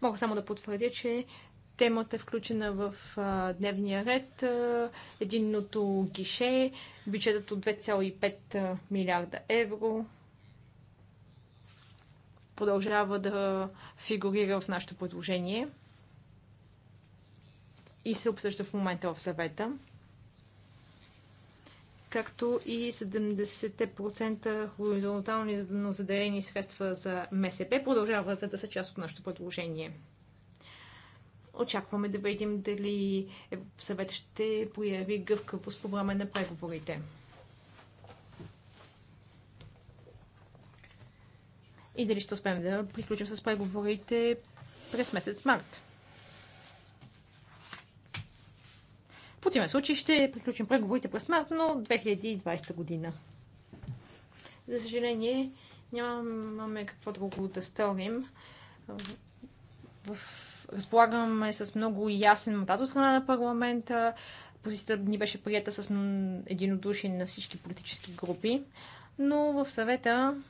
мога само да потвърдя, че темата е включена в дневния ред, единното гише, бюджетът от 2,5 милиарда евро продължава да фигурира в нашето предложение и се обсъжда в момента в съвета, както и 70% хоризонтални заделени средства за МСП продължават да са част от нашето предложение. Очакваме да видим дали съвет ще появи гъвкавост по време на преговорите. И дали ще успеем да приключим с преговорите през месец март. противен случай ще приключим преговорите през март, но 2020 година. За съжаление, нямаме какво друго да сторим. В... Разполагаме с много ясен мандат от страна на парламента. Позицията ни беше прията с единодушие на всички политически групи, но в съвета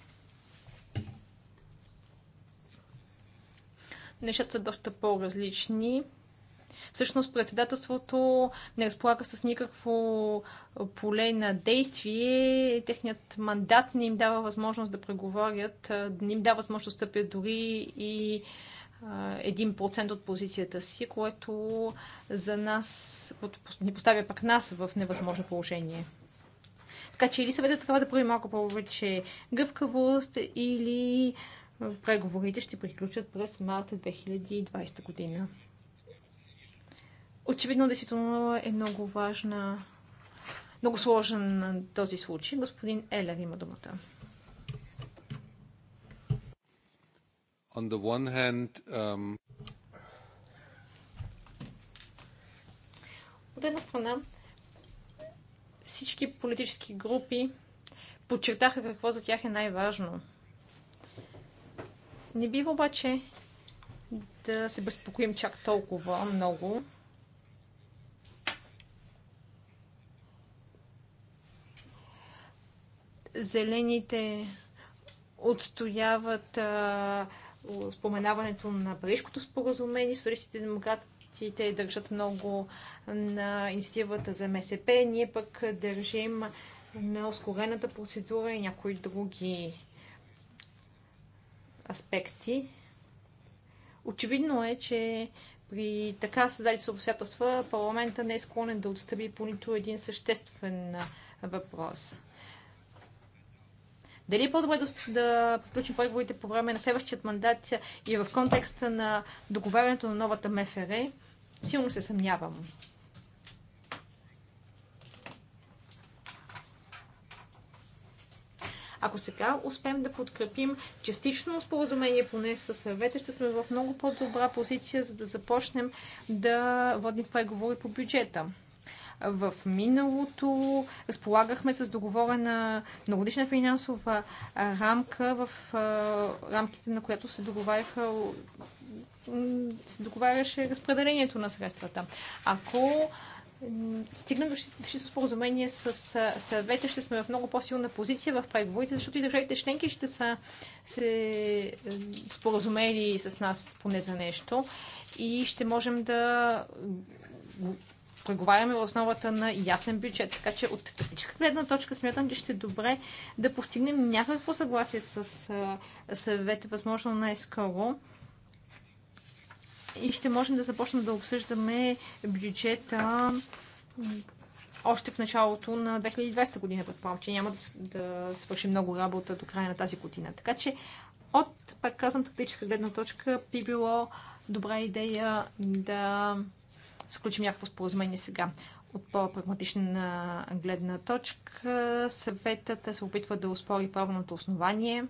нещата са доста по-различни. Всъщност председателството не разполага с никакво поле на действие. Техният мандат не им дава възможност да преговорят, не им дава възможност да стъпят дори и 1% от позицията си, което за нас ни поставя пък нас в невъзможно положение. Така че или съветът трябва да прави малко повече гъвкавост, или преговорите ще приключат през март 2020 година. Очевидно, действително е много важна, много сложен на този случай. Господин Елер има думата. On the one hand, um... От една страна, всички политически групи подчертаха какво за тях е най-важно. Не бива обаче да се безпокоим чак толкова много. Зелените отстояват а, споменаването на Парижкото споразумение. Социалистите демократите държат много на инициативата за МСП. Ние пък държим на ускорената процедура и някои други аспекти. Очевидно е, че при така създали се обстоятелства парламента не е склонен да отстъпи по нито един съществен въпрос. Дали е по-добре да приключим преговорите по време на следващият мандат и в контекста на договарянето на новата МФР? Силно се съмнявам. Ако сега успеем да подкрепим частично споразумение поне с съвета, ще сме в много по-добра позиция, за да започнем да водим преговори по бюджета в миналото. Разполагахме с договорена многодишна финансова рамка, в рамките на която се договаряха се договаряше разпределението на средствата. Ако стигнем до чисто споразумение с съвета, ще сме в много по-силна позиция в преговорите, защото и държавите членки ще са се споразумели с нас поне за нещо и ще можем да преговаряме в основата на ясен бюджет. Така че от тактическа гледна точка смятам, че ще е добре да постигнем някакво съгласие с съвета, възможно най-скоро. И ще можем да започнем да обсъждаме бюджета още в началото на 2020 година. Предполагам, че няма да, да свърши много работа до края на тази година. Така че от, пак казвам, тактическа гледна точка би било добра идея да сключим някакво споразумение сега. От по-прагматична гледна точка съветът се опитва да успори правилното основание.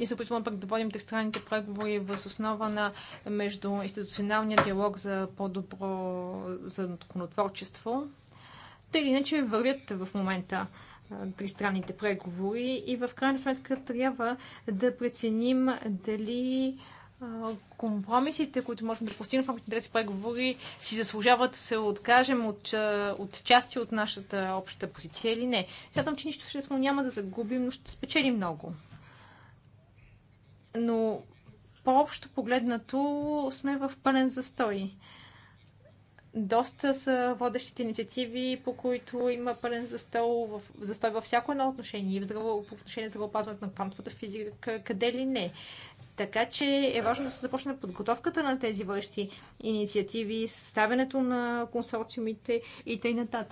Ние се опитваме пък да водим тристранните преговори въз основа на междуинституционалния диалог за по-добро законотворчество. Те или иначе вървят в момента тристранните преговори и в крайна сметка трябва да преценим дали компромисите, които можем да постигнем в рамките на тези преговори, си заслужават да се откажем от, от части от нашата обща позиция или не. Смятам, че нищо всъщност няма да загубим, но ще спечелим много. Но по-общо погледнато сме в пълен застой. Доста са водещите инициативи, по които има пълен застой, в, застой във всяко едно отношение. И в здраво, по отношение на здравеопазването на квантовата физика, къде ли не. Така че е важно да се започне подготовката на тези върши инициативи, съставянето на консорциумите и т.н.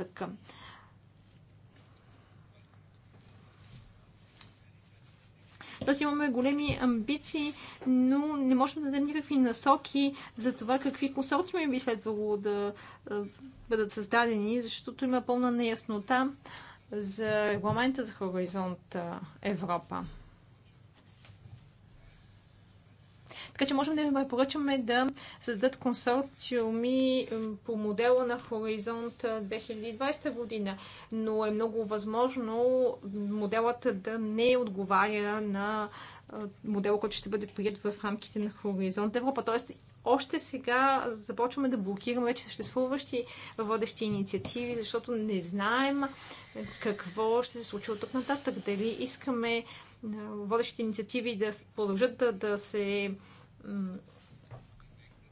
Тоест имаме големи амбиции, но не можем да дадем никакви насоки за това какви консорциуми би следвало да бъдат създадени, защото има пълна неяснота за регламента за Хоризонт Европа. Така че можем да ви препоръчаме да създадат консорциуми по модела на Хоризонт 2020 година, но е много възможно моделът да не отговаря на модела, който ще бъде прият в рамките на Хоризонт Европа. Тоест, още сега започваме да блокираме вече съществуващи водещи инициативи, защото не знаем какво ще се случи от тук нататък. Дали искаме водещите инициативи да продължат да, да се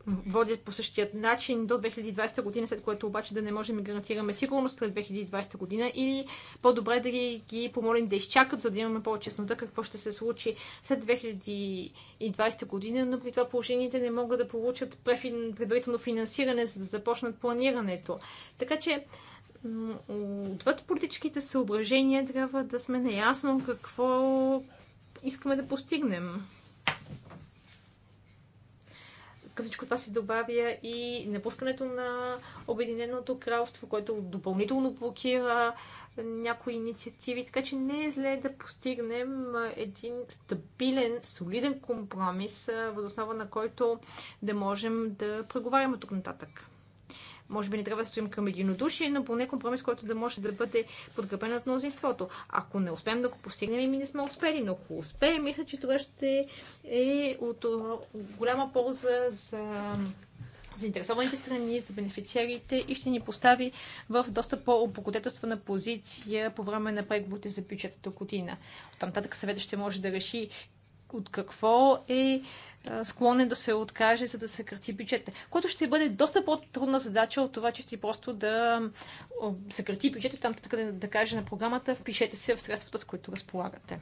водят по същия начин до 2020 година, след което обаче да не можем да гарантираме сигурност след 2020 година или по-добре да ги, ги помолим да изчакат, за да имаме по-честнота, какво ще се случи след 2020 година, но при това положените не могат да получат предварително финансиране, за да започнат планирането. Така че отвъд политическите съображения трябва да сме наясно какво искаме да постигнем. Към всичко това се добавя и напускането на Обединеното кралство, което допълнително блокира някои инициативи, така че не е зле да постигнем един стабилен, солиден компромис, възоснова на който да можем да преговаряме тук нататък. Може би не трябва да стоим към единодушие, но поне компромис, който да може да бъде подкрепен от мнозинството. Ако не успеем да го постигнем, ми не сме успели, но ако успеем, мисля, че това ще е от голяма полза за заинтересованите страни, за бенефициарите и ще ни постави в доста по-облагодетелствена позиция по време на преговорите за бюджетата година. От нататък съвета ще може да реши от какво е склонен да се откаже, за да съкрати бюджета. Което ще бъде доста по-трудна задача от това, че ти просто да съкрати бюджета, там така да, да каже на програмата, впишете се в средствата, с които разполагате.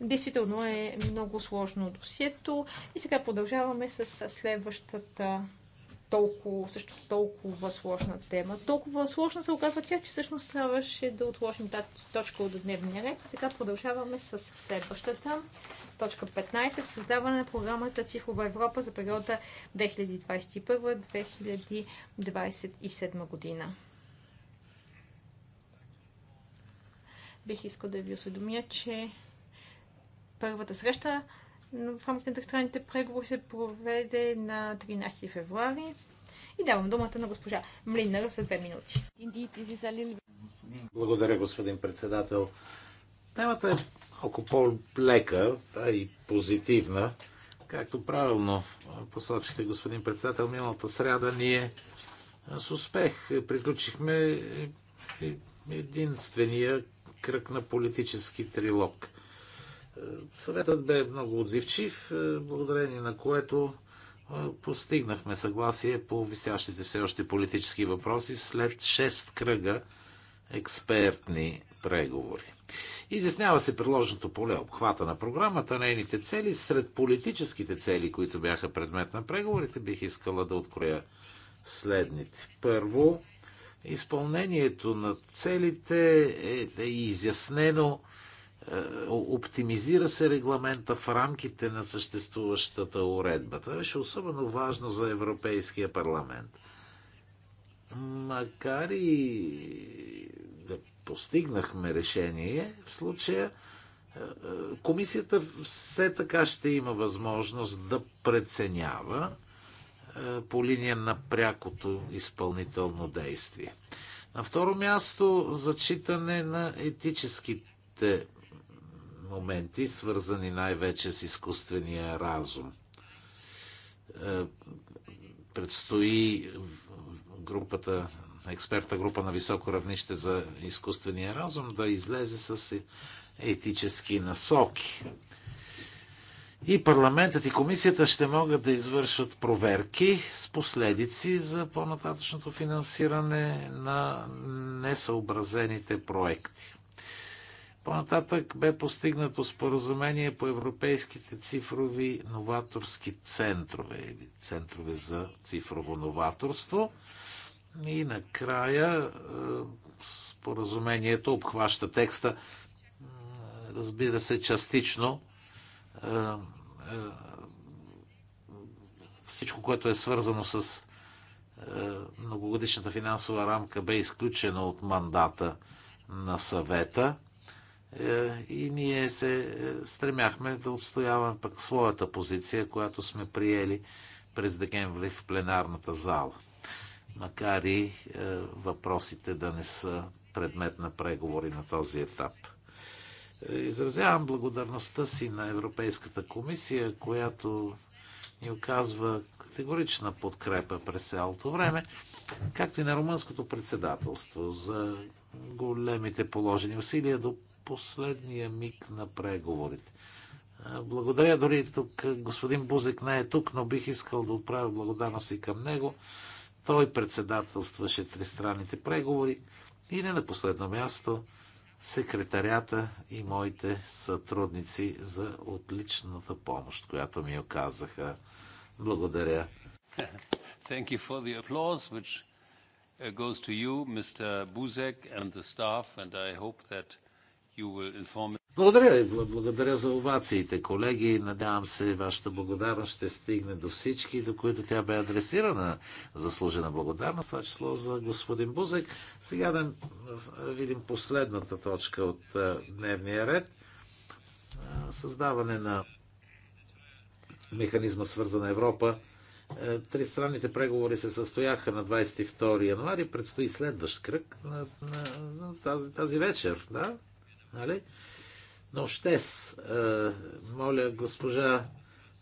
Действително е много сложно досието. И сега продължаваме с следващата толкова, също толкова сложна тема. Толкова сложна се оказва тя, че всъщност трябваше да отложим тази точка от дневния ред. Така продължаваме с следващата. Точка 15. Създаване на програмата Цифрова Европа за периода 2021-2027 година. Бих искал да ви осведомя, че първата среща но в рамките на тристранните преговори се проведе на 13 февруари. И давам думата на госпожа Млинър за две минути. Благодаря, господин председател. Темата е малко по-лека и позитивна. Както правилно посочите, господин председател, миналата сряда ние с успех приключихме единствения кръг на политически трилог – Съветът бе много отзивчив, е, благодарение на което е, постигнахме съгласие по висящите все още политически въпроси след 6 кръга експертни преговори. Изяснява се приложното поле, обхвата на програмата, нейните цели. Сред политическите цели, които бяха предмет на преговорите, бих искала да откроя следните. Първо, изпълнението на целите е, е изяснено е, оптимизира се регламента в рамките на съществуващата уредба. Това беше особено важно за Европейския парламент. Макар и да постигнахме решение в случая, е, е, комисията все така ще има възможност да преценява по линия на прякото изпълнително действие. На второ място, зачитане на етическите моменти, свързани най-вече с изкуствения разум. Е, предстои групата, експерта група на високо равнище за изкуствения разум да излезе с е, етически насоки. И парламентът и комисията ще могат да извършват проверки с последици за по-нататъчното финансиране на несъобразените проекти. По-нататък бе постигнато споразумение по европейските цифрови новаторски центрове или центрове за цифрово новаторство. И накрая е, споразумението обхваща текста, разбира се, частично е, е, всичко, което е свързано с многогодишната финансова рамка, бе изключено от мандата на съвета е, и ние се е, стремяхме да отстояваме пък своята позиция, която сме приели през декември в пленарната зала. Макар и е, въпросите да не са предмет на преговори на този етап. Изразявам благодарността си на Европейската комисия, която ни оказва категорична подкрепа през цялото време, както и на румънското председателство за големите положени усилия до последния миг на преговорите. Благодаря дори тук. Господин Бузик не е тук, но бих искал да отправя благодарност и към него. Той председателстваше тристранните преговори и не на последно място секретарята и моите сътрудници за отличната помощ, която ми оказаха. Благодаря. Thank you for the applause, which uh, goes to you, Mr. Buzek, and the staff, and I hope that благодаря ви, благодаря за овациите, колеги. Надявам се, вашата благодарност ще стигне до всички, до които тя бе адресирана. Заслужена благодарност, това число за господин Бузек. Сега да видим последната точка от е, дневния ред. Е, създаване на механизма свързана Европа. Е, тристранните преговори се състояха на 22 януари. Предстои следващ кръг на, на, на тази, тази вечер. Да? Нали? Но с, е, моля госпожа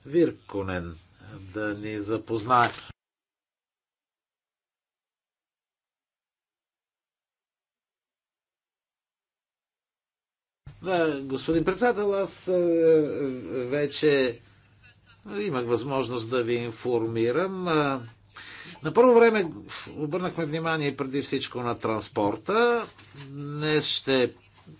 Вирконен да ни запознае. Да, господин председател, аз е, вече имах възможност да ви информирам. Е, на първо време обърнахме внимание преди всичко на транспорта. Днес ще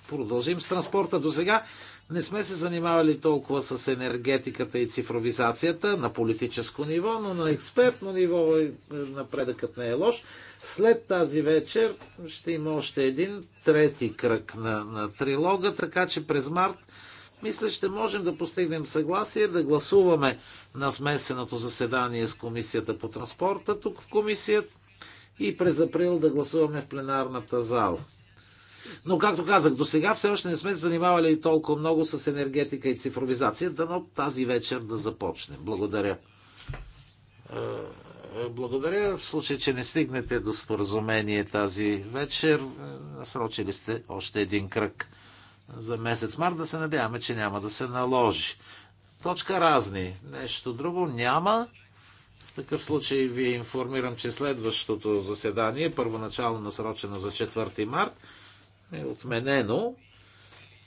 продължим с транспорта. До сега не сме се занимавали толкова с енергетиката и цифровизацията на политическо ниво, но на експертно ниво е, напредъкът не е лош. След тази вечер ще има още един трети кръг на, на трилога, така че през март мисля, ще можем да постигнем съгласие, да гласуваме на смесеното заседание с Комисията по транспорта тук в комисията и през април да гласуваме в пленарната зала. Но, както казах, до сега все още не сме занимавали толкова много с енергетика и цифровизация, но тази вечер да започнем. Благодаря. Е, е, благодаря. В случай, че не стигнете до споразумение тази вечер, е, насрочили сте още един кръг за месец март. Да се надяваме, че няма да се наложи. Точка разни. Нещо друго няма. В такъв случай ви информирам, че следващото заседание, първоначално насрочено за 4 март, е отменено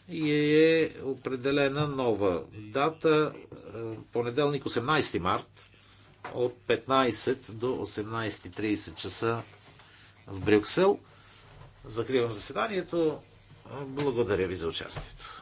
и е определена нова дата е, понеделник 18 март от 15 до 18.30 часа в Брюксел. Закривам заседанието. Благодаря ви за участието.